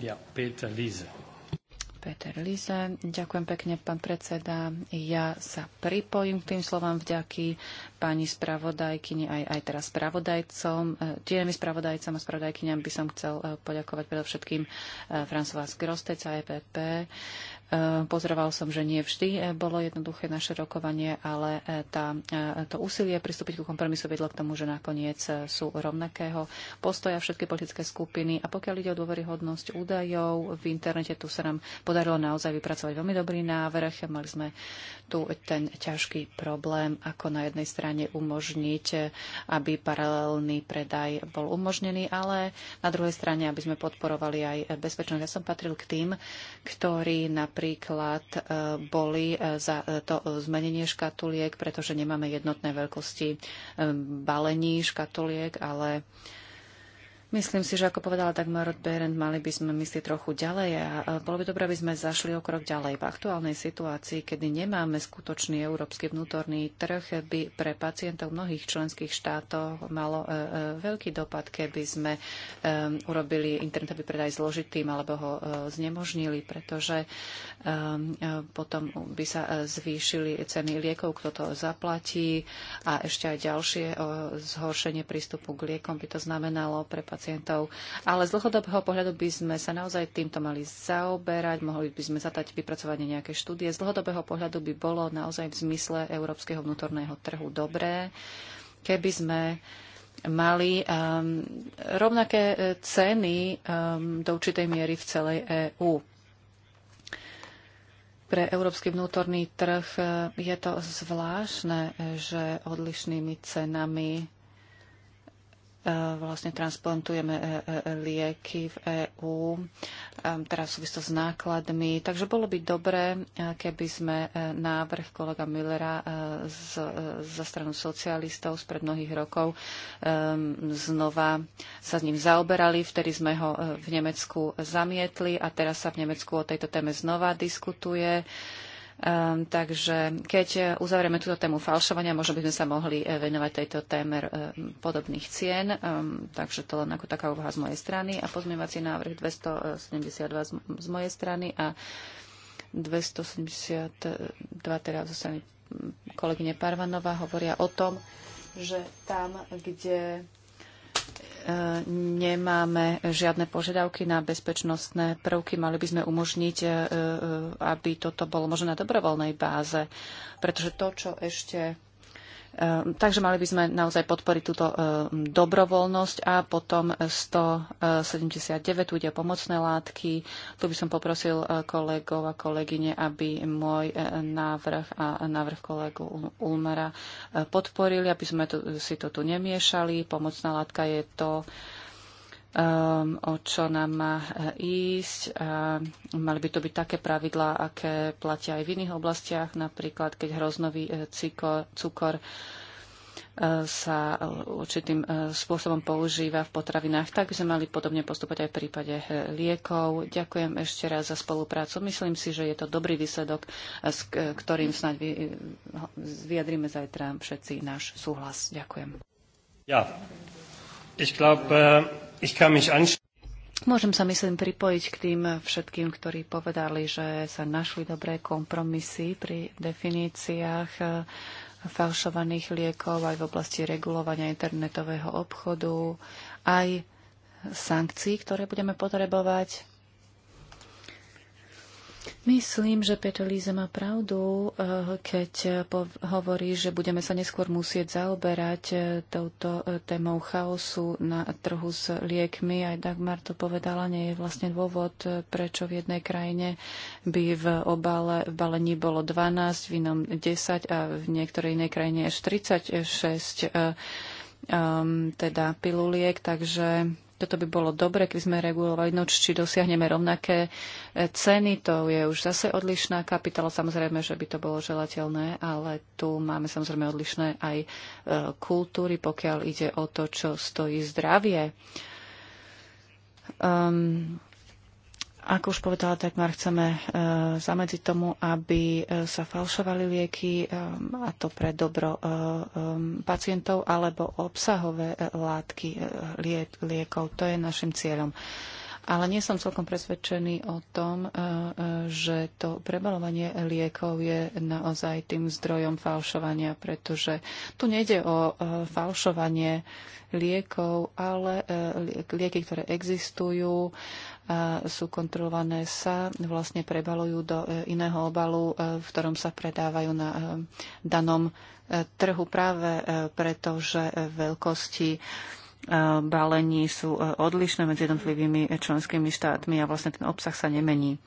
Ja, Peter Líze. Peter Lise. Ďakujem pekne, pán predseda. Ja sa pripojím k tým slovám vďaky pani spravodajkyni aj, aj teraz spravodajcom, e, Tiem spravodajcom a spravodajkyňam by som chcel e, poďakovať predovšetkým e, François Grostec a EPP. Pozoroval som, že nie vždy bolo jednoduché naše rokovanie, ale tá, to úsilie pristúpiť ku kompromisu vedlo k tomu, že nakoniec sú rovnakého postoja všetky politické skupiny. A pokiaľ ide o dôveryhodnosť údajov v internete, tu sa nám podarilo naozaj vypracovať veľmi dobrý návrh. Mali sme tu ten ťažký problém, ako na jednej strane strane umožniť, aby paralelný predaj bol umožnený, ale na druhej strane, aby sme podporovali aj bezpečnosť. Ja som patril k tým, ktorí napríklad e, boli e, za to zmenenie škatuliek, pretože nemáme jednotné veľkosti e, balení škatuliek, ale Myslím si, že ako povedala tak Marot Berend, mali by sme myslieť trochu ďalej a bolo by dobré, aby sme zašli o krok ďalej. V aktuálnej situácii, kedy nemáme skutočný európsky vnútorný trh, by pre pacientov mnohých členských štátov malo e, e, veľký dopad, keby sme e, urobili internetový predaj zložitým alebo ho znemožnili, pretože potom by sa zvýšili ceny liekov, kto to zaplatí a ešte aj ďalšie zhoršenie prístupu k liekom by to znamenalo pre pacientov pacientov. Ale z dlhodobého pohľadu by sme sa naozaj týmto mali zaoberať, mohli by sme zatať vypracovanie nejaké štúdie. Z dlhodobého pohľadu by bolo naozaj v zmysle európskeho vnútorného trhu dobré, keby sme mali um, rovnaké e, ceny um, do určitej miery v celej EÚ. Pre európsky vnútorný trh e, je to zvláštne, e, že odlišnými cenami E, vlastne transplantujeme e, e, lieky v EÚ, teraz súvisto s nákladmi. Takže bolo by dobré, keby sme návrh kolega Millera z, za stranu socialistov spred mnohých rokov znova sa s ním zaoberali. Vtedy sme ho v Nemecku zamietli a teraz sa v Nemecku o tejto téme znova diskutuje. Um, takže keď uzavrieme túto tému falšovania, možno by sme sa mohli eh, venovať tejto téme um, podobných cien. Um, takže to len ako taká úvaha z mojej strany. A pozmievací návrh 272 z, z mojej strany a 272 teraz zo strany kolegyne Parvanova hovoria o tom, že tam, kde nemáme žiadne požiadavky na bezpečnostné prvky. Mali by sme umožniť, e, e, aby toto bolo možno na dobrovoľnej báze, pretože to, čo ešte Ehm, takže mali by sme naozaj podporiť túto ehm, dobrovoľnosť a potom 179 eh, ide o pomocné látky. Tu by som poprosil eh, kolegov a kolegyne, aby môj eh, návrh a návrh kolegu Ulmera podporili, aby sme si to tu nemiešali. Pomocná látka je to, um, o čo nám má eh, ísť. A ehm, mali by to byť také pravidlá, aké platia aj v iných oblastiach, napríklad keď hroznový eh, cukor, cukor eh, sa určitým spôsobom používa v potravinách, tak by sme mali podobne postupovať aj v prípade liekov. Ďakujem ešte raz za spoluprácu. Myslím si, že je to dobrý výsledok, s ktorým snáď vyjadríme zajtra všetci náš súhlas. Ďakujem. Ja, ich glaube, Môžem sa, myslím, pripojiť k tým všetkým, ktorí povedali, že sa našli dobré kompromisy pri definíciách eh, falšovaných liekov aj v oblasti regulovania internetového obchodu, aj sankcií, ktoré budeme potrebovať Myslím, že Peter Líze má pravdu, eh, keď eh, hovorí, že budeme sa neskôr musieť zaoberať eh, touto témou chaosu na trhu s liekmi. Aj Dagmar to povedala, nie je vlastne dôvod, prečo v jednej krajine by v obale, v balení bolo 12, v inom 10 a v niektorej inej krajine až 36 um, ehm, teda piluliek, takže toto by bolo dobre, keby sme regulovali noč, či dosiahneme rovnaké e, ceny. To je už zase odlišná kapitál. Samozrejme, že by to bolo želateľné, ale tu máme samozrejme odlišné aj e, kultúry, pokiaľ ide o to, čo stojí zdravie. Um, ako už povedala Dagmar, chceme e, zamedziť tomu, aby e, sa falšovali lieky, e, a to pre dobro e, e pacientov, alebo obsahové e, látky liek, liekov. To je našim cieľom. E, ale nie som celkom presvedčený o tom, e, e, že to prebalovanie liekov je naozaj tým zdrojom falšovania, pretože tu nejde o e, falšovanie liekov, ale lieky, ktoré existujú, sú kontrolované sa vlastne prebalujú do iného obalu, v ktorom sa predávajú na danom trhu práve preto, že veľkosti balení sú e, odlišné medzi jednotlivými členskými štátmi a vlastne ten obsah sa nemení.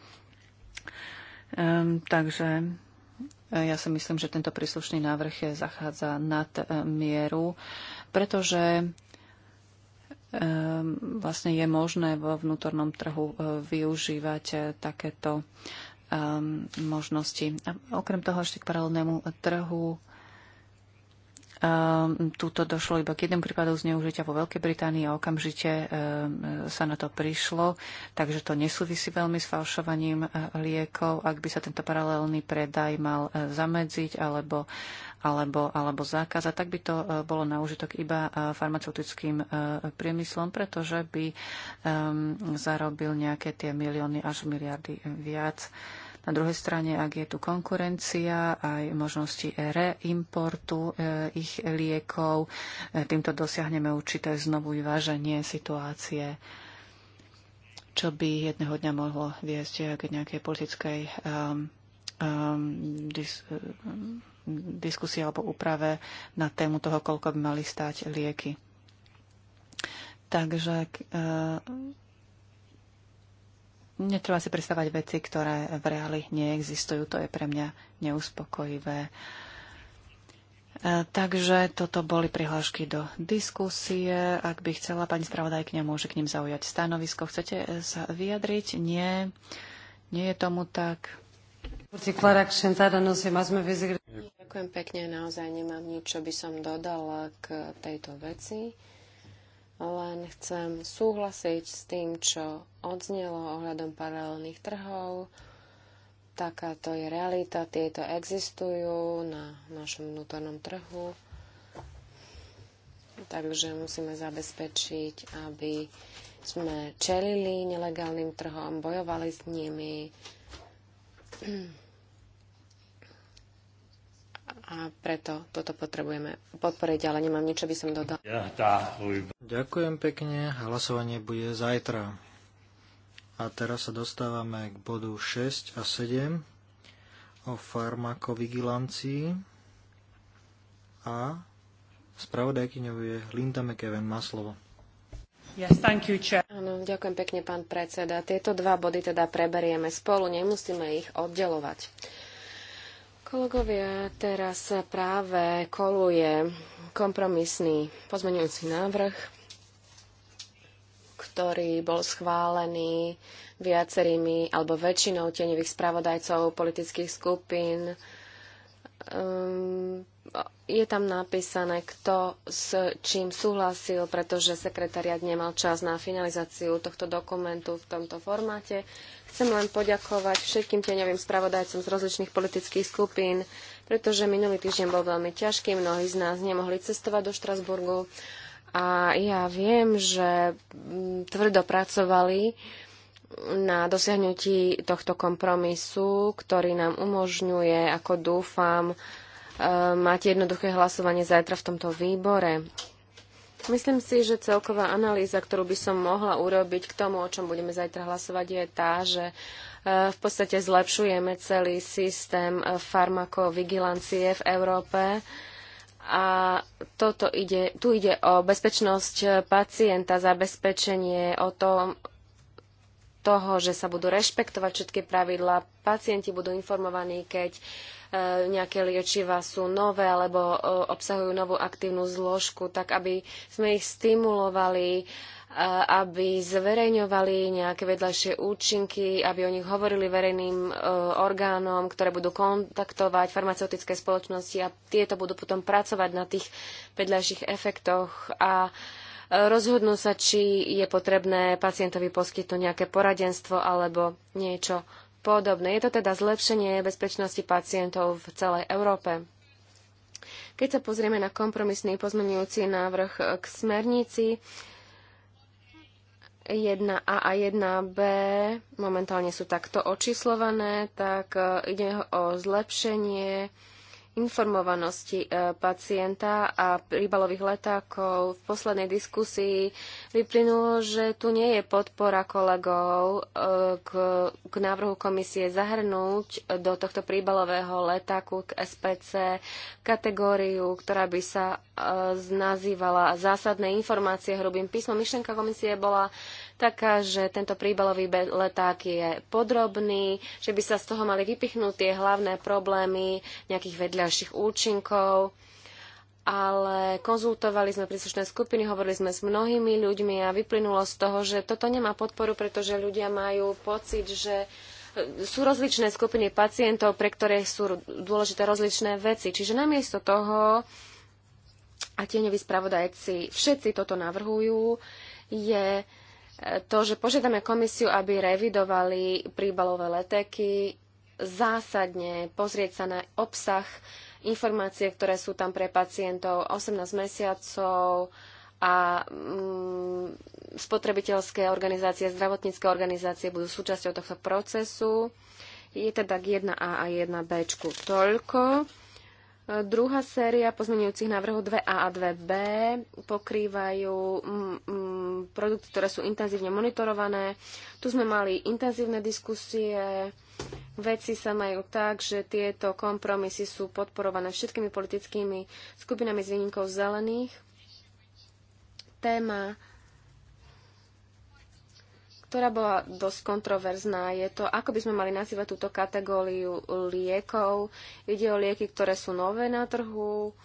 Ehm, takže e, ja si myslím, že tento príslušný návrh zachádza nad e, mieru, pretože ehm, vlastne je možné vo vnútornom trhu využívať takéto ehm, možnosti. A okrem toho ešte k paralelnému trhu Ehm, tuto došlo iba k jednom prípadu zneužitia vo Veľkej Británii a okamžite ehm, sa na to prišlo, takže to nesúvisí veľmi s falšovaním eh, liekov. Ak by sa tento paralelný predaj mal eh, zamedziť alebo, alebo, alebo zákazať, tak by to eh, bolo na užitok iba farmaceutickým priemyslom, pretože by ehm, zarobil nejaké tie milióny až miliardy viac. Na druhej strane, ak je tu konkurencia, aj možnosti reimportu e, ich liekov, e, týmto dosiahneme určité znovu vyváženie situácie čo by jedného dňa mohlo viesť e, k nejakej politickej um, um, dis, um, diskusie alebo úprave na tému toho, koľko by mali stáť lieky. Takže uh, Netreba si predstavať veci, ktoré v reáli neexistujú. To je pre mňa neuspokojivé. E, takže toto boli prihlášky do diskusie. Ak by chcela pani spravodajkňa, môže k ním zaujať stanovisko. Chcete sa vyjadriť? Nie. Nie je tomu tak. Ďakujem pekne, naozaj nemám nič, čo by som dodala k tejto veci len chcem súhlasiť s tým, čo odznelo ohľadom paralelných trhov. Takáto je realita, tieto existujú na našom vnútornom trhu. Takže musíme zabezpečiť, aby sme čelili nelegálnym trhom, bojovali s nimi a preto toto potrebujeme podporiť, ale nemám nič, by som dodal. Ďakujem pekne, hlasovanie bude zajtra. A teraz sa dostávame k bodu 6 a 7 o farmakovigilancii a spravodajkyňov je Linda McEwen. Má slovo. Yes, thank you, chair. Ano, ďakujem pekne, pán predseda. Tieto dva body teda preberieme spolu, nemusíme ich oddelovať. Kolegovia, teraz práve koluje kompromisný pozmeňujúci návrh, ktorý bol schválený viacerými alebo väčšinou tieňových spravodajcov politických skupín. Ehm, je tam napísané, kto s čím súhlasil, pretože sekretariat nemal čas na finalizáciu tohto dokumentu v tomto formáte. Chcem len poďakovať všetkým tieňovým spravodajcom z rozličných politických skupín, pretože minulý týždeň bol veľmi ťažký, mnohí z nás nemohli cestovať do Štrasburgu a ja viem, že mm, tvrdo pracovali na dosiahnutí tohto kompromisu, ktorý nám umožňuje, ako dúfam, e, mať jednoduché hlasovanie zajtra v tomto výbore. Myslím si, že celková analýza, ktorú by som mohla urobiť k tomu, o čom budeme zajtra hlasovať, je tá, že e, v podstate zlepšujeme celý systém e, farmakovigilancie v Európe. A toto ide, tu ide o bezpečnosť e, pacienta, zabezpečenie o tom, toho, že sa budú rešpektovať všetky pravidlá, pacienti budú informovaní, keď uh, E, nejaké liečiva sú nové alebo e, obsahujú novú aktívnu zložku, tak aby sme ich stimulovali, e, aby zverejňovali nejaké vedľajšie účinky, aby o nich hovorili verejným orgánom, ktoré budú kontaktovať farmaceutické spoločnosti a tieto budú potom pracovať na tých vedľajších efektoch a rozhodnú sa, či je potrebné pacientovi poskytnúť nejaké poradenstvo alebo niečo podobné. Je to teda zlepšenie bezpečnosti pacientov v celej Európe. Keď sa pozrieme na kompromisný pozmenujúci návrh k smernici 1A a 1B, momentálne sú takto očíslované, tak ide o zlepšenie informovanosti e, pacienta a príbalových letákov. V poslednej diskusii vyplynulo, že tu nie je podpora kolegov e, k, k návrhu komisie zahrnúť do tohto príbalového letáku k SPC kategóriu, ktorá by sa e, nazývala zásadné informácie hrubým písmom. Myšlenka komisie bola taká, že tento príbalový leták je podrobný, že by sa z toho mali vypichnúť tie hlavné problémy nejakých vedľajších účinkov ale konzultovali sme príslušné skupiny, hovorili sme s mnohými ľuďmi a vyplynulo z toho, že toto nemá podporu, pretože ľudia majú pocit, že e, sú rozličné skupiny pacientov, pre ktoré sú dôležité rozličné veci. Čiže namiesto toho, a tie nevyspravodajci všetci toto navrhujú, je to, že požiadame komisiu, aby revidovali príbalové leteky, zásadne pozrieť sa na obsah informácie, ktoré sú tam pre pacientov 18 mesiacov a mm, spotrebiteľské organizácie, zdravotnícke organizácie budú súčasťou tohto procesu. Je teda k 1A a 1B. Toľko. Druhá séria pozmeňujúcich návrhov 2A a 2B pokrývajú mm, mm, produkty, ktoré sú intenzívne monitorované. Tu sme mali intenzívne diskusie. Veci sa majú tak, že tieto kompromisy sú podporované všetkými politickými skupinami s výnimkou zelených. Téma ktorá bola dosť kontroverzná. Je to, ako by sme mali nazývať túto kategóriu liekov. Ide o lieky, ktoré sú nové na trhu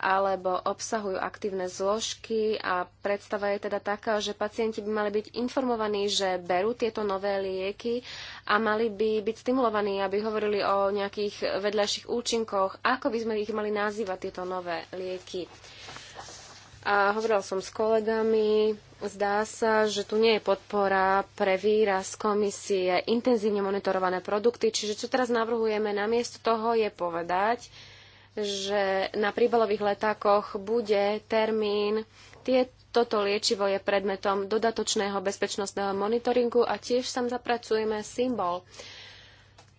alebo obsahujú aktívne zložky a predstava je teda taká, že pacienti by mali byť informovaní, že berú tieto nové lieky a mali by byť stimulovaní, aby hovorili o nejakých vedľajších účinkoch, ako by sme ich mali nazývať tieto nové lieky. A hovorila som s kolegami, Zdá sa, že tu nie je podpora pre výraz komisie intenzívne monitorované produkty, čiže čo teraz navrhujeme, namiesto toho je povedať, že na príbalových letákoch bude termín toto liečivo je predmetom dodatočného bezpečnostného monitoringu a tiež tam zapracujeme symbol,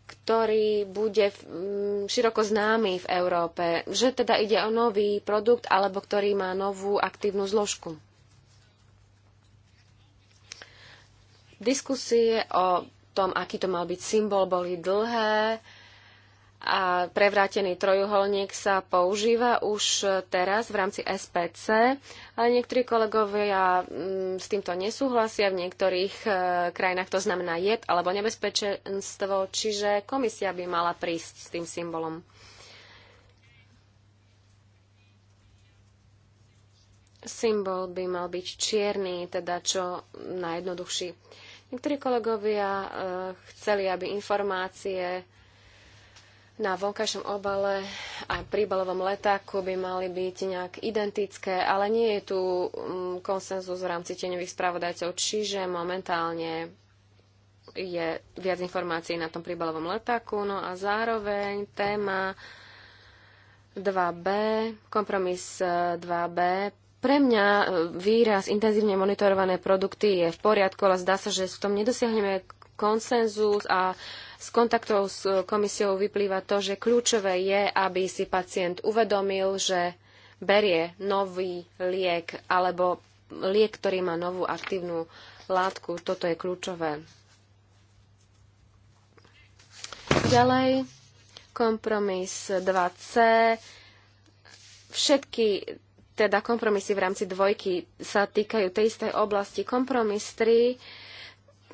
ktorý bude mm, široko známy v Európe, že teda ide o nový produkt alebo ktorý má novú aktívnu zložku. Diskusie o tom, aký to mal byť symbol, boli dlhé a prevrátený trojuholník sa používa už teraz v rámci SPC, ale niektorí kolegovia mm, s týmto nesúhlasia. V niektorých e, krajinách to znamená jed alebo nebezpečenstvo, čiže komisia by mala prísť s tým symbolom. Symbol by mal byť čierny, teda čo najjednoduchší. Niektorí kolegovia e, chceli, aby informácie na vonkajšom obale a príbalovom letáku by mali byť nejak identické, ale nie je tu mm, konsenzus v rámci tieňových spravodajcov, čiže momentálne je viac informácií na tom príbalovom letáku. No a zároveň téma 2B, kompromis 2B e, pre mňa e, výraz intenzívne monitorované produkty je v poriadku, ale zdá sa, že v tom nedosiahneme konsenzus a z kontaktov s e, komisiou vyplýva to, že kľúčové je, aby si pacient uvedomil, že berie nový liek alebo liek, ktorý má novú aktívnu látku. Toto je kľúčové. Ďalej, kompromis 2C. Všetky teda kompromisy v rámci dvojky sa týkajú tej istej oblasti. Kompromis 3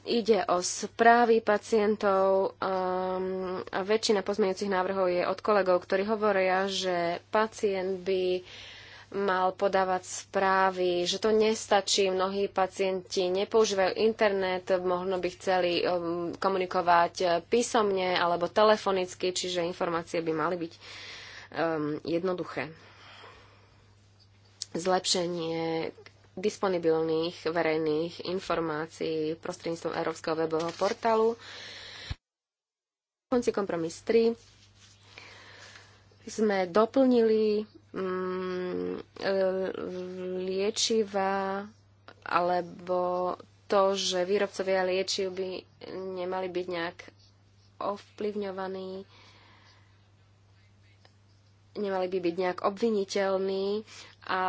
ide o správy pacientov um, a väčšina pozmeňujúcich návrhov je od kolegov, ktorí hovoria, že pacient by mal podávať správy, že to nestačí, mnohí pacienti nepoužívajú internet, možno by chceli um, komunikovať uh, písomne alebo telefonicky, čiže informácie by mali byť um, jednoduché zlepšenie disponibilných verejných informácií prostredníctvom Európskeho webového portálu. V konci kompromis 3 sme doplnili mm, e, liečiva alebo to, že výrobcovia liečiv by nemali byť nejak ovplyvňovaní, nemali by byť nejak obviniteľní a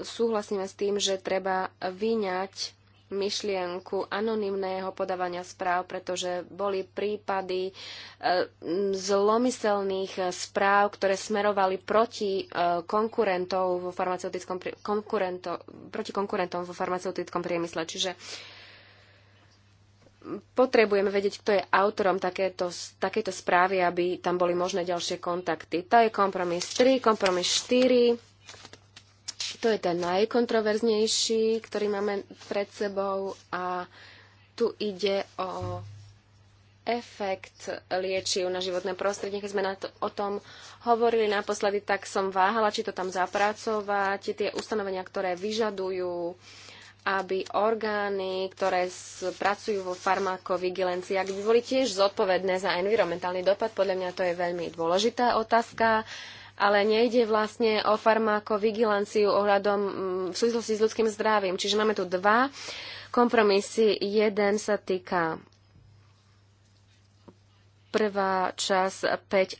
súhlasíme s tým, že treba vyňať myšlienku anonymného podávania správ, pretože boli prípady e, zlomyselných e, správ, ktoré smerovali proti e, konkurentov vo farmaceutickom, konkurento, proti konkurentom vo farmaceutickom priemysle. Čiže potrebujeme vedieť, kto je autorom takéto, takéto správy, aby tam boli možné ďalšie kontakty. To je kompromis 3, kompromis 4 to je ten najkontroverznejší, ktorý máme pred sebou a tu ide o efekt liečiv na životné prostredie. Keď sme na to, o tom hovorili naposledy, tak som váhala, či to tam zapracovať, tie ustanovenia, ktoré vyžadujú, aby orgány, ktoré pracujú vo farmakovigilencii, ak by boli tiež zodpovedné za environmentálny dopad. Podľa mňa to je veľmi dôležitá otázka ale nejde vlastne o farmakovigilanciu ohľadom mm, v súvislosti s ľudským zdravím. Čiže máme tu dva kompromisy. Jeden sa týka prvá časť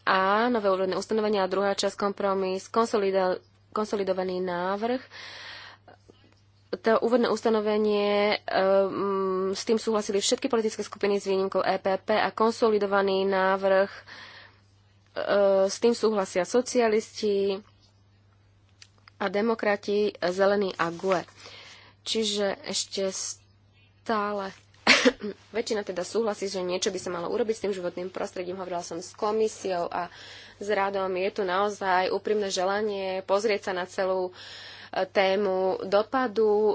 5a, nové úrodné ustanovenia a druhá časť kompromis, konsolidovaný návrh. To úvodné ustanovenie, um, s tým súhlasili všetky politické skupiny s výnimkou EPP a konsolidovaný návrh E, s tým súhlasia socialisti a demokrati, zelení a GUE. Čiže ešte stále väčšina teda súhlasí, že niečo by sa malo urobiť s tým životným prostredím. Hovorila som s komisiou a s radom. Je tu naozaj úprimné želanie pozrieť sa na celú tému dopadu e,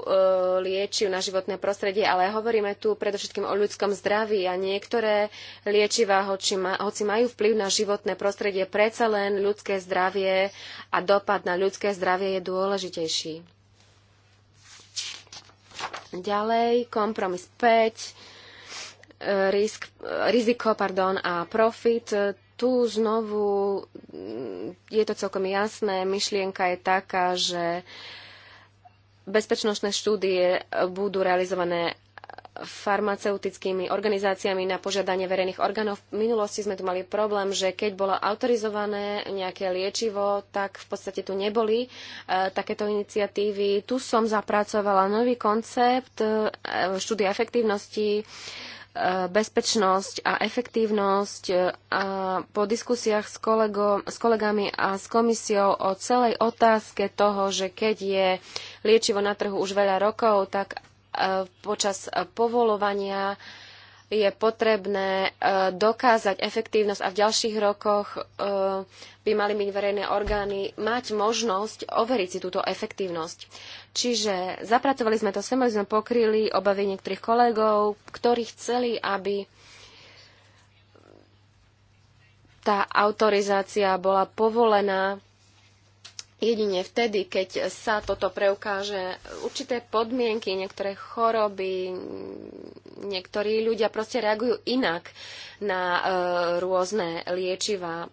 liečiv na životné prostredie, ale hovoríme tu predovšetkým o ľudskom zdraví a niektoré liečivá, hoci majú vplyv na životné prostredie, predsa len ľudské zdravie a dopad na ľudské zdravie je dôležitejší. Ďalej, kompromis 5, e, risk, e, riziko pardon, a profit tu znovu mm, je to celkom jasné. Myšlienka je taká, že bezpečnostné štúdie budú realizované farmaceutickými organizáciami na požiadanie verejných orgánov. V minulosti sme tu mali problém, že keď bolo autorizované nejaké liečivo, tak v podstate tu neboli e, takéto iniciatívy. Tu som zapracovala nový koncept e, štúdia efektívnosti E, bezpečnosť a efektívnosť e, a po diskusiách s, kolego, s kolegami a s komisiou o celej otázke toho, že keď je liečivo na trhu už veľa rokov, tak e, počas povolovania je potrebné e, dokázať efektívnosť a v ďalších rokoch e, by mali byť verejné orgány mať možnosť overiť si túto efektívnosť. Čiže zapracovali sme to sem, sme pokryli obavy niektorých kolegov, ktorí chceli, aby tá autorizácia bola povolená jedine vtedy, keď sa toto preukáže. Určité podmienky, niektoré choroby, niektorí ľudia proste reagujú inak na e, rôzne liečivá.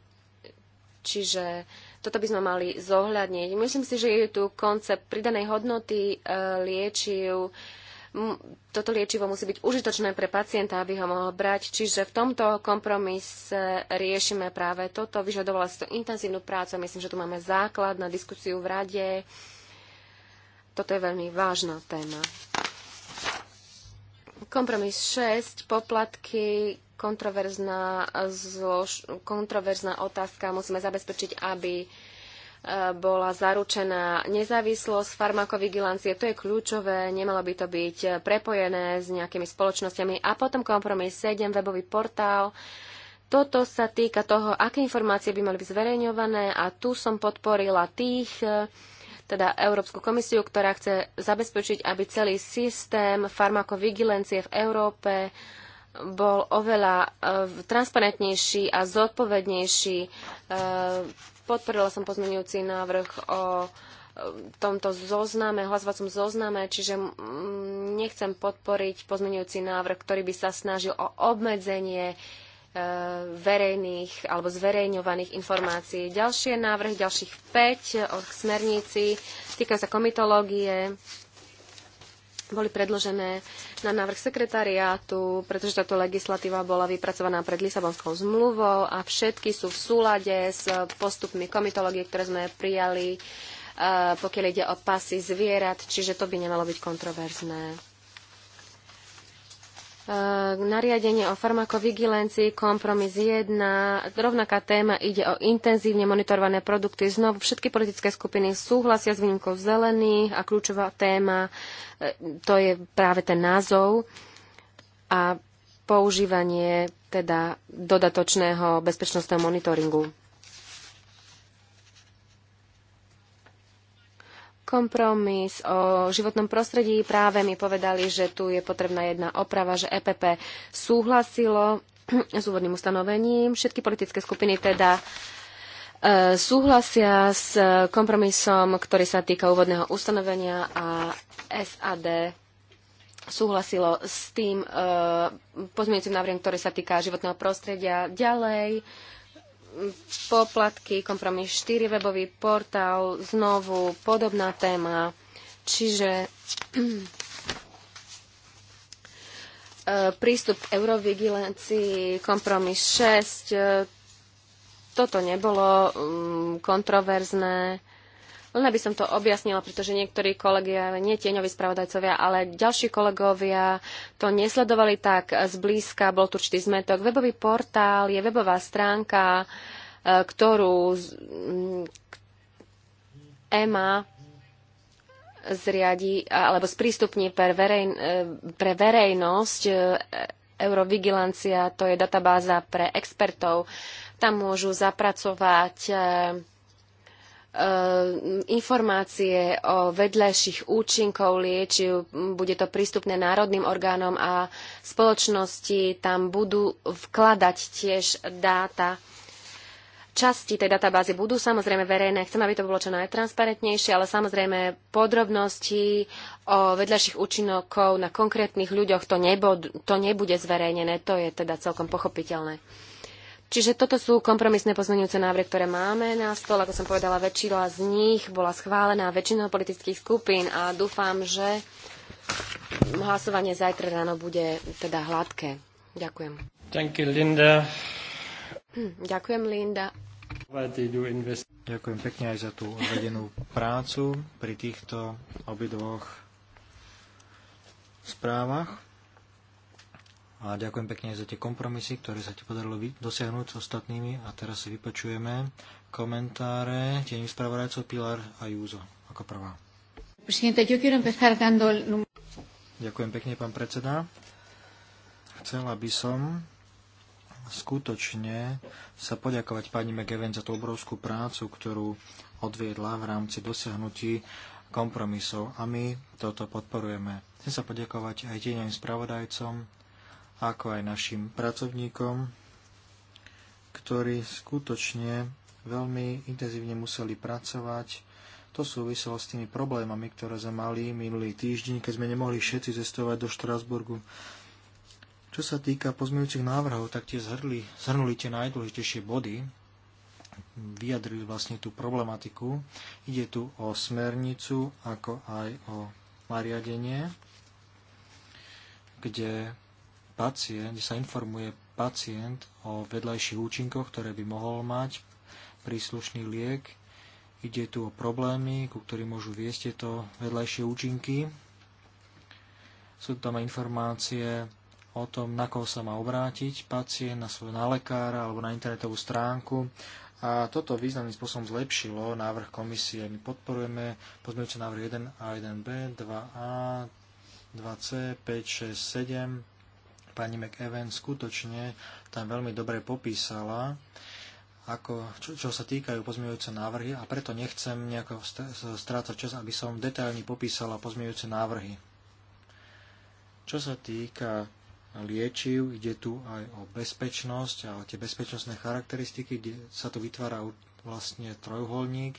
Čiže toto by sme mali zohľadniť. Myslím si, že je tu koncept pridanej hodnoty e, liečiv, e, toto liečivo musí byť užitočné pre pacienta, aby ho mohol brať. Čiže v tomto kompromis riešime práve toto. Vyžadovala si to intenzívnu prácu. Myslím, že tu máme základ na diskusiu v rade. Toto je veľmi vážna téma. Kompromis 6, poplatky, kontroverzná, zlož, kontroverzná otázka. Musíme zabezpečiť, aby bola zaručená nezávislosť farmakovigilancie. To je kľúčové, nemalo by to byť prepojené s nejakými spoločnosťami. A potom kompromis 7, webový portál. Toto sa týka toho, aké informácie by mali byť zverejňované a tu som podporila tých, teda Európsku komisiu, ktorá chce zabezpečiť, aby celý systém farmakovigilancie v Európe bol oveľa eh, transparentnejší a zodpovednejší eh, Podporila som pozmenujúci návrh o e, tomto zozname, hlasovacom zozname, čiže nechcem podporiť pozmenujúci návrh, ktorý by sa snažil o obmedzenie e, verejných alebo zverejňovaných informácií. Ďalšie návrhy, ďalších 5 k smernici, týka sa komitológie, boli predložené na návrh sekretariátu, pretože táto legislatíva bola vypracovaná pred Lisabonskou zmluvou a všetky sú v súlade s postupmi komitológie, ktoré sme prijali, eh, pokiaľ ide o pasy zvierat, čiže to by nemalo byť kontroverzné nariadenie o farmakovigilancii, kompromis 1, rovnaká téma ide o intenzívne monitorované produkty. Znovu všetky politické skupiny súhlasia s výnimkou zelených a kľúčová téma, e, to je práve ten názov a používanie teda dodatočného bezpečnostného monitoringu. kompromis o životnom prostredí. Práve mi povedali, že tu je potrebná jedna oprava, že EPP súhlasilo s úvodným ustanovením. Všetky politické skupiny teda e, súhlasia s kompromisom, ktorý sa týka úvodného ustanovenia a SAD súhlasilo s tým e, pozmeňujúcim návrhom, ktorý sa týka životného prostredia. Ďalej, poplatky, kompromis 4, webový portál, znovu podobná téma. Čiže e, prístup k eurovigilancii, kompromis 6, e, toto nebolo mm, kontroverzné. Len aby som to objasnila, pretože niektorí kolegia, nie tieňoví spravodajcovia, ale ďalší kolegovia to nesledovali tak zblízka, bol tu určitý zmetok. Webový portál je webová stránka, e, ktorú mm, EMA zriadi alebo sprístupní pre, verejn, e, pre verejnosť. E, Eurovigilancia to je databáza pre expertov. Tam môžu zapracovať Ehm, informácie o vedľajších účinkov liečiv, bude to prístupné národným orgánom a spoločnosti tam budú vkladať tiež dáta. Časti tej databázy budú samozrejme verejné, chcem, aby to bolo čo najtransparentnejšie, ale samozrejme podrobnosti o vedľajších účinkov na konkrétnych ľuďoch to, to nebude zverejnené, to je teda celkom pochopiteľné. Čiže toto sú kompromisné pozmeňujúce návrhy, ktoré máme na stole. Ako som povedala, väčšina z nich bola schválená väčšinou politických skupín a dúfam, že hlasovanie zajtra ráno bude teda hladké. Ďakujem. Ďakujem, Linda. Hm, ďakujem, Linda. Ďakujem pekne aj za tú odvedenú prácu pri týchto obidvoch správach a ďakujem pekne za tie kompromisy, ktoré sa ti podarilo dosiahnuť s ostatnými a teraz si vypočujeme komentáre tieň spravodajcov Pilar a Júzo ako prvá. Ďakujem pekne, pán predseda. Chcela by som skutočne sa poďakovať pani McEwen za tú obrovskú prácu, ktorú odviedla v rámci dosiahnutí kompromisov a my toto podporujeme. Chcem sa poďakovať aj tieňovým spravodajcom, ako aj našim pracovníkom, ktorí skutočne veľmi intenzívne museli pracovať. To súviselo s tými problémami, ktoré sme mali minulý týždeň, keď sme nemohli všetci cestovať do Štrásburgu. Čo sa týka pozmeňujúcich návrhov, tak tie zhrli, zhrnuli tie najdôležitejšie body, vyjadrili vlastne tú problematiku. Ide tu o smernicu, ako aj o nariadenie, kde pacient, kde sa informuje pacient o vedľajších účinkoch, ktoré by mohol mať príslušný liek. Ide tu o problémy, ku ktorým môžu viesť tieto vedľajšie účinky. Sú tam informácie o tom, na koho sa má obrátiť pacient, na svoj na lekára alebo na internetovú stránku. A toto významným spôsobom zlepšilo návrh komisie. My podporujeme pozmeňujúce návrh 1A, 1B, 2A, 2C, 5, 6, 7, pani McEwen skutočne tam veľmi dobre popísala, ako, čo, čo sa týkajú pozmeňujúce návrhy a preto nechcem nejako strácať čas, aby som detailne popísala pozmeňujúce návrhy. Čo sa týka liečiv, ide tu aj o bezpečnosť a o tie bezpečnostné charakteristiky, kde sa tu vytvára vlastne trojuholník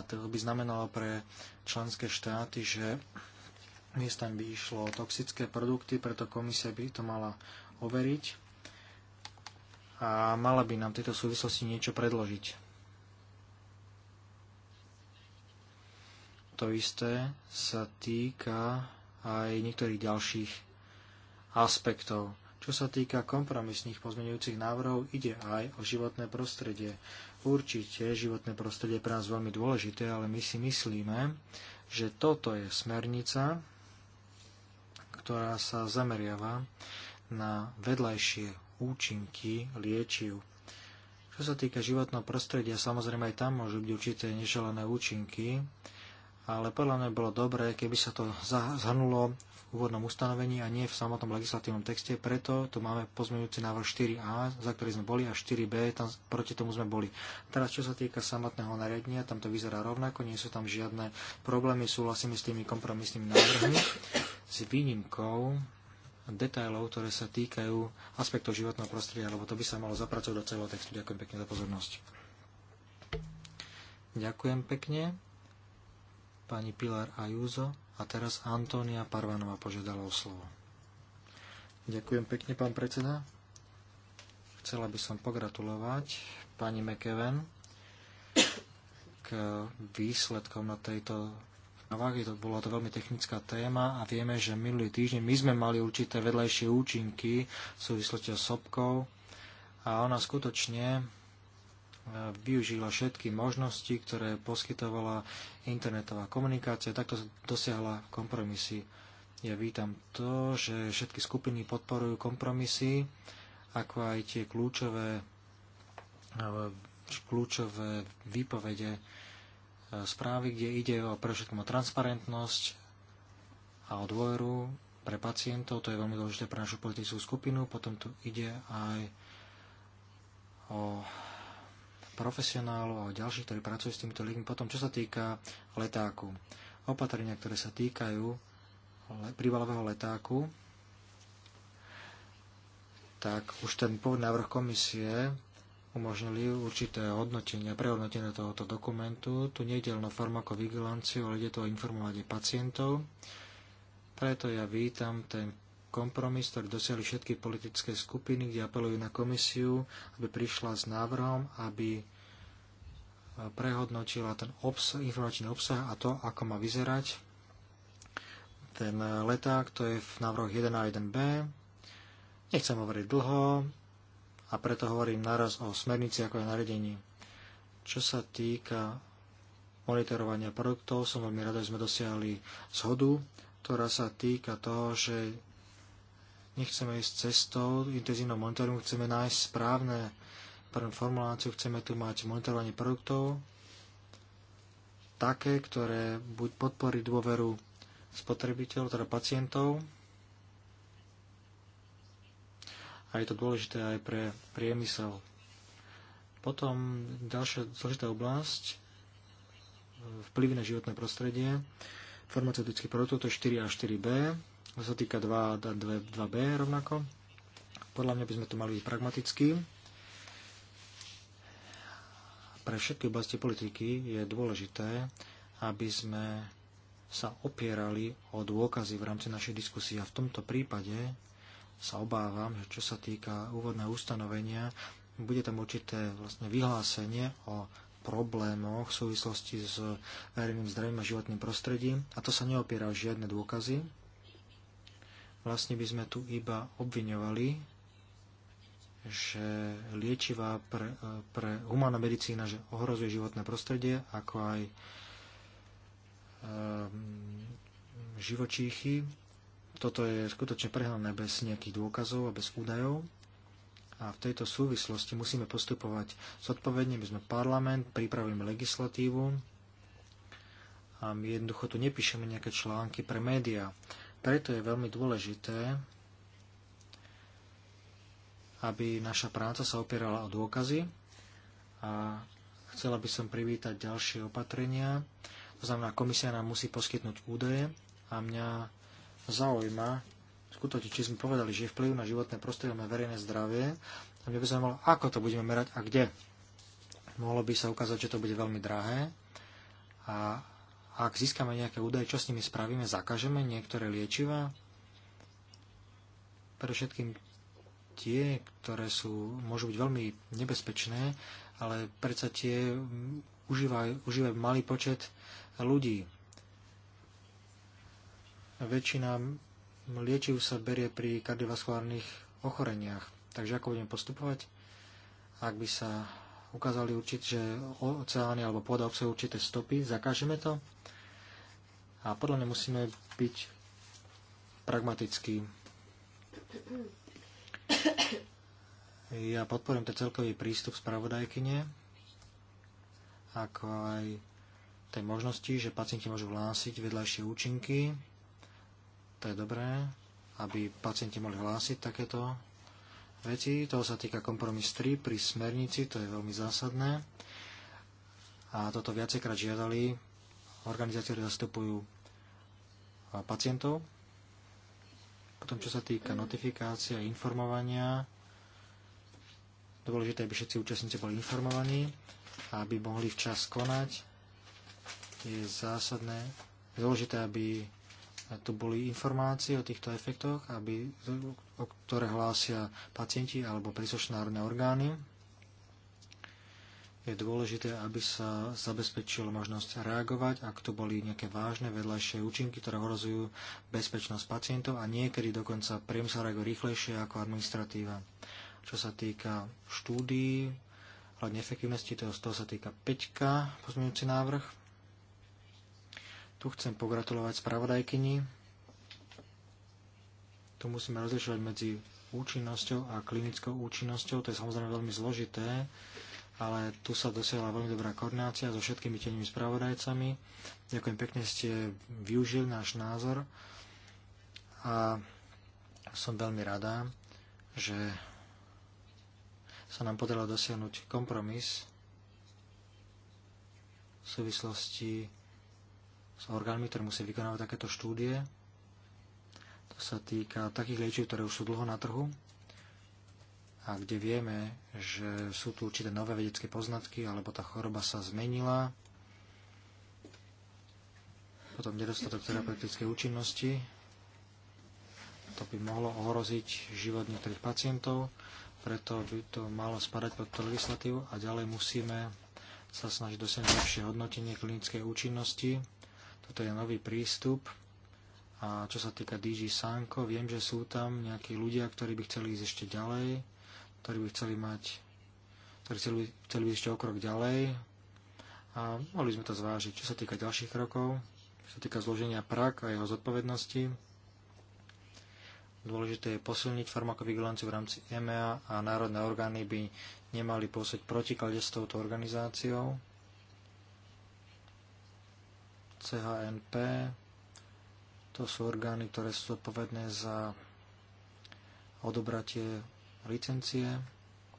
a to by znamenalo pre členské štáty, že miestam by išlo o toxické produkty, preto komisia by to mala overiť a mala by nám v tejto súvislosti niečo predložiť. To isté sa týka aj niektorých ďalších aspektov. Čo sa týka kompromisných pozmeňujúcich návrhov, ide aj o životné prostredie. Určite životné prostredie je pre nás veľmi dôležité, ale my si myslíme, že toto je smernica, ktorá sa zameriava na vedľajšie účinky liečiv. Čo sa týka životného prostredia, samozrejme aj tam môžu byť určité neželené účinky, ale podľa mňa bolo dobré, keby sa to zhrnulo v úvodnom ustanovení a nie v samotnom legislatívnom texte. Preto tu máme pozmeňujúci návrh 4a, za ktorý sme boli, a 4b, tam proti tomu sme boli. Teraz, čo sa týka samotného nariadenia, tam to vyzerá rovnako, nie sú tam žiadne problémy, súhlasíme s tými kompromisnými návrhmi s výnimkou detailov, ktoré sa týkajú aspektov životného prostredia, lebo to by sa malo zapracovať do celého textu. Ďakujem pekne za pozornosť. Ďakujem pekne. Pani Pilar Ajúzo a teraz Antónia Parvanova požiadala o slovo. Ďakujem pekne, pán predseda. Chcela by som pogratulovať pani McEwen k výsledkom na tejto je to, bola to veľmi technická téma a vieme, že minulý týždeň my sme mali určité vedľajšie účinky v súvislosti s sopkou a ona skutočne e, využila všetky možnosti, ktoré poskytovala internetová komunikácia, takto dosiahla kompromisy. Ja vítam to, že všetky skupiny podporujú kompromisy, ako aj tie kľúčové, e, kľúčové výpovede správy, kde ide o pre o transparentnosť a o dôveru pre pacientov. To je veľmi dôležité pre našu politickú skupinu. Potom tu ide aj o profesionálov a o ďalších, ktorí pracujú s týmito liekmi. Potom, čo sa týka letáku. Opatrenia, ktoré sa týkajú príbalového letáku, tak už ten pôvodný návrh komisie umožnili určité hodnotenie, prehodnotenie tohoto dokumentu. Tu nejde len o farmakovigilanciu, ale ide to o informovanie pacientov. Preto ja vítam ten kompromis, ktorý dosiahli všetky politické skupiny, kde apelujú na komisiu, aby prišla s návrhom, aby prehodnotila ten obsah, informačný obsah a to, ako má vyzerať ten leták, to je v návrhu 1 a 1b. Nechcem hovoriť dlho, a preto hovorím naraz o smernici ako aj naredení. Čo sa týka monitorovania produktov, som veľmi rada, že sme dosiahli zhodu, ktorá sa týka toho, že nechceme ísť cestou intenzívneho monitoringu, chceme nájsť správne prvú formuláciu, chceme tu mať monitorovanie produktov, také, ktoré buď podporí dôveru spotrebiteľov, teda pacientov, a je to dôležité aj pre priemysel. Potom ďalšia zložitá oblasť, vplyvy na životné prostredie, Farmaceutický produkt to je 4A a 4B, to sa týka 2 a 2, 2B rovnako. Podľa mňa by sme to mali byť pragmatickí. Pre všetky oblasti politiky je dôležité, aby sme sa opierali o dôkazy v rámci našej diskusie. A v tomto prípade sa obávam, že čo sa týka úvodného ustanovenia, bude tam určité vlastne vyhlásenie o problémoch v súvislosti s verejným zdravím a životným prostredím a to sa neopiera o žiadne dôkazy. Vlastne by sme tu iba obviňovali, že liečivá pre, pre humánna medicína že ohrozuje životné prostredie, ako aj e, živočíchy toto je skutočne prehľadné bez nejakých dôkazov a bez údajov. A v tejto súvislosti musíme postupovať zodpovedne. My sme parlament, pripravujeme legislatívu a my jednoducho tu nepíšeme nejaké články pre médiá. Preto je veľmi dôležité, aby naša práca sa opierala o dôkazy a chcela by som privítať ďalšie opatrenia. To znamená, komisia nám musí poskytnúť údaje a mňa zaujíma skutočne, či sme povedali, že vplyv na životné prostredie na verejné zdravie, a mňa by malo, ako to budeme merať a kde. Mohlo by sa ukázať, že to bude veľmi drahé a ak získame nejaké údaje, čo s nimi spravíme, zakažeme niektoré liečiva, pre všetkým tie, ktoré sú, môžu byť veľmi nebezpečné, ale predsa tie užívajú, mm, užívajú malý počet ľudí väčšina liečiv sa berie pri kardiovaskulárnych ochoreniach. Takže ako budeme postupovať? Ak by sa ukázali určite, že oceány alebo pôda obsahujú určité stopy, zakážeme to. A podľa mňa musíme byť pragmatickí. Ja podporujem ten celkový prístup spravodajkyne, ako aj tej možnosti, že pacienti môžu vlásiť vedľajšie účinky to je dobré, aby pacienti mohli hlásiť takéto veci. Toho sa týka kompromis 3 pri smernici, to je veľmi zásadné. A toto viacejkrát žiadali organizácie, ktoré zastupujú pacientov. Potom, čo sa týka notifikácia a informovania, dôležité, aby všetci účastníci boli informovaní a aby mohli včas konať. Je zásadné, dôležité, aby tu boli informácie o týchto efektoch, aby, o ktoré hlásia pacienti alebo príslušné národné orgány. Je dôležité, aby sa zabezpečilo možnosť reagovať, ak tu boli nejaké vážne vedľajšie účinky, ktoré hrozujú bezpečnosť pacientov a niekedy dokonca priemysel reaguje rýchlejšie ako administratíva. Čo sa týka štúdií, hľadne efektivnosti, to, z toho sa týka 5 pozmeňujúci návrh, tu chcem pogratulovať spravodajkyni. Tu musíme rozlišovať medzi účinnosťou a klinickou účinnosťou. To je samozrejme veľmi zložité, ale tu sa dosiahla veľmi dobrá koordinácia so všetkými tenými spravodajcami. Ďakujem pekne, ste využili náš názor a som veľmi rada, že sa nám podarilo dosiahnuť kompromis v súvislosti s orgánmi, ktoré musí vykonávať takéto štúdie. To sa týka takých liečiv, ktoré už sú dlho na trhu a kde vieme, že sú tu určité nové vedecké poznatky, alebo tá choroba sa zmenila. Potom nedostatok terapeutickej účinnosti. To by mohlo ohroziť život niektorých pacientov, preto by to malo spadať pod tú legislatívu a ďalej musíme sa snažiť dosiahnuť lepšie hodnotenie klinickej účinnosti toto je nový prístup. A čo sa týka DG Sanko, viem, že sú tam nejakí ľudia, ktorí by chceli ísť ešte ďalej, ktorí by chceli mať, ktorí chceli, chceli by ešte o krok ďalej. A mohli sme to zvážiť. Čo sa týka ďalších krokov, čo sa týka zloženia prak a jeho zodpovednosti, Dôležité je posilniť farmakovigilanciu v rámci EMEA a národné orgány by nemali pôsobiť protiklade s touto organizáciou. CHNP. To sú orgány, ktoré sú zodpovedné za odobratie licencie.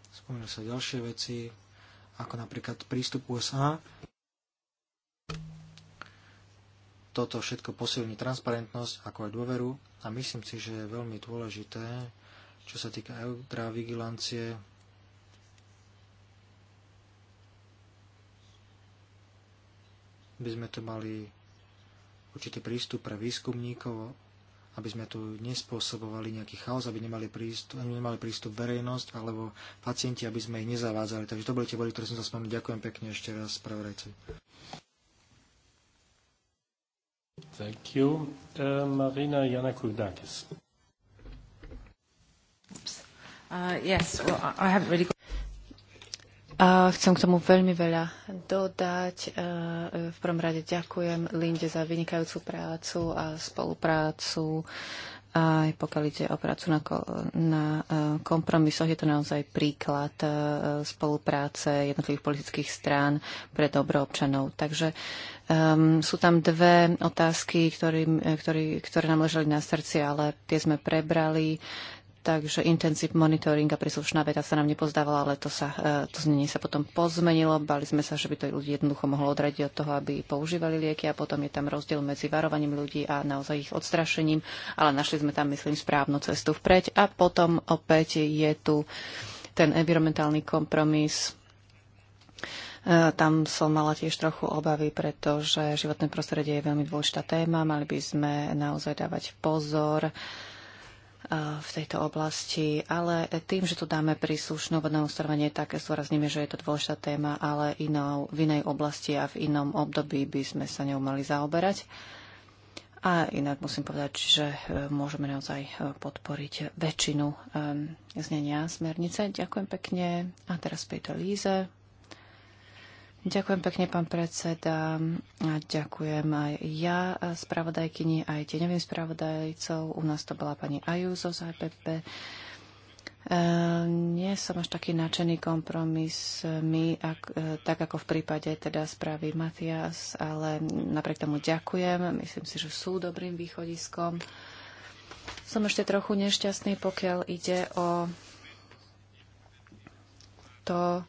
Spomínajú sa ďalšie veci, ako napríklad prístup USA. Toto všetko posilní transparentnosť, ako aj dôveru a myslím si, že je veľmi dôležité, čo sa týka eudravigilancie, By sme tu mali určitý prístup pre výskumníkov, aby sme tu nespôsobovali nejaký chaos, aby nemali prístup, aby nemali prístup verejnosť alebo pacienti, aby sme ich nezavádzali. Takže to boli tie body, ktoré som sa spomenul. Ďakujem pekne ešte raz, spravodajci. Thank you. Uh, Marina Janakoudakis. Uh, yes, well, I haven't really... A chcem k tomu veľmi veľa dodať. E, v prvom rade ďakujem Linde za vynikajúcu prácu a spoluprácu. Aj pokiaľ ide o prácu na, na e, kompromisoch, je to naozaj príklad e, spolupráce jednotlivých politických strán pre dobro občanov. Takže um, sú tam dve otázky, ktorý, ktorý, ktoré nám ležali na srdci, ale tie sme prebrali. Uh, Takže intenzív monitoring a príslušná veda sa nám nepozdávala, ale to, sa, e, to znenie sa potom pozmenilo. Bali sme sa, že by to ľudí jednoducho mohlo odradiť od toho, aby používali lieky a potom je tam rozdiel medzi varovaním ľudí a naozaj ich odstrašením. Ale našli sme tam, myslím, správnu cestu vpreď. A potom opäť je tu ten environmentálny kompromis. E, tam som mala tiež trochu obavy, pretože životné prostredie je veľmi dôležitá téma. Mali by sme naozaj dávať pozor v tejto oblasti, ale tým, že tu dáme príslušnú vodné ustanovenie, tak zdôrazníme, že je to dôležitá téma, ale inou, v inej oblasti a v inom období by sme sa ňou mali zaoberať. A inak musím povedať, že e, môžeme naozaj e, podporiť väčšinu e, znenia smernice. Ďakujem pekne. A teraz Peter Líze. Ďakujem pekne, pán predseda. a Ďakujem aj ja spravodajkyni, aj tieňovým spravodajcov. U nás to bola pani Ajúzo z IPP. E, nie som až taký nadšený my, ak, e, tak ako v prípade teda správy Matias, ale napriek tomu ďakujem. Myslím si, že sú dobrým východiskom. Som ešte trochu nešťastný, pokiaľ ide o to,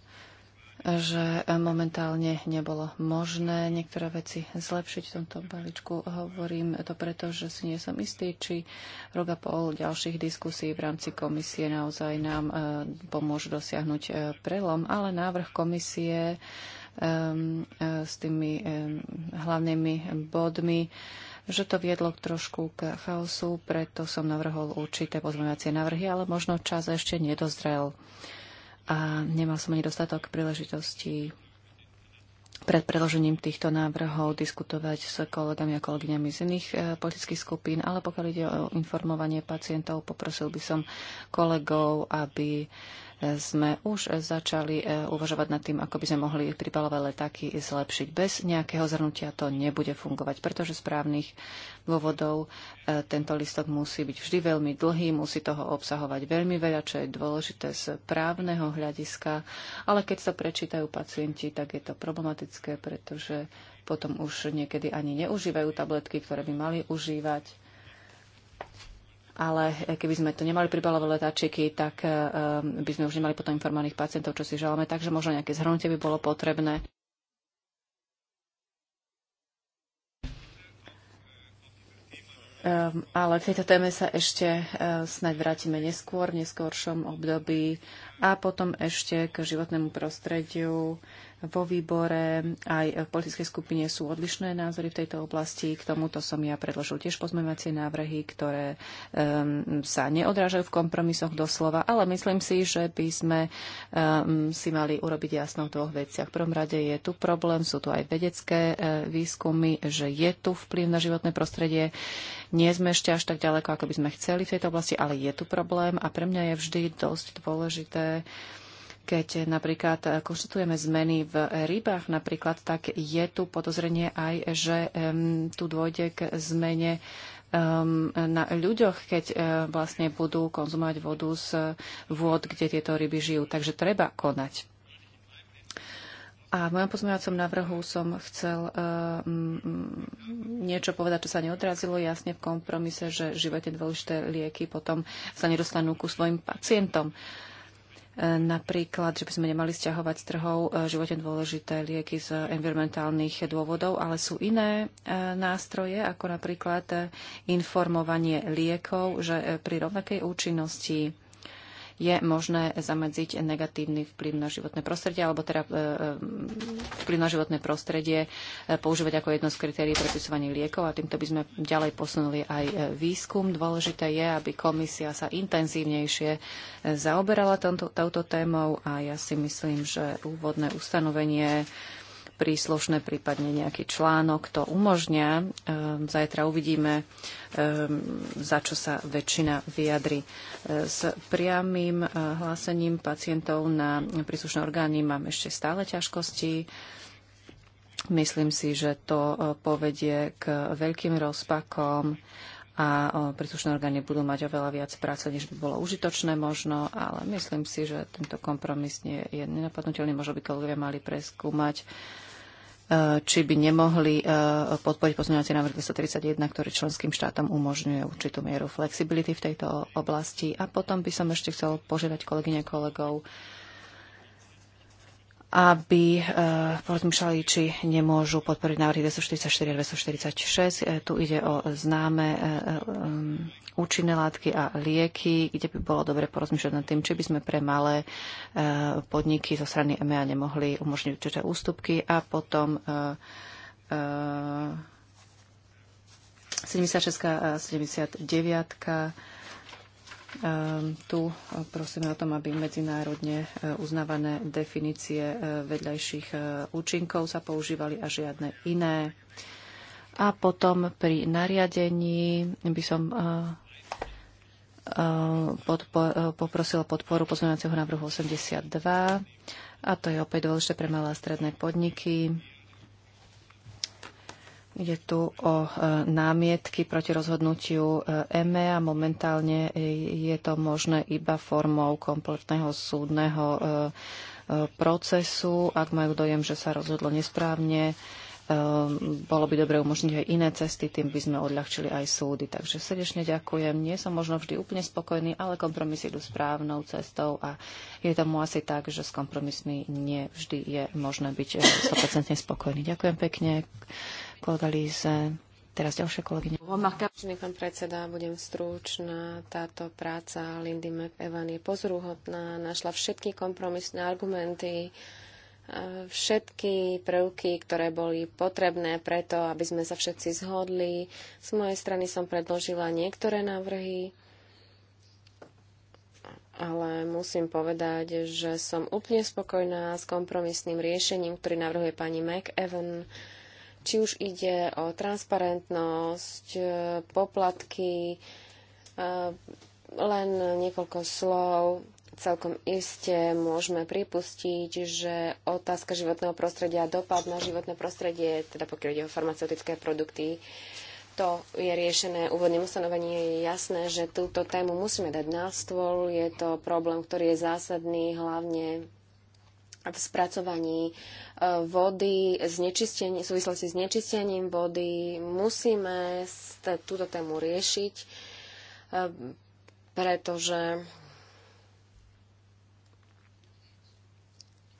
že momentálne nebolo možné niektoré veci zlepšiť v tomto balíčku. Hovorím to preto, že si nie som istý, či rok a pol ďalších diskusí v rámci komisie naozaj nám e, pomôžu dosiahnuť e, prelom, ale návrh komisie e, s tými hlavnými bodmi že to viedlo trošku k chaosu, preto som navrhol určité pozmeňovacie návrhy, ale možno čas ešte nedozrel. Uh, a nemal som ani dostatok príležitosti pred preložením týchto návrhov diskutovať s kolegami a kolegyňami z iných e, politických skupín, ale pokiaľ ide o informovanie pacientov, poprosil by som kolegov, aby sme už začali e, uvažovať nad tým, ako by sme mohli pripalové letáky zlepšiť. Bez nejakého zhrnutia to nebude fungovať, pretože správnych dôvodov e, tento listok musí byť vždy veľmi dlhý, musí toho obsahovať veľmi veľa, čo je dôležité z právneho hľadiska, ale keď sa prečítajú pacienti, tak je to problematické, pretože potom už niekedy ani neužívajú tabletky, ktoré by mali užívať ale keby sme to nemali pribalové letáčiky, tak eh, eh, by sme už nemali potom informovaných pacientov, čo si želáme. Takže možno nejaké zhrnutie by bolo potrebné. Ehm, ale k tejto téme sa ešte eh, snaď vrátime neskôr, v neskôršom období a potom ešte k životnému prostrediu vo výbore, aj v politickej skupine sú odlišné názory v tejto oblasti. K tomuto som ja predložil tiež pozmeňovacie návrhy, ktoré um, sa neodrážajú v kompromisoch doslova, ale myslím si, že by sme um, si mali urobiť jasno v dvoch veciach. V prvom rade je tu problém, sú tu aj vedecké uh, výskumy, že je tu vplyv na životné prostredie. Nie sme ešte až tak ďaleko, ako by sme chceli v tejto oblasti, ale je tu problém a pre mňa je vždy dosť dôležité, keď napríklad eh, konštatujeme zmeny v rybách, napríklad, tak je tu podozrenie aj, že tu dôjde k zmene na ľuďoch, keď eh, vlastne budú konzumovať vodu z vôd, kde tieto ryby žijú. Takže treba konať. A v mojom pozmeňovacom návrhu som chcel uh, um, niečo povedať, čo sa neodrazilo jasne v kompromise, že životne dôležité lieky potom sa nedostanú ku svojim pacientom. Uh, Napríklad, že by sme nemali stiahovať z trhov e, životne dôležité lieky z environmentálnych dôvodov, ale sú iné e, nástroje, ako napríklad e, informovanie liekov, že pri rovnakej účinnosti je možné zamedziť negatívny vplyv na životné prostredie, alebo teda e, e, vplyv na životné prostredie e, používať ako jedno z kritérií prepisovania liekov a týmto by sme ďalej posunuli aj výskum. Dôležité je, aby komisia sa intenzívnejšie zaoberala touto témou a ja si myslím, že úvodné ustanovenie príslušné, prípadne nejaký článok to umožňa. Ehm, zajtra uvidíme, ehm, za čo sa väčšina vyjadri. Ehm, s priamým eh, hlásením pacientov na príslušné orgány mám ešte stále ťažkosti. Myslím si, že to eh, povedie k veľkým rozpakom a eh, príslušné orgány budú mať oveľa viac práce, než by bolo užitočné možno, ale myslím si, že tento kompromis nie je nenapadnutelný. Možno by kolegovia mali preskúmať či by nemohli e, podporiť pozmeňovací návrh 231, ktorý členským štátom umožňuje určitú mieru flexibility v tejto oblasti. A potom by som ešte chcel požiadať kolegyne kolegov, aby e, porozmýšľali, či nemôžu podporiť návrhy 244 a 246. E, tu ide o známe účinné látky a lieky, kde by bolo dobre porozmýšľať nad tým, či by sme pre malé e, podniky zo strany EMEA nemohli umožniť určité ústupky a potom 76 e, e, a 79 tu prosíme o tom, aby medzinárodne uznávané definície vedľajších účinkov sa používali a žiadne iné. A potom pri nariadení by som podpor, poprosil podporu pozmeňovacieho návrhu 82 a to je opäť dôležité pre malé a stredné podniky. Je tu o e, námietky proti rozhodnutiu EME e e a momentálne je to možné iba formou kompletného súdneho procesu, ak majú dojem, že sa rozhodlo nesprávne Ehm, bolo by dobre umožniť aj iné cesty, tým by sme odľahčili aj súdy. Takže srdečne ďakujem. Nie som možno vždy úplne spokojný, ale kompromis idú správnou cestou a je tomu asi tak, že s kompromismi nie vždy je možné byť 100% eh, spokojný. Ďakujem pekne, kolega Líze. Teraz ďalšia kolegyňa. Vážený pán predseda, budem stručná. Táto práca Lindy McEvan je pozoruhodná. Našla všetky kompromisné argumenty, všetky prvky, ktoré boli potrebné preto, aby sme sa všetci zhodli. Z mojej strany som predložila niektoré návrhy, ale musím povedať, že som úplne spokojná s kompromisným riešením, ktorý navrhuje pani McEwan. Či už ide o transparentnosť, e, poplatky, e, len niekoľko slov celkom iste môžeme pripustiť, že otázka životného prostredia a dopad na životné prostredie, teda pokiaľ ide o farmaceutické produkty, to je riešené úvodným ustanovením. Je jasné, že túto tému musíme dať na stôl. Je to problém, ktorý je zásadný hlavne v spracovaní e, vody, v súvislosti s nečistením vody. Musíme túto tému riešiť, e, pretože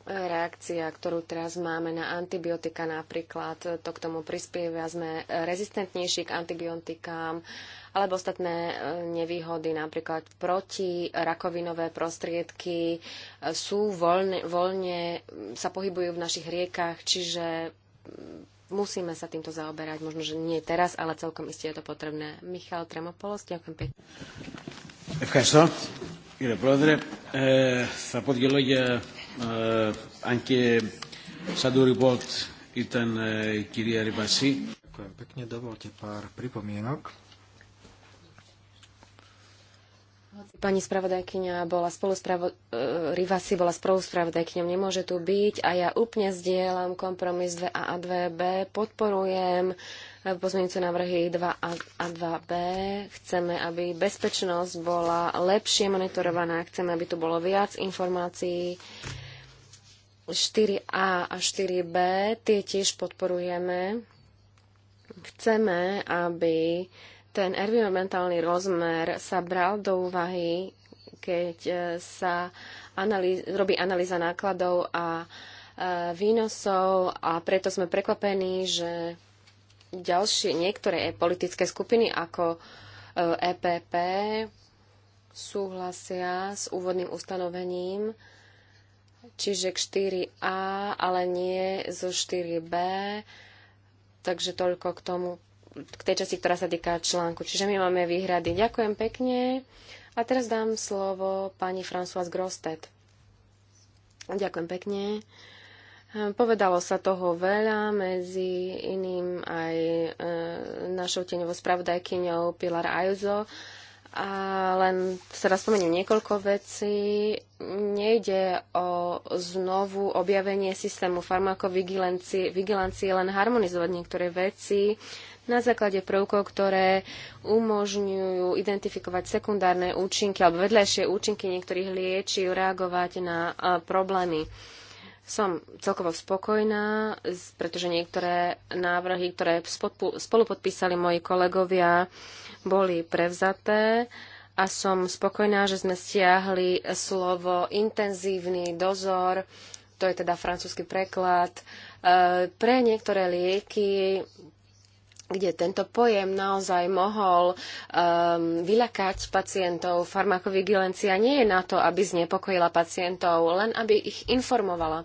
reakcia, ktorú teraz máme na antibiotika napríklad, to k tomu prispieva, sme rezistentnejší k antibiotikám, alebo ostatné e, nevýhody, napríklad proti rakovinové prostriedky e, sú voľne, voľne sa pohybujú v našich riekach, čiže musíme sa týmto zaoberať. Možno, že nie teraz, ale celkom isté je to potrebné. Michal Tremopolos, ďakujem pekne. Ευχαριστώ, κύριε Πρόεδρε. Ε, θα πω δύο λόγια Eh, eh, Ďakujem pekne, dovolte pár pripomienok. Pani spravodajkyňa bola spoluspravo... Eh, Rivasi bola spoluspravodajkyňou, nemôže tu byť a ja úplne zdieľam kompromis 2A a 2B, podporujem pozmeňujúce návrhy 2A a 2B. Chceme, aby bezpečnosť bola lepšie monitorovaná, chceme, aby tu bolo viac informácií 4a a 4b, tie tiež podporujeme. Chceme, aby ten environmentálny rozmer sa bral do úvahy, keď e, sa analýz, robí analýza nákladov a e, výnosov a preto sme prekvapení, že ďalšie niektoré e, politické skupiny ako EPP súhlasia s úvodným ustanovením čiže k 4a, ale nie zo 4b. Takže toľko k tomu, k tej časti, ktorá sa týka článku. Čiže my máme výhrady. Ďakujem pekne. A teraz dám slovo pani Françoise Grostet. Ďakujem pekne. Povedalo sa toho veľa, medzi iným aj e, našou teňovou spravodajkyňou Pilar Ajuzo. E, a len sa raz spomeniem niekoľko vecí. Nejde o znovu objavenie systému farmakovigilancie, len harmonizovať niektoré veci na základe prvkov, ktoré umožňujú identifikovať sekundárne účinky alebo vedľajšie účinky niektorých liečiv, reagovať na problémy. Som celkovo spokojná, pretože niektoré návrhy, ktoré spolupodpísali moji kolegovia, boli prevzaté a som spokojná, že sme stiahli slovo intenzívny dozor, to je teda francúzsky preklad, e, pre niektoré lieky, kde tento pojem naozaj mohol um, vyľakať pacientov. Farmakovigilencia nie je na to, aby znepokojila pacientov, len aby ich informovala.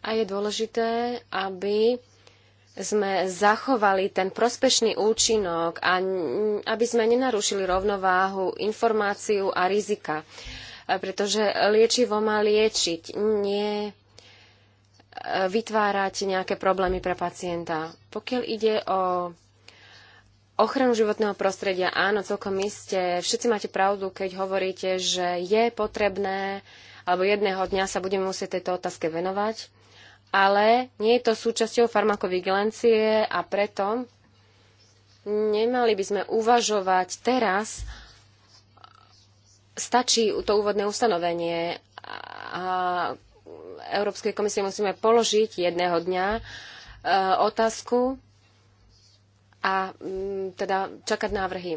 A je dôležité, aby sme zachovali ten prospešný účinok a aby sme nenarušili rovnováhu informáciu a rizika. E, pretože liečivo má liečiť, nie e, vytvárať nejaké problémy pre pacienta. Pokiaľ ide o ochranu životného prostredia, áno, celkom iste, všetci máte pravdu, keď hovoríte, že je potrebné, alebo jedného dňa sa budeme musieť tejto otázke venovať ale nie je to súčasťou farmakovigilencie a preto nemali by sme uvažovať teraz, stačí to úvodné ustanovenie a Európskej komisie musíme položiť jedného dňa e, otázku a mm, teda čakať návrhy.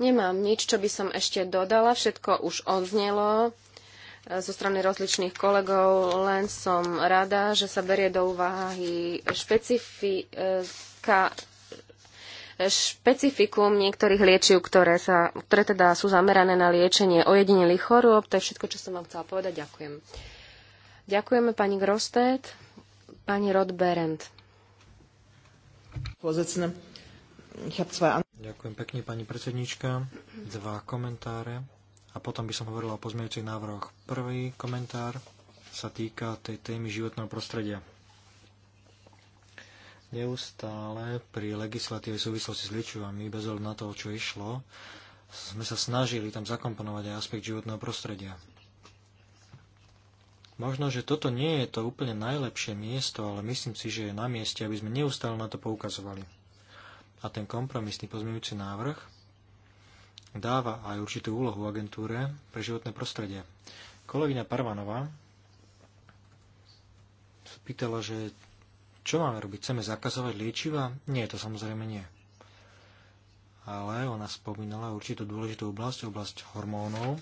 Nemám nič, čo by som ešte dodala, všetko už odznelo zo strany rozličných kolegov, len som rada, že sa berie do úvahy špecifika špecifikum niektorých liečiv, ktoré, sa, ktoré teda sú zamerané na liečenie ojedinelých chorôb. To je všetko, čo som vám chcela povedať. Ďakujem. Ďakujeme pani Grostet. pani Rod Berend. Ďakujem pekne, pani predsednička. Dva komentáre a potom by som hovorila o pozmeňujúcich návrhoch. Prvý komentár sa týka tej témy životného prostredia. Neustále pri legislatíve súvislosti s liečivami, bez ohľadu na to, čo išlo, sme sa snažili tam zakomponovať aj aspekt životného prostredia. Možno, že toto nie je to úplne najlepšie miesto, ale myslím si, že je na mieste, aby sme neustále na to poukazovali. A ten kompromisný pozmeňujúci návrh dáva aj určitú úlohu agentúre pre životné prostredie. Kolegyňa sa pýtala, že čo máme robiť? Chceme zakazovať liečiva? Nie, to samozrejme nie. Ale ona spomínala určitú dôležitú oblasť, oblasť hormónov.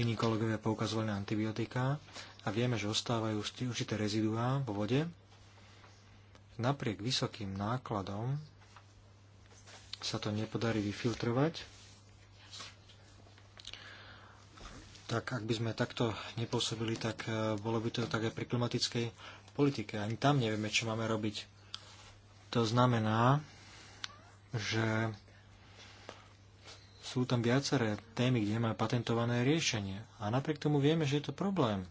Iní kolegovia poukazovali na antibiotika a vieme, že ostávajú určité reziduá vo vode. Napriek vysokým nákladom sa to nepodarí vyfiltrovať tak ak by sme takto nepôsobili, tak e, bolo by to také pri klimatickej politike. Ani tam nevieme, čo máme robiť. To znamená, že sú tam viaceré témy, kde máme patentované riešenie. A napriek tomu vieme, že je to problém.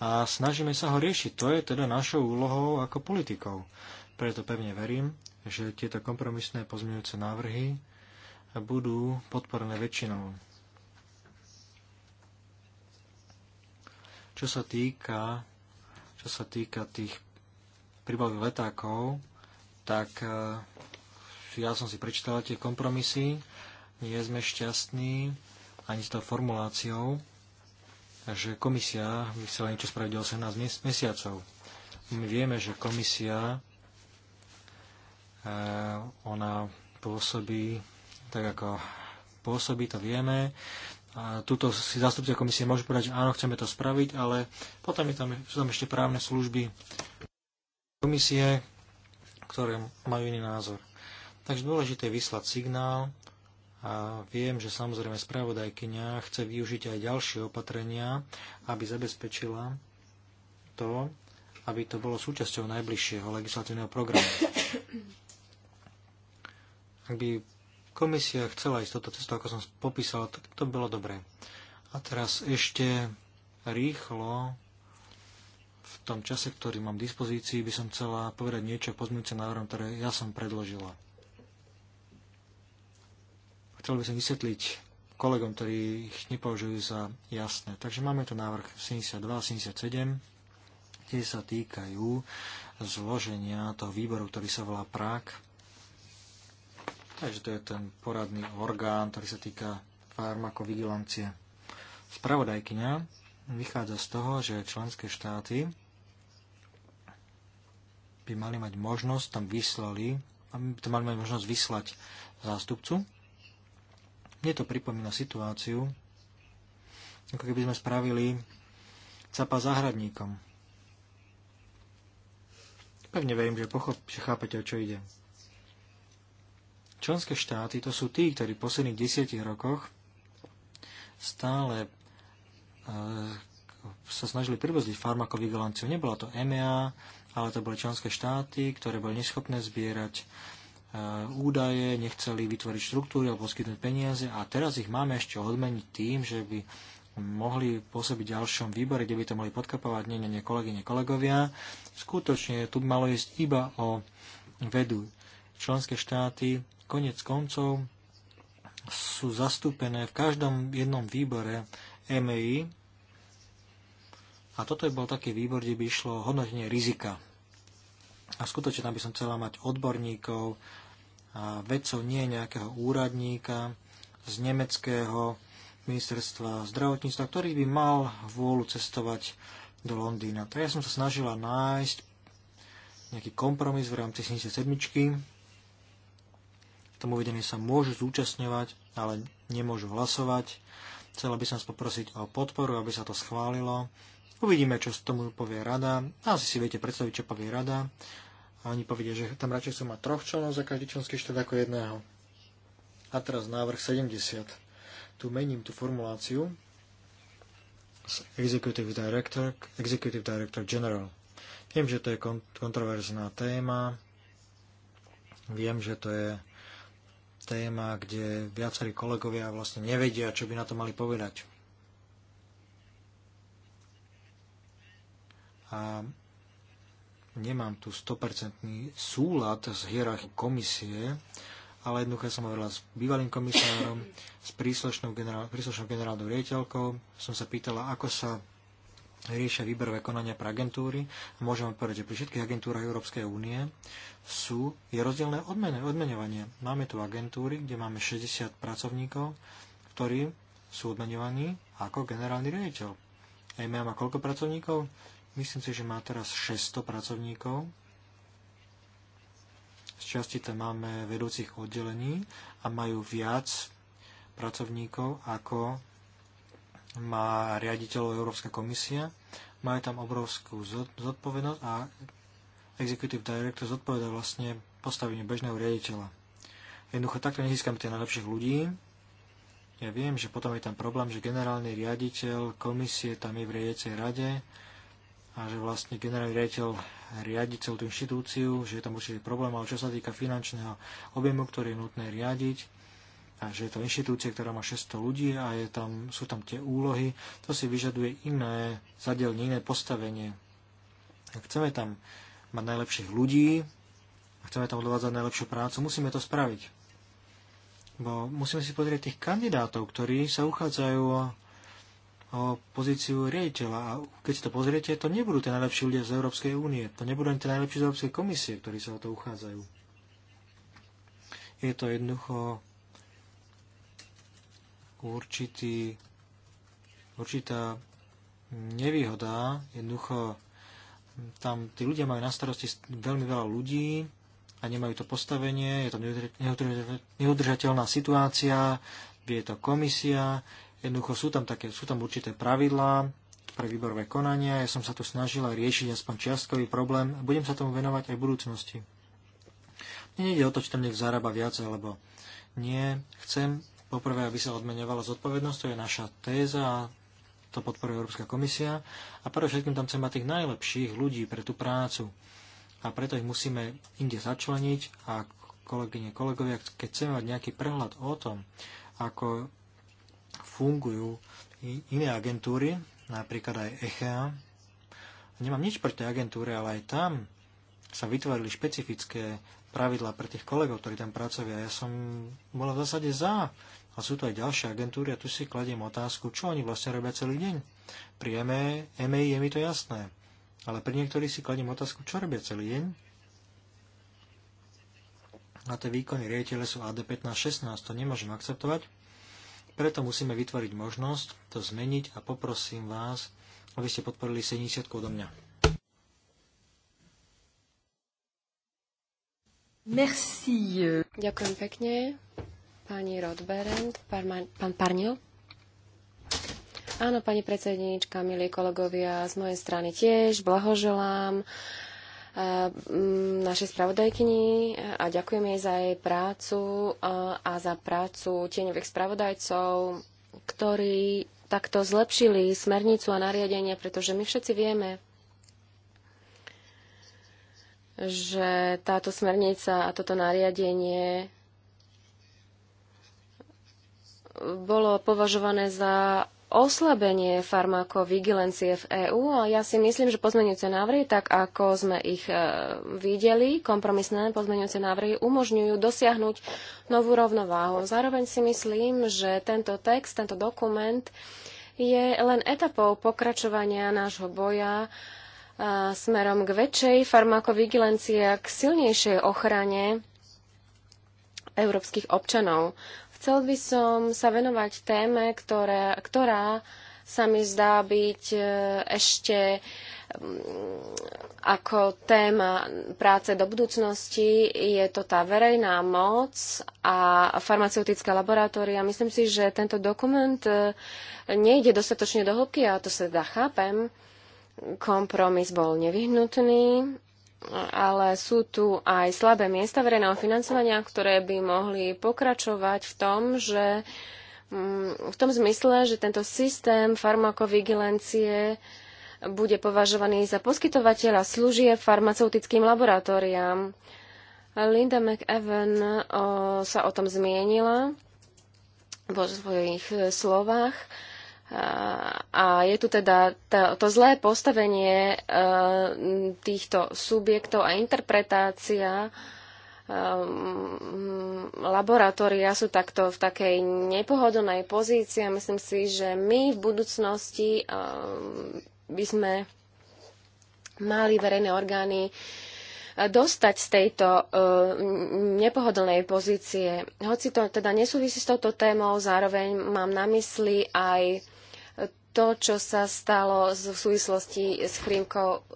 A snažíme sa ho riešiť. To je teda našou úlohou ako politikov. Preto pevne verím, že tieto kompromisné pozmeňujúce návrhy budú podporné väčšinou. Čo sa týka, čo sa týka tých príbalových letákov, tak e, ja som si prečítal tie kompromisy, nie sme šťastní ani s tou formuláciou, že komisia by chcela niečo spraviť 18 mesiacov. My vieme, že komisia e, ona pôsobí tak, ako pôsobí, to vieme a tuto si zastupcia komisie môžu povedať, že áno, chceme to spraviť, ale potom je tam, sú tam ešte právne služby komisie, ktoré majú iný názor. Takže dôležité je vyslať signál a viem, že samozrejme spravodajkyňa chce využiť aj ďalšie opatrenia, aby zabezpečila to, aby to bolo súčasťou najbližšieho legislatívneho programu. Ak by komisia chcela ísť toto cestou, ako som popísal, tak to bolo dobré. A teraz ešte rýchlo v tom čase, ktorý mám v dispozícii, by som chcela povedať niečo pozmúce návrhom, ktoré ja som predložila. Chcel by som vysvetliť kolegom, ktorí ich nepovažujú za jasné. Takže máme tu návrh 72 a 77, tie sa týkajú zloženia toho výboru, ktorý sa volá Prák Takže to je ten poradný orgán, ktorý sa týka farmakovigilancie. Spravodajkyňa vychádza z toho, že členské štáty by mali mať možnosť tam vyslali, to mali mať možnosť vyslať zástupcu. Mne to pripomína situáciu, ako keby sme spravili capa záhradníkom. Pevne verím, že, pochop, že chápete, o čo ide. Členské štáty to sú tí, ktorí v posledných desiatich rokoch stále e, sa snažili privoziť farmakovigilanciu. Nebola to EMEA, ale to boli členské štáty, ktoré boli neschopné zbierať e, údaje, nechceli vytvoriť štruktúry alebo poskytnúť peniaze a teraz ich máme ešte odmeniť tým, že by mohli pôsobiť v ďalšom výbore, kde by to mohli podkapovať nie, nie, nie, nie, kolegovia. Skutočne tu malo ísť iba o vedu. Členské štáty Konec koncov sú zastúpené v každom jednom výbore MEI a toto je bol taký výbor, kde by išlo hodnotenie rizika. A skutočne tam by som chcela mať odborníkov a vedcov, nie nejakého úradníka z nemeckého ministerstva zdravotníctva, ktorý by mal vôľu cestovať do Londýna. Tak ja som sa snažila nájsť nejaký kompromis v rámci 77 tam uvedení sa môžu zúčastňovať, ale nemôžu hlasovať. Chcela by som poprosiť o podporu, aby sa to schválilo. Uvidíme, čo z tomu povie rada. Asi si viete predstaviť, čo povie rada. A oni povedia, že tam radšej sú mať troch členov za každý členský štát ako jedného. A teraz návrh 70. Tu mením tú formuláciu z Executive Director Executive Director General. Viem, že to je kontroverzná téma. Viem, že to je téma, kde viacerí kolegovia vlastne nevedia, čo by na to mali povedať. A nemám tu 100% súlad s hierarchiou komisie, ale jednoducho som hovorila s bývalým komisárom, s príslušnou, generál, príslušnou generálnou rieteľkou, som sa pýtala, ako sa riešia výberové konania pre agentúry. A môžem povedať, že pri všetkých agentúrach Európskej únie sú, je rozdielne odmene, odmenovanie. Máme tu agentúry, kde máme 60 pracovníkov, ktorí sú odmenovaní ako generálny riaditeľ. EMEA má koľko pracovníkov? Myslím si, že má teraz 600 pracovníkov. Z časti tam máme vedúcich oddelení a majú viac pracovníkov ako má riaditeľov Európska komisia, majú tam obrovskú zodpovednosť a executive director zodpoveda vlastne postaveniu bežného riaditeľa. Jednoducho takto nezískame tie najlepších ľudí. Ja viem, že potom je tam problém, že generálny riaditeľ komisie tam je v riadiacej rade a že vlastne generálny riaditeľ riadi celú tú inštitúciu, že je tam určitý problém, ale čo sa týka finančného objemu, ktorý je nutné riadiť, že je to inštitúcia, ktorá má 600 ľudí a je tam, sú tam tie úlohy. To si vyžaduje iné zadelenie, iné postavenie. Ak chceme tam mať najlepších ľudí a chceme tam odvádzať najlepšiu prácu, musíme to spraviť. Bo musíme si pozrieť tých kandidátov, ktorí sa uchádzajú o, o pozíciu riaditeľa. A keď si to pozriete, to nebudú tie najlepší ľudia z Európskej únie. To nebudú ani tie najlepší z Európskej komisie, ktorí sa o to uchádzajú. Je to jednoducho určitý, určitá nevýhoda. Jednoducho tam tí ľudia majú na starosti veľmi veľa ľudí a nemajú to postavenie, je to neudržateľná situácia, je to komisia, jednoducho sú tam, také, sú tam určité pravidlá pre výborové konania. Ja som sa tu snažila riešiť aspoň čiastkový problém a budem sa tomu venovať aj v budúcnosti. Mne nejde o to, či tam niekto zarába viac alebo nie. Chcem Poprvé, aby sa odmenovalo zodpovednosť, to je naša téza a to podporuje Európska komisia. A prvé všetkým tam chceme mať tých najlepších ľudí pre tú prácu. A preto ich musíme inde začleniť a kolegyne, kolegovia, keď chceme mať nejaký prehľad o tom, ako fungujú iné agentúry, napríklad aj ECHEA, nemám nič pre tej agentúre, ale aj tam sa vytvorili špecifické pravidlá pre tých kolegov, ktorí tam pracujú. Ja som bola v zásade za a sú to aj ďalšie agentúry a tu si kladiem otázku, čo oni vlastne robia celý deň. Pri EMEI je mi to jasné, ale pri niektorých si kladiem otázku, čo robia celý deň. A tie výkony riaditeľe sú AD15-16, to nemôžem akceptovať. Preto musíme vytvoriť možnosť to zmeniť a poprosím vás, aby ste podporili 70 odo mňa. Merci. Ďakujem pekne pani Rodberend, pán Parnil. Áno, pani predsedníčka, milí kolegovia, z mojej strany tiež blahoželám mm, našej spravodajkyni a ďakujem jej za jej prácu a za prácu tieňových spravodajcov, ktorí takto zlepšili smernicu a nariadenie, pretože my všetci vieme, že táto smernica a toto nariadenie bolo považované za oslabenie farmakovigilencie v EÚ a ja si myslím, že pozmeňujúce návrhy, tak ako sme ich e, videli, kompromisné pozmeňujúce návrhy umožňujú dosiahnuť novú rovnováhu. Zároveň si myslím, že tento text, tento dokument je len etapou pokračovania nášho boja e, smerom k väčšej farmakovigilencii a k silnejšej ochrane európskych občanov. Chcel by som sa venovať téme, ktoré, ktorá sa mi zdá byť e, ešte mm, ako téma práce do budúcnosti. Je to tá verejná moc a farmaceutické laboratória. Myslím si, že tento dokument e, nejde dostatočne do hĺbky a to sa dá chápem. Kompromis bol nevyhnutný ale sú tu aj slabé miesta verejného financovania, ktoré by mohli pokračovať v tom, že mm, v tom zmysle, že tento systém farmakovigilancie bude považovaný za poskytovateľa služieb farmaceutickým laboratóriám. Linda McEwen o, sa o tom zmienila vo svojich slovách. A je tu teda to, zlé postavenie e, týchto subjektov a interpretácia e, laboratória sú takto v takej nepohodlnej pozícii a myslím si, že my v budúcnosti e, by sme mali verejné orgány dostať z tejto nepohodlnej pozície. Hoci to teda nesúvisí s touto témou, zároveň mám na mysli aj to, čo sa stalo v súvislosti s chrípkou,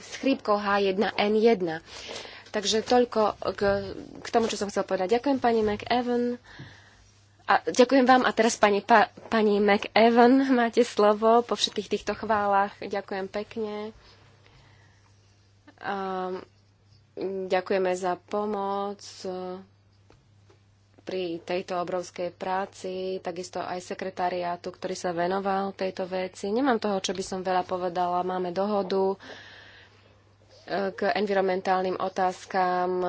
s chrípkou H1N1. Takže toľko k, k tomu, čo som chcel povedať. Ďakujem pani McEvan A ďakujem vám a teraz pani, pa, pani McEwan, máte slovo po všetkých týchto chválach. Ďakujem pekne. Um, ďakujeme za pomoc pri tejto obrovskej práci, takisto aj sekretariátu, ktorý sa venoval tejto veci. Nemám toho, čo by som veľa povedala. Máme dohodu e, k environmentálnym otázkam.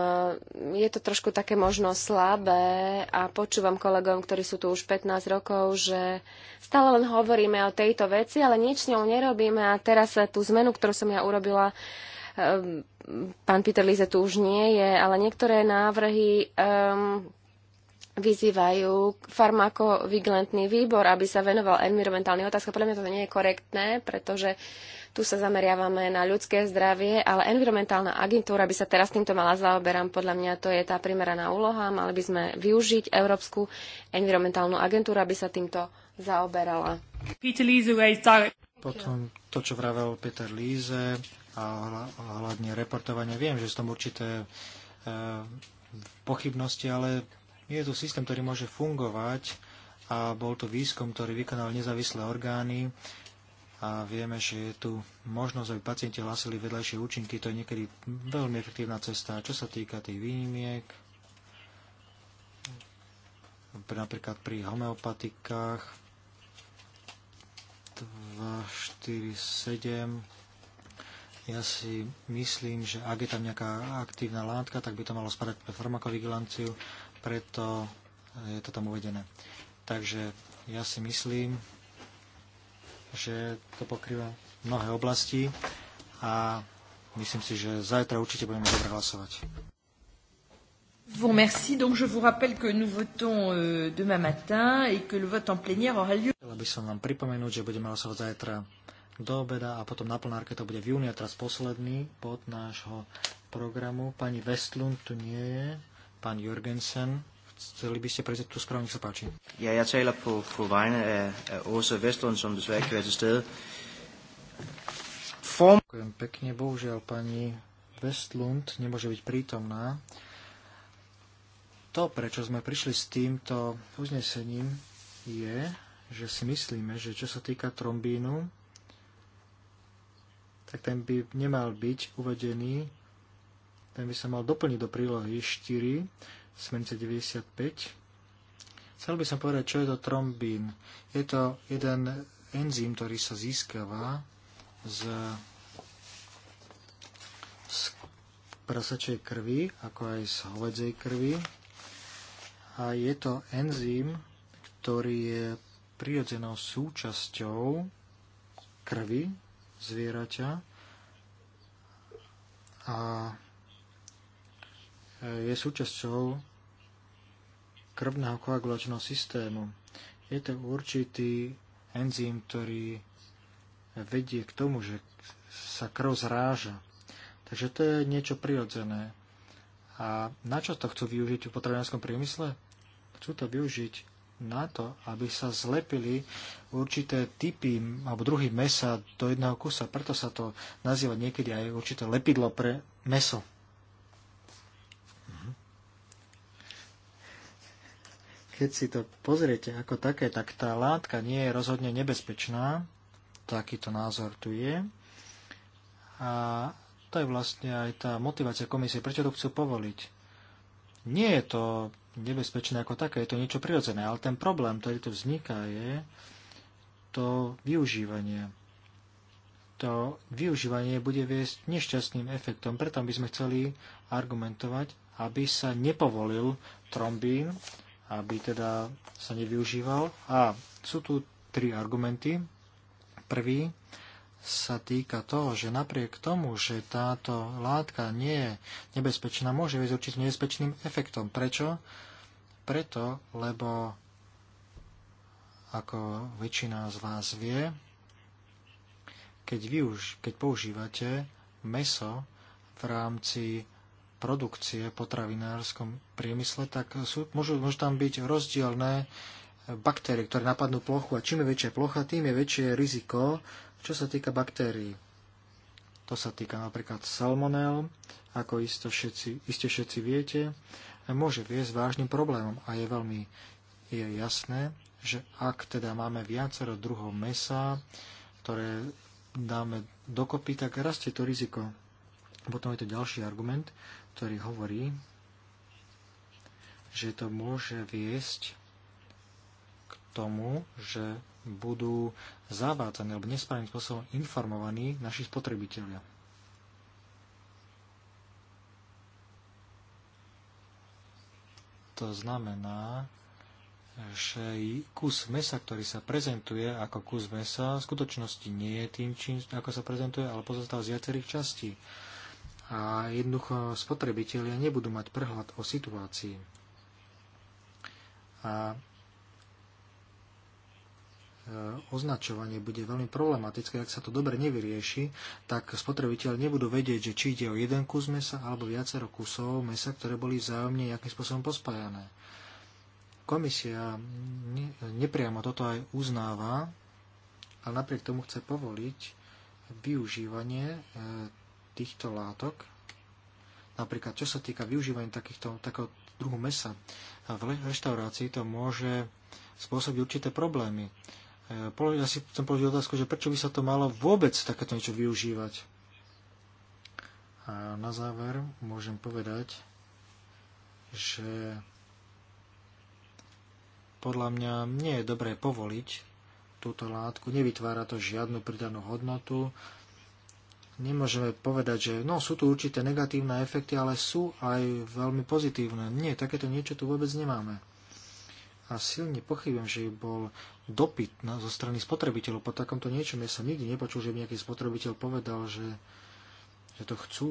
Je to trošku také možno slabé a počúvam kolegom, ktorí sú tu už 15 rokov, že stále len hovoríme o tejto veci, ale nič s ňou nerobíme a teraz tú zmenu, ktorú som ja urobila, e, pán Peter Lize tu už nie je, ale niektoré návrhy um, vyzývajú farmakovigilantný výbor, aby sa venoval environmentálnym otázkam. Podľa mňa to nie je korektné, pretože tu sa zameriavame na ľudské zdravie, ale environmentálna agentúra by sa teraz týmto mala zaoberať. Podľa mňa to je tá primeraná úloha. Mali by sme využiť Európsku environmentálnu agentúru, aby sa týmto zaoberala. Potom to, čo vravel Peter Líze a hľadne reportovania. Viem, že sú tam určité e, pochybnosti, ale je tu systém, ktorý môže fungovať a bol to výskum, ktorý vykonal nezávislé orgány a vieme, že je tu možnosť, aby pacienti hlásili vedľajšie účinky. To je niekedy veľmi efektívna cesta. Čo sa týka tých výnimiek, napríklad pri homeopatikách 7, ja si myslím, že ak je tam nejaká aktívna látka, tak by to malo spadať pre farmakovigilanciu preto eh, je to tam uvedené. Takže ja si myslím, že to pokrýva mnohé oblasti a myslím si, že zajtra určite budeme dobre hlasovať. Vous remercie. Donc je vous rappelle que nous votons euh, demain matin et que le vote en plénière aura lieu. Chcela by som vám pripomenúť, že budeme hlasovať zajtra do obeda a potom na plenárke to bude v júni a teraz posledný bod nášho programu. Pani Westlund tu nie je. Pán Jørgensen, chceli by ste prezrieť tú správu, nech sa páči. Ja, jeg taler på, vegne af, af Åsa Vestlund, som desværre ikke være til stede. Form... Ďakujem pekne, bohužiaľ pani Vestlund nemôže byť prítomná. To, prečo sme prišli s týmto uznesením, je, že si myslíme, že čo sa týka trombínu, tak ten by nemal byť uvedený ten by sa mal doplniť do prílohy 4, smernice 95. Chcel by som povedať, čo je to trombín. Je to jeden enzym, ktorý sa získava z, z prasačej krvi, ako aj z hovedzej krvi. A je to enzym, ktorý je prirodzenou súčasťou krvi zvieraťa a je súčasťou krvného koagulačného systému. Je to určitý enzym, ktorý vedie k tomu, že sa krv zráža. Takže to je niečo prirodzené. A na čo to chcú využiť v potravinárskom priemysle? Chcú to využiť na to, aby sa zlepili určité typy alebo druhy mesa do jedného kusa. Preto sa to nazýva niekedy aj určité lepidlo pre meso. keď si to pozriete ako také, tak tá látka nie je rozhodne nebezpečná. Takýto názor tu je. A to je vlastne aj tá motivácia komisie, prečo to chcú povoliť. Nie je to nebezpečné ako také, je to niečo prirodzené, ale ten problém, ktorý tu vzniká, je to využívanie. To využívanie bude viesť nešťastným efektom, preto by sme chceli argumentovať, aby sa nepovolil trombín, aby teda sa nevyužíval. A sú tu tri argumenty. Prvý sa týka toho, že napriek tomu, že táto látka nie je nebezpečná, môže viesť určite nebezpečným efektom. Prečo? Preto, lebo ako väčšina z vás vie, keď, vy už, keď používate meso v rámci produkcie potravinárskom priemysle, tak sú, môžu, môžu tam byť rozdielne baktérie, ktoré napadnú plochu a čím je väčšia plocha, tým je väčšie riziko, čo sa týka baktérií. To sa týka napríklad salmonel, ako isto všetci, iste všetci viete, môže viesť vážnym problémom a je veľmi je jasné, že ak teda máme viacero druhov mesa, ktoré dáme dokopy, tak rastie to riziko. Potom je to ďalší argument, ktorý hovorí, že to môže viesť k tomu, že budú zavádzaní alebo nesprávnym spôsobom informovaní naši spotrebitelia. To znamená, že kus mesa, ktorý sa prezentuje ako kus mesa, v skutočnosti nie je tým, čím, ako sa prezentuje, ale pozostáva z viacerých častí a jednoducho spotrebitelia nebudú mať prehľad o situácii. A e, označovanie bude veľmi problematické, ak sa to dobre nevyrieši, tak spotrebiteľ nebudú vedieť, že či ide o jeden kus mesa alebo viacero kusov mesa, ktoré boli vzájomne nejakým spôsobom pospájané. Komisia nepriamo toto aj uznáva, ale napriek tomu chce povoliť využívanie e, týchto látok, napríklad čo sa týka využívania takýchto, takého druhu mesa, v reštaurácii to môže spôsobiť určité problémy. E, ja si chcem položiť otázku, že prečo by sa to malo vôbec takéto niečo využívať. A na záver môžem povedať, že podľa mňa nie je dobré povoliť túto látku, nevytvára to žiadnu pridanú hodnotu, nemôžeme povedať, že no, sú tu určité negatívne efekty, ale sú aj veľmi pozitívne. Nie, takéto niečo tu vôbec nemáme. A silne pochybujem, že bol dopyt na, zo strany spotrebiteľov po takomto niečom. Ja som nikdy nepočul, že by nejaký spotrebiteľ povedal, že, že to chcú.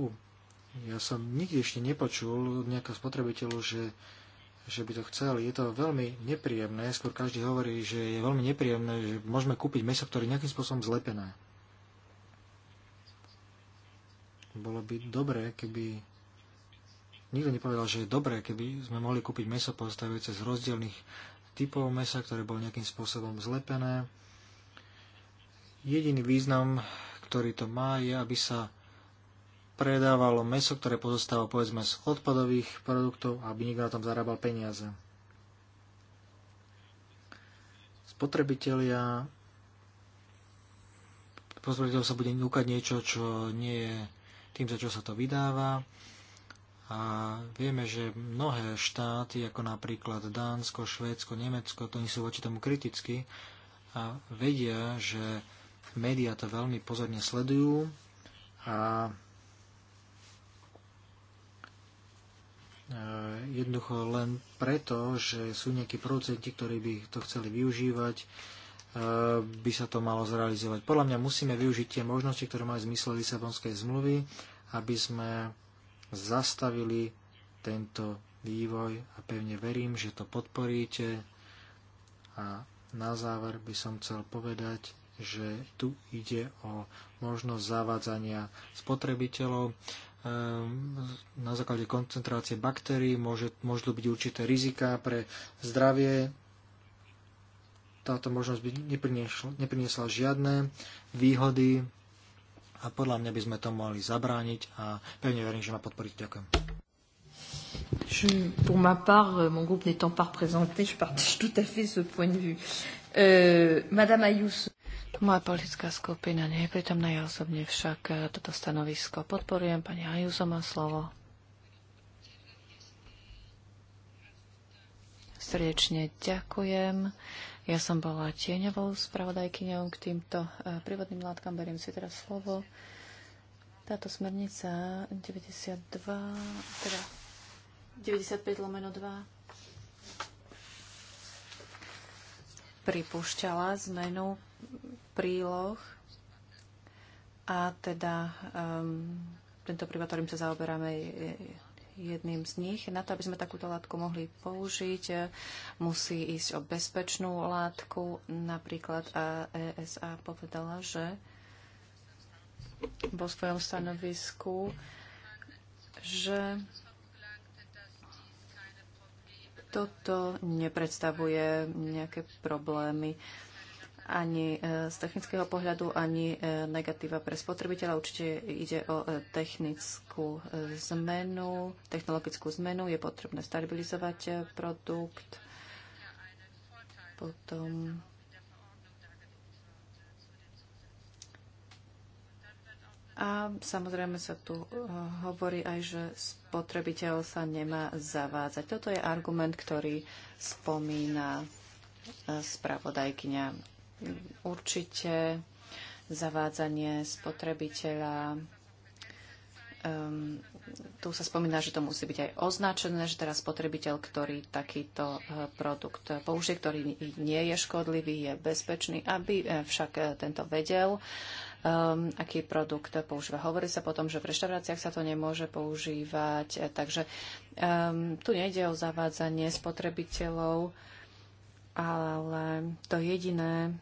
Ja som nikdy ešte nepočul od nejakého spotrebiteľu, že, že by to chcel. Je to veľmi nepríjemné. Skôr každý hovorí, že je veľmi nepríjemné, že môžeme kúpiť meso, ktoré nejakým spôsobom zlepené. Bolo by dobré, keby... Nikto nepovedal, že je dobré, keby sme mohli kúpiť meso postavujúce z rozdielných typov mesa, ktoré bolo nejakým spôsobom zlepené. Jediný význam, ktorý to má, je, aby sa predávalo meso, ktoré pozostáva povedzme z odpadových produktov, aby nikto na tom zarábal peniaze. Spotrebitelia spotrebiteľ sa bude núkať niečo, čo nie je tým, za čo sa to vydáva. A vieme, že mnohé štáty, ako napríklad Dánsko, Švédsko, Nemecko, to nie sú voči tomu kriticky a vedia, že médiá to veľmi pozorne sledujú a e, jednoducho len preto, že sú nejakí producenti, ktorí by to chceli využívať, E, by sa to malo zrealizovať. Podľa mňa musíme využiť tie možnosti, ktoré majú zmysel Lisabonskej zmluvy, aby sme zastavili tento vývoj a pevne verím, že to podporíte. A na záver by som chcel povedať, že tu ide o možnosť zavádzania spotrebiteľov. E, na základe koncentrácie baktérií môže, môžu byť určité rizika pre zdravie táto možnosť by nepriniesla nepriniesla žiadne výhody a podľa mňa by sme to mohli zabrániť a pevne verím, že ma podporíte. Ďakujem. Je, pour ma part, euh, mon groupe n'étant pas représenté, je partage tout à fait ce point de vue. Euh, Madame Ayuso. Moja politická skupina nie je pritomná, ja osobne však e, toto stanovisko podporujem. Pani Ajuso má slovo. Srdečne ďakujem. Ja som bola tieňovou spravodajkyňou k týmto e, prívodným látkam. Beriem si teraz slovo. Táto smernica 92, teda 95 lomeno 2 pripúšťala zmenu príloh a teda um, tento prípad, ktorým sa zaoberáme, je, je, jedným z nich. Na to, aby sme takúto látku mohli použiť, e, musí ísť o bezpečnú látku. Napríklad ESA e povedala, že vo svojom stanovisku, že toto nepredstavuje nejaké problémy ani e, z technického pohľadu, ani e, negatíva pre spotrebiteľa. Určite ide o e, technickú zmenu, technologickú zmenu. Je potrebné stabilizovať produkt. Potom A samozrejme sa tu hovorí aj, že spotrebiteľ sa nemá zavádzať. Toto je argument, ktorý spomína spravodajkyňa určite zavádzanie spotrebiteľa. Um, tu sa spomína, že to musí byť aj označené, že teraz spotrebiteľ, ktorý takýto eh, produkt použije, ktorý nie je škodlivý, je bezpečný, aby eh, však eh, tento vedel, um, aký produkt používa. Hovorí sa potom, že v reštauráciách sa to nemôže používať, takže um, tu nejde o zavádzanie spotrebiteľov, ale to jediné,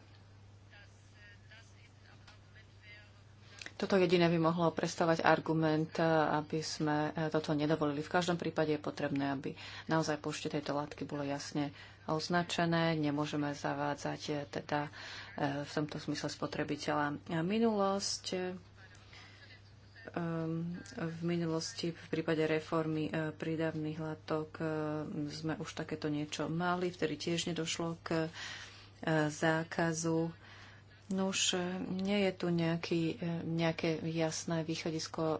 Toto jediné by mohlo prestavať argument, eh, aby sme eh, toto nedovolili. V každom prípade je potrebné, aby naozaj pošte tejto látky bolo jasne označené, nemôžeme zavádzať eh, teda v tomto smysle spotrebiteľa. Minulosť ehm, v minulosti v prípade reformy prídavných látok sme už takéto niečo mali, vtedy tiež nedošlo k zákazu No už e, nie je tu nejaký, e, nejaké jasné východisko e,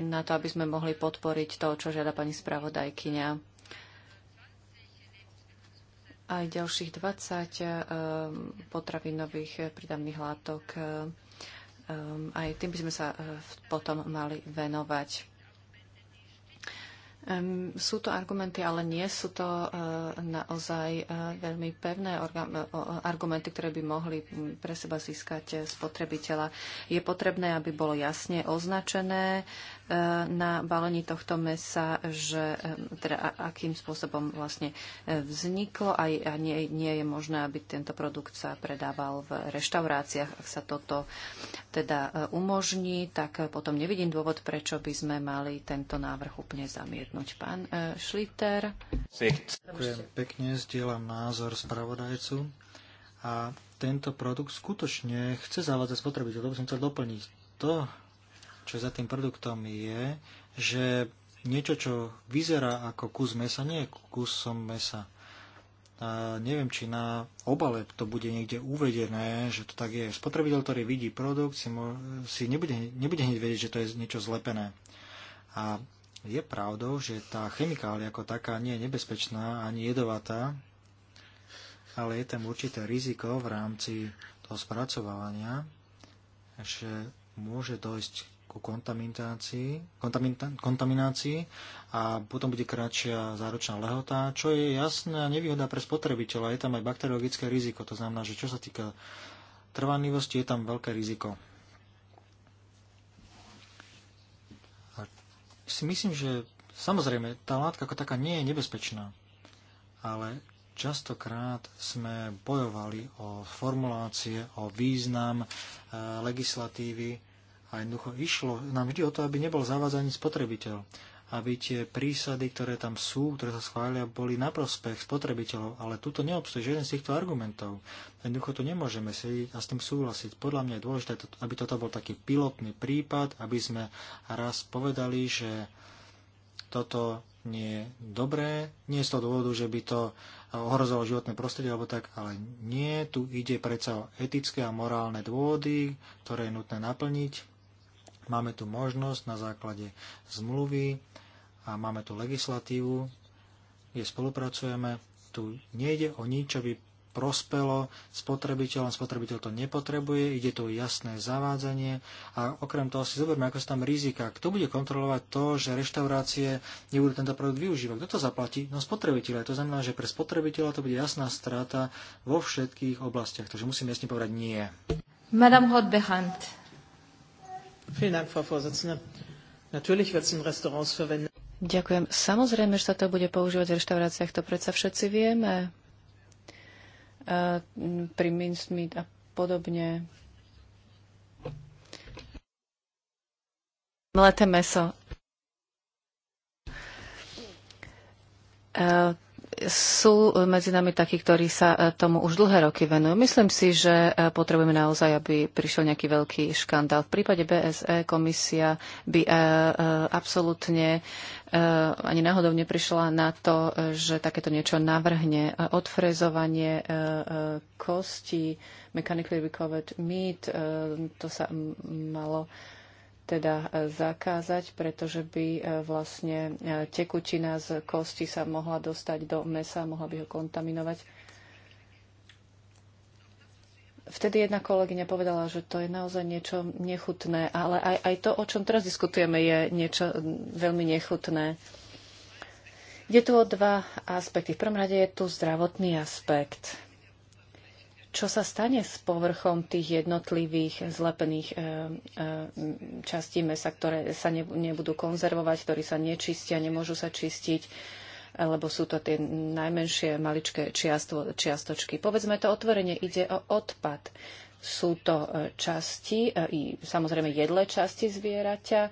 na to, aby sme mohli podporiť to, čo žiada pani spravodajkyňa. Aj ďalších 20 potravinových pridavných látok. Aj tým by sme sa potom mali venovať. Sú to argumenty, ale nie sú to e, naozaj e, veľmi pevné e, argumenty, ktoré by mohli pre seba získať spotrebiteľa. Je potrebné, aby bolo jasne označené, Eh, na balení tohto mesa, že eh, teda akým spôsobom vlastne eh, vzniklo a nie, nie je možné, aby tento produkt sa predával v reštauráciách. Ak sa toto teda umožní, tak potom nevidím dôvod, prečo by sme mali tento návrh úplne zamietnúť. Pán Šliter. Ďakujem pekne, zdieľam názor spravodajcu. A tento produkt skutočne chce zavádzať spotrebiteľov, To by som chcel doplniť. To čo za tým produktom je, že niečo, čo vyzerá ako kus mesa, nie je kusom mesa. A neviem, či na obale to bude niekde uvedené, že to tak je. Spotrebiteľ, ktorý vidí produkt, si, mo, si nebude, nebude hneď vedieť, že to je niečo zlepené. A je pravdou, že tá chemikália ako taká nie je nebezpečná ani jedovatá, ale je tam určité riziko v rámci toho spracovávania, že môže dojsť ku kontaminácii, kontaminácii a potom bude kratšia záročná lehota, čo je jasná nevýhoda pre spotrebiteľa. Je tam aj bakteriologické riziko, to znamená, že čo sa týka trvanlivosti, je tam veľké riziko. A si myslím, že samozrejme tá látka ako taká nie je nebezpečná, ale častokrát sme bojovali o formulácie, o význam eh, legislatívy a jednoducho išlo nám vždy o to, aby nebol zavádzaný spotrebiteľ. Aby tie prísady, ktoré tam sú, ktoré sa schvália, boli na prospech spotrebiteľov. Ale tuto neobstojí žiaden z týchto argumentov. Jednoducho to nemôžeme si a s tým súhlasiť. Podľa mňa je dôležité, aby toto bol taký pilotný prípad, aby sme raz povedali, že toto nie je dobré. Nie z toho dôvodu, že by to eh, ohrozovalo životné prostredie alebo tak, ale nie. Tu ide predsa o etické a morálne dôvody, ktoré je nutné naplniť Máme tu možnosť na základe zmluvy a máme tu legislatívu, kde spolupracujeme. Tu nejde o nič, čo by prospelo spotrebiteľom. Spotrebiteľ to nepotrebuje, ide tu jasné zavádzanie a okrem toho si zoberme, ako sú tam rizika. Kto bude kontrolovať to, že reštaurácie nebudú tento produkt využívať? Kto to zaplatí? No spotrebiteľ. To znamená, že pre spotrebiteľa to bude jasná strata vo všetkých oblastiach. Takže musím jasne povedať nie. Madame Hodbehant. Ďakujem. Samozrejme, že sa to bude používať v reštauráciách, to predsa všetci vieme. E, pri mincemeat a podobne. Mleté meso. E, sú medzi nami takí, ktorí sa e, tomu už dlhé roky venujú. Myslím si, že e, potrebujeme naozaj, aby prišiel nejaký veľký škandál. V prípade BSE komisia by e, absolútne ani náhodou neprišla na to, že takéto niečo navrhne. Odfrezovanie kostí, mechanically recovered meat, to sa malo teda e, zakázať, pretože by e, vlastne e, tekutina z kosti sa mohla dostať do mesa, mohla by ho kontaminovať. Vtedy jedna kolegyňa povedala, že to je naozaj niečo nechutné, ale aj, aj to, o čom teraz diskutujeme, je niečo veľmi nechutné. Je tu o dva aspekty. V prvom rade je tu zdravotný aspekt čo sa stane s povrchom tých jednotlivých zlepených e, e, častí mesa, ktoré sa ne, nebudú konzervovať, ktorí sa nečistia, nemôžu sa čistiť, lebo sú to tie najmenšie maličké čiasto, čiastočky. Povedzme to otvorenie, ide o odpad. Sú to eh, časti, e, samozrejme jedlé časti zvieraťa,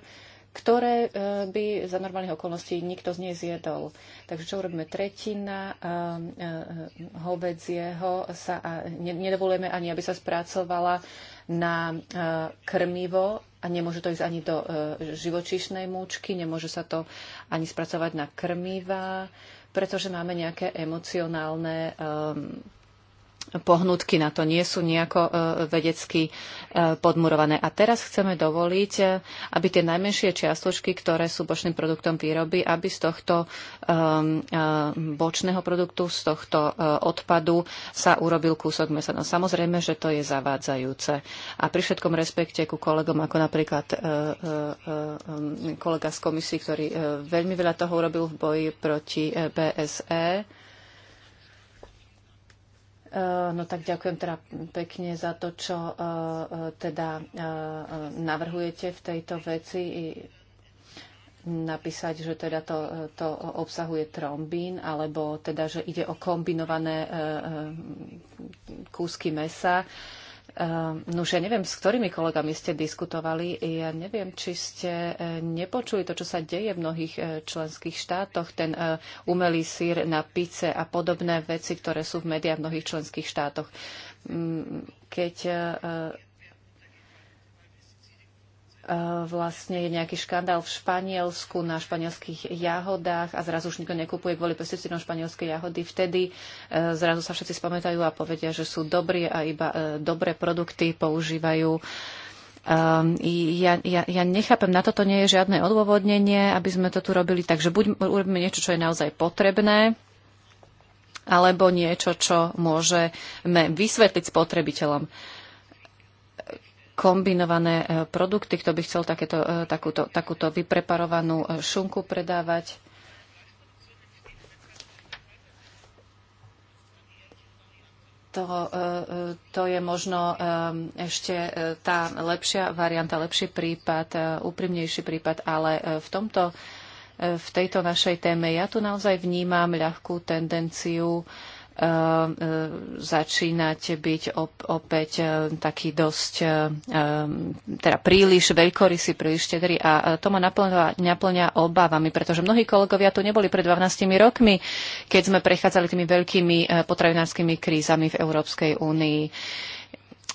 ktoré e, by za normálnych okolností nikto z nej zjedol. Takže čo urobíme? Tretina e, e, hovedzieho sa a nedovolujeme ani, aby sa spracovala na krmivo a nemôže to ísť ani do živočíšnej múčky, nemôže sa to ani spracovať na krmivá, pretože máme nejaké emocionálne pohnutky na to nie sú nejako e, vedecky e, podmurované. A teraz chceme dovoliť, e, aby tie najmenšie čiastočky, ktoré sú bočným produktom výroby, aby z tohto ehm, bočného produktu, z tohto odpadu sa urobil kúsok mesa. No samozrejme, že to je zavádzajúce. A pri všetkom respekte ku kolegom, ako napríklad kolega z komisie, ktorý veľmi veľa toho urobil v boji proti BSE, Eh, no tak ďakujem teda pekne za to, čo eh, eh, teda navrhujete v tejto veci napísať, že teda to, to obsahuje trombín, alebo teda, že ide o kombinované kúsky mesa. Ehm, no už ja neviem, s ktorými kolegami ste diskutovali. Ja neviem, či ste e, nepočuli to, čo sa deje v mnohých e, členských štátoch, ten e, umelý sír na pice a podobné veci, ktoré sú v médiách v mnohých členských štátoch. Mm, keď Eh, vlastne je nejaký škandál v Španielsku na španielských jahodách a zrazu už nikto nekupuje kvôli pesticidom španielskej jahody. Vtedy eh, zrazu sa všetci spamätajú a povedia, že sú dobrí a iba eh, dobré produkty používajú. Um, ja, ja, ja nechápem, na toto nie je žiadne odôvodnenie, aby sme to tu robili, takže buď urobíme niečo, čo je naozaj potrebné, alebo niečo, čo môžeme vysvetliť spotrebiteľom kombinované e, produkty. Kto by chcel takéto, e, takúto, takúto vypreparovanú e, šunku predávať? To, to je možno ešte tá lepšia varianta, lepší prípad, úprimnejší prípad, ale v tomto v tejto našej téme. Ja tu naozaj vnímam ľahkú tendenciu uh, E, e, začínate byť opäť e, taký dosť, teda príliš veľkorysý, príliš štedrý a to ma naplňa, naplňa obávami, pretože mnohí kolegovia tu neboli pred 12 rokmi, keď sme prechádzali tými veľkými potravinárskymi krízami v Európskej únii.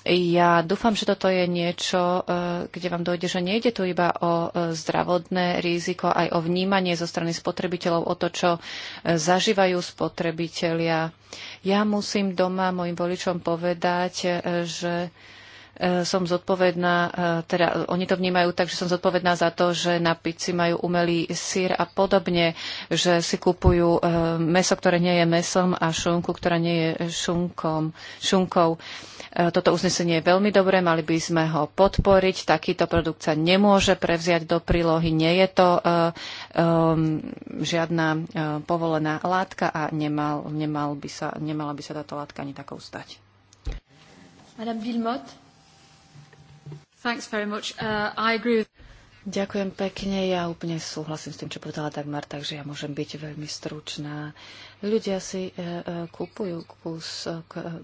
Ja dúfam, že toto je niečo, e, kde vám dojde, že nejde tu iba o e, zdravotné riziko, aj o vnímanie zo strany spotrebiteľov, o to, čo e, zažívajú spotrebitelia. Ja musím doma mojim voličom povedať, že E, som zodpovedná, e, teda oni to vnímajú tak, že som zodpovedná za to, že na pici majú umelý sír a podobne, že si kupujú e, meso, ktoré nie je mesom a šunku, ktorá nie je šunkom, šunkou. Toto uznesenie je veľmi dobré, mali by sme ho podporiť. Takýto produkt sa nemôže prevziať do prílohy, nie je to um, žiadna povolená látka a nemal, nemal by sa, nemala by sa táto látka ani takou stať. Madame Villemotte. Thanks very much. Uh, I agree with... Ďakujem pekne. Ja úplne súhlasím s tým, čo povedala Dagmar, takže ja môžem byť veľmi stručná. Ľudia si e, e, kúpujú kus e,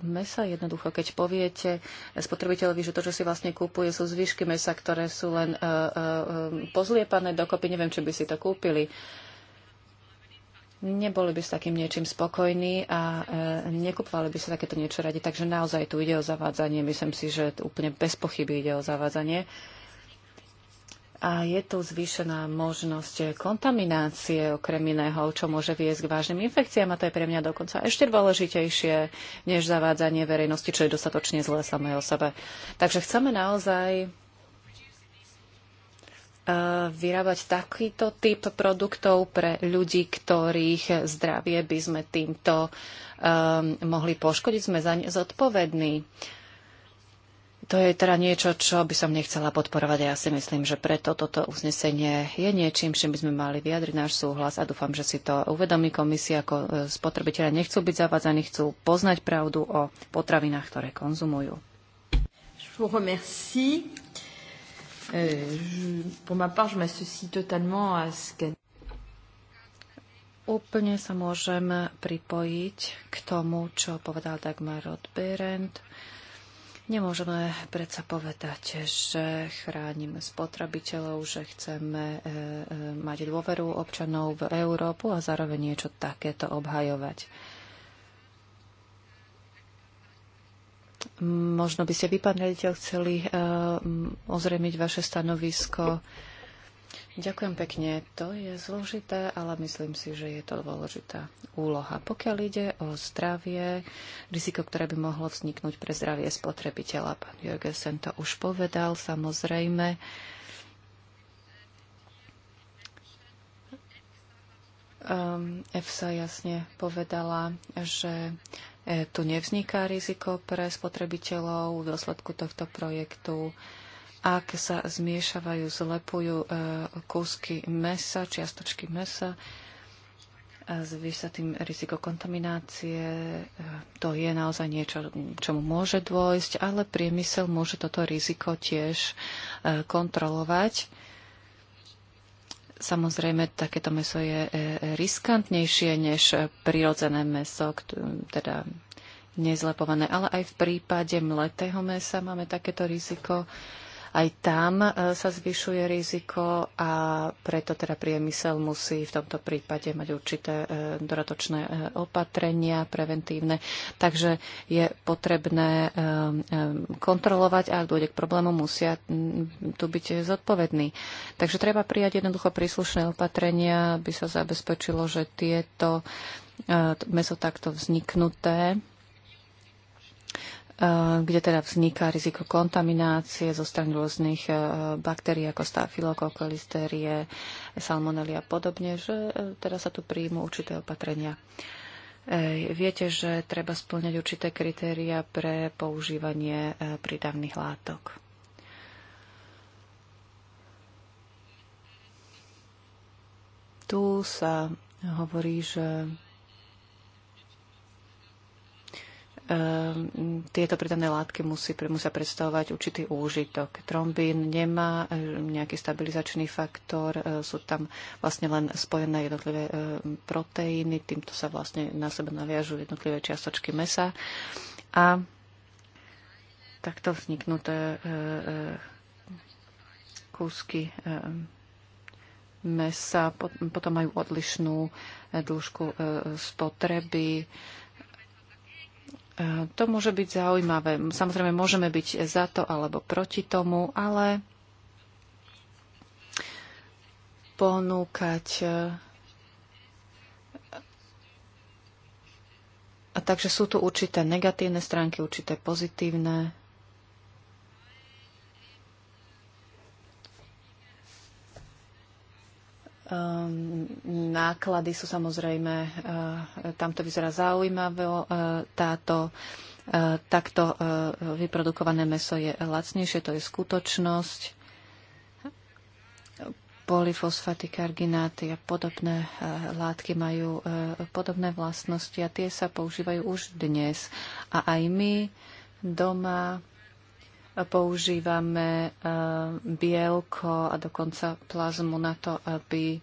mesa jednoducho, keď poviete spotrebiteľovi, že to, čo si vlastne kúpuje, sú zvyšky mesa, ktoré sú len pozliepané dokopy. Neviem, či by si to kúpili neboli by s takým niečím spokojní a e, nekupovali by sa takéto niečo radi. Takže naozaj tu ide o zavádzanie. Myslím si, že úplne bez pochyby ide o zavádzanie. A je tu zvýšená možnosť kontaminácie okrem iného, čo môže viesť k vážnym infekciám a to je pre mňa dokonca ešte dôležitejšie než zavádzanie verejnosti, čo je dostatočne zlé samé o sebe. Takže chceme naozaj Eh, vyrábať takýto typ produktov pre ľudí, ktorých zdravie by sme týmto um, mohli poškodiť. Sme za ne zodpovední. To je teda niečo, čo by som nechcela podporovať a ja si myslím, že preto toto uznesenie je niečím, čím by sme mali vyjadriť náš súhlas a dúfam, že si to uvedomí komisia, ako eh, spotrebitelia nechcú byť zavádzaní, chcú poznať pravdu o potravinách, ktoré konzumujú. Je vous remercie. Euh, pour ma part, je m'associe totalement à ce qu'a Úplne sa môžem pripojiť k tomu, čo povedal Dagmar Rodberend. Nemôžeme predsa povedať, že chránime spotrebiteľov, že chceme e, e, mať dôveru občanov v Európu a zároveň niečo takéto obhajovať. Možno by ste vy, pán rediteľ, chceli eh, ozremiť vaše stanovisko. Ďakujem pekne. To je zložité, ale myslím si, že je to dôležitá úloha. Pokiaľ ide o zdravie, riziko, ktoré by mohlo vzniknúť pre zdravie spotrebiteľa, pán Jörgensen to už povedal, samozrejme. Um, EFSA jasne povedala, že E, tu nevzniká riziko pre spotrebiteľov v dôsledku tohto projektu. Ak sa zmiešavajú, zlepujú e, kúsky mesa, čiastočky mesa, e, zvýši sa tým riziko kontaminácie. To je naozaj niečo, čomu môže dôjsť, ale priemysel môže toto riziko tiež kontrolovať Samozrejme, takéto meso je e, e, riskantnejšie než prirodzené meso, teda nezlepované. Ale aj v prípade mletého mesa máme takéto riziko. Aj tam e, sa zvyšuje riziko a preto teda priemysel musí v tomto prípade mať určité e, doradočné e, opatrenia preventívne. Takže je potrebné kontrolovať a ak dôjde k problému, musia tu byť zodpovední. Takže treba prijať jednoducho príslušné opatrenia, aby sa zabezpečilo, že tieto meso takto vzniknuté Eh, kde teda vzniká riziko kontaminácie zo strany rôznych eh, baktérií ako stafilokok, listérie, salmonely a podobne, že eh, teda sa tu príjmu určité opatrenia. Viete, že treba splňať určité kritéria pre používanie prídavných látok. Tu sa hovorí, že Ehm, tieto pridané látky musí, musia predstavovať určitý úžitok. Trombín nemá ehm, nejaký stabilizačný faktor, ehm, sú tam vlastne len spojené jednotlivé proteíny, týmto sa vlastne na sebe naviažú jednotlivé čiastočky mesa. A takto vzniknuté kúsky mesa potom majú odlišnú eh, dĺžku eh, spotreby to môže byť zaujímavé. Samozrejme, môžeme byť za to alebo proti tomu, ale ponúkať. E, a takže sú tu určité negatívne stránky, určité pozitívne Ehm, náklady sú samozrejme, eh, tam to vyzerá uh, táto eh, takto vyprodukované meso je lacnejšie, to je skutočnosť. Polyfosfaty, kargináty a podobné látky majú podobné vlastnosti a tie sa používajú už dnes. A aj my doma používame eh, bielko a dokonca plazmu na to, aby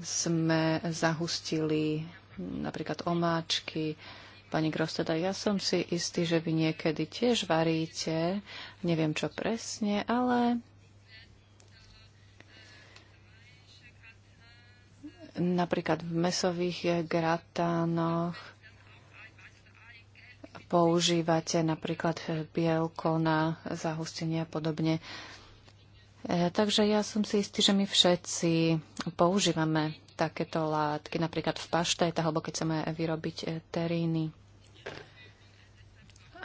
sme zahustili napríklad omáčky. Pani Grosteda, ja som si istý, že vy niekedy tiež varíte, neviem čo presne, ale napríklad v mesových gratánoch používate napríklad eh, bielko na zahustenie a podobne. Eh, takže ja som si istý, že my všetci používame takéto látky, napríklad v paštétach, alebo keď chceme vyrobiť eh, teríny.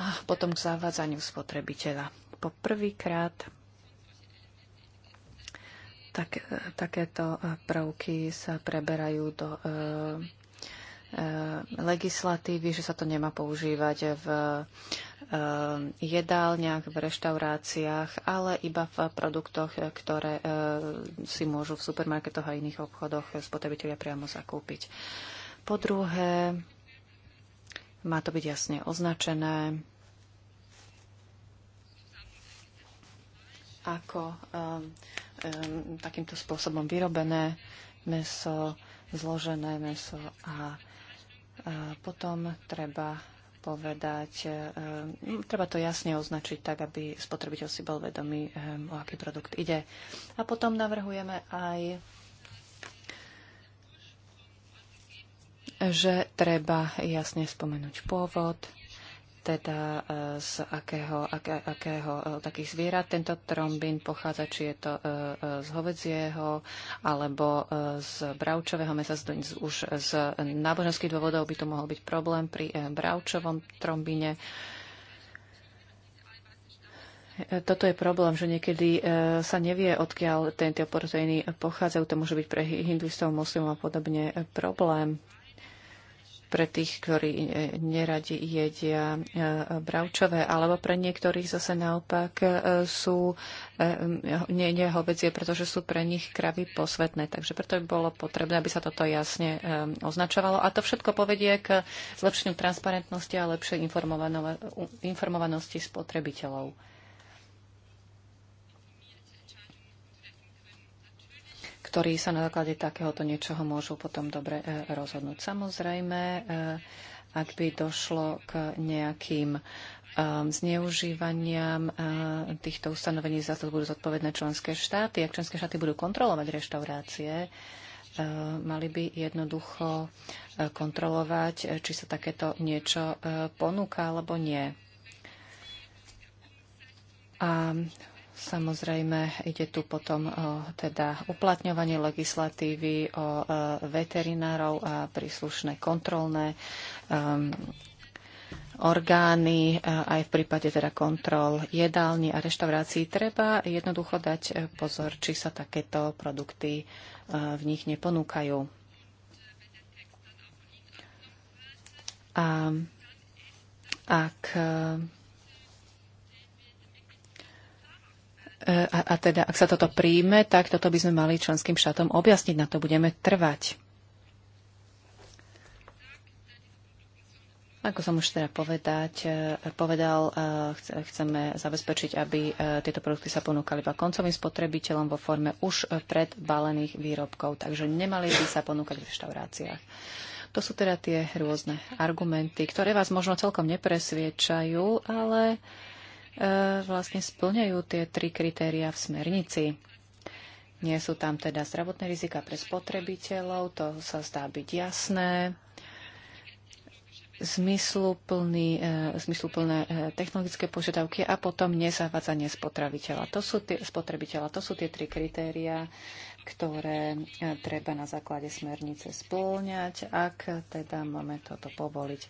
A potom k zavádzaniu spotrebiteľa. Po prvýkrát tak, takéto prvky sa preberajú do Eh, legislatívy, že sa to nemá používať v eh, jedálniach, v reštauráciách, ale iba v produktoch, ktoré eh, si môžu v supermarketoch a iných obchodoch spotrebitelia priamo zakúpiť. Po druhé, má to byť jasne označené, ako takýmto spôsobom vyrobené meso, zložené meso a potom treba povedať, e, treba to jasne označiť tak, aby spotrebiteľ si bol vedomý, e, o aký produkt ide. A potom navrhujeme aj že treba jasne spomenúť pôvod, teda e, z akého, aké, akého e, takých zvierat tento trombín pochádza, či je to e, z hovedzieho alebo z bravčového mesa. Už z náboženských dôvodov by to mohol byť problém pri bravčovom trombíne. Toto je problém, že niekedy sa nevie, odkiaľ tieto proteíny pochádzajú. To môže byť pre hinduistov, muslimov a podobne problém pre tých, ktorí e, neradi jedia e, bravčové, alebo pre niektorých zase naopak e, sú nie, nie hovedzie, pretože sú pre nich kravy posvetné. Takže preto by bolo potrebné, aby sa toto jasne označovalo. A to všetko povedie k zlepšeniu transparentnosti a lepšej informovanosti spotrebiteľov. ktorí sa na základe takéhoto niečoho môžu potom dobre e, rozhodnúť. Samozrejme, e, ak by došlo k nejakým e, zneužívaniam týchto ustanovení, za to budú zodpovedné členské štáty. Ak členské štáty budú kontrolovať reštaurácie, mali by jednoducho kontrolovať, či sa takéto niečo ponúka alebo nie. A Samozrejme, ide tu potom o teda uplatňovanie legislatívy, o e, veterinárov a príslušné kontrolné um, orgány, e, aj v prípade teda kontrol jedálni a reštaurácií. Treba jednoducho dať e, pozor, či sa takéto produkty v nich neponúkajú. A ak E, a, a teda, ak sa toto príjme, tak toto by sme mali členským štátom objasniť, na to budeme trvať. Ako som už teda povedať, e, povedal, e, chceme zabezpečiť, aby tieto produkty sa ponúkali iba koncovým spotrebiteľom vo forme už predbalených výrobkov, takže nemali by sa ponúkať v reštauráciách. To sú teda tie rôzne argumenty, ktoré vás možno celkom nepresviečajú, ale uh, E, vlastne splňajú tie tri kritéria v smernici. Nie sú tam teda zdravotné rizika pre spotrebiteľov, to sa zdá byť jasné. Zmysluplný, e, zmysluplné e, technologické požiadavky a potom nezavádzanie spotrebiteľa. To sú tie, spotrebiteľa. To sú tie tri kritéria, ktoré e, treba na základe smernice spĺňať, ak teda máme toto povoliť.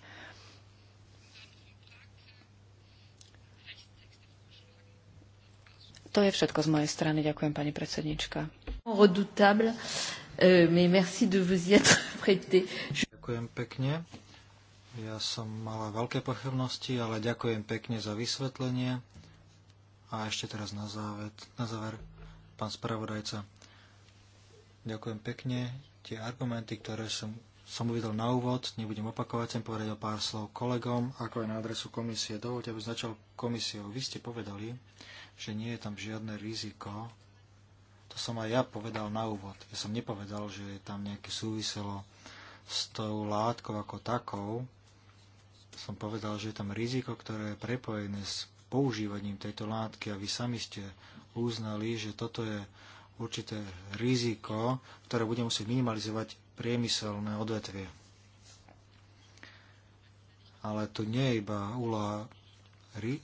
To je všetko z mojej strany. Ďakujem, pani predsednička. Euh, ďakujem pekne. Ja som mala veľké pochybnosti, ale ďakujem pekne za vysvetlenie. A ešte teraz na záver, na záver pán spravodajca. Ďakujem pekne. Tie argumenty, ktoré som, som uvidel na úvod, nebudem opakovať, chcem povedať o pár slov kolegom, ako aj na adresu komisie. Dovolte, aby začal komisiou. Vy ste povedali, že nie je tam žiadne riziko. To som aj ja povedal na úvod. Ja som nepovedal, že je tam nejaké súviselo s tou látkou ako takou. Som povedal, že je tam riziko, ktoré je prepojené s používaním tejto látky a vy sami ste uznali, že toto je určité riziko, ktoré bude musieť minimalizovať priemyselné odvetvie. Ale tu nie je iba úloha ri, e,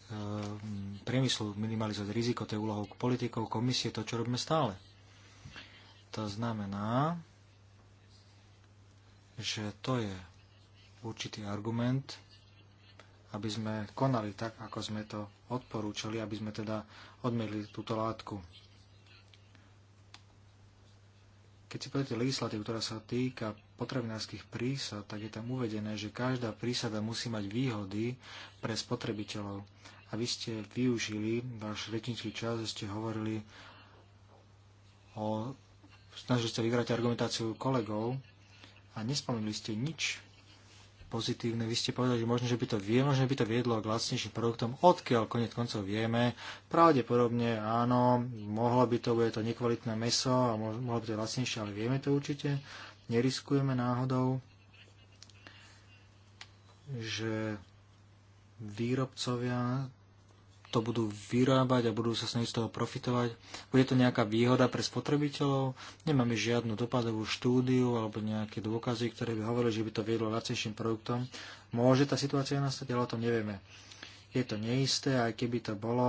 priemyslu minimalizovať riziko, to je úlohou politikov, komisie, to, čo robíme stále. To znamená, že to je určitý argument, aby sme konali tak, ako sme to odporúčali, aby sme teda odmietli túto látku. Keď si povedete legislatívu, ktorá sa týka potravinárskych prísad, tak je tam uvedené, že každá prísada musí mať výhody pre spotrebiteľov. A vy ste využili váš rečnícky čas, ste hovorili o... snažili ste vybrať argumentáciu kolegov a nespomenuli ste nič pozitívne. Vy ste povedali, že možno, že by to vie, možno by to viedlo k lacnejším produktom, odkiaľ konec koncov vieme. Pravdepodobne áno, mohlo by to, bude to nekvalitné meso a mohlo by to lacnejšie, ale vieme to určite neriskujeme náhodou, že výrobcovia to budú vyrábať a budú sa snažiť z toho profitovať. Bude to nejaká výhoda pre spotrebiteľov? Nemáme žiadnu dopadovú štúdiu alebo nejaké dôkazy, ktoré by hovorili, že by to viedlo lacnejším produktom. Môže tá situácia nastať, ale to nevieme. Je to neisté, aj keby to bolo,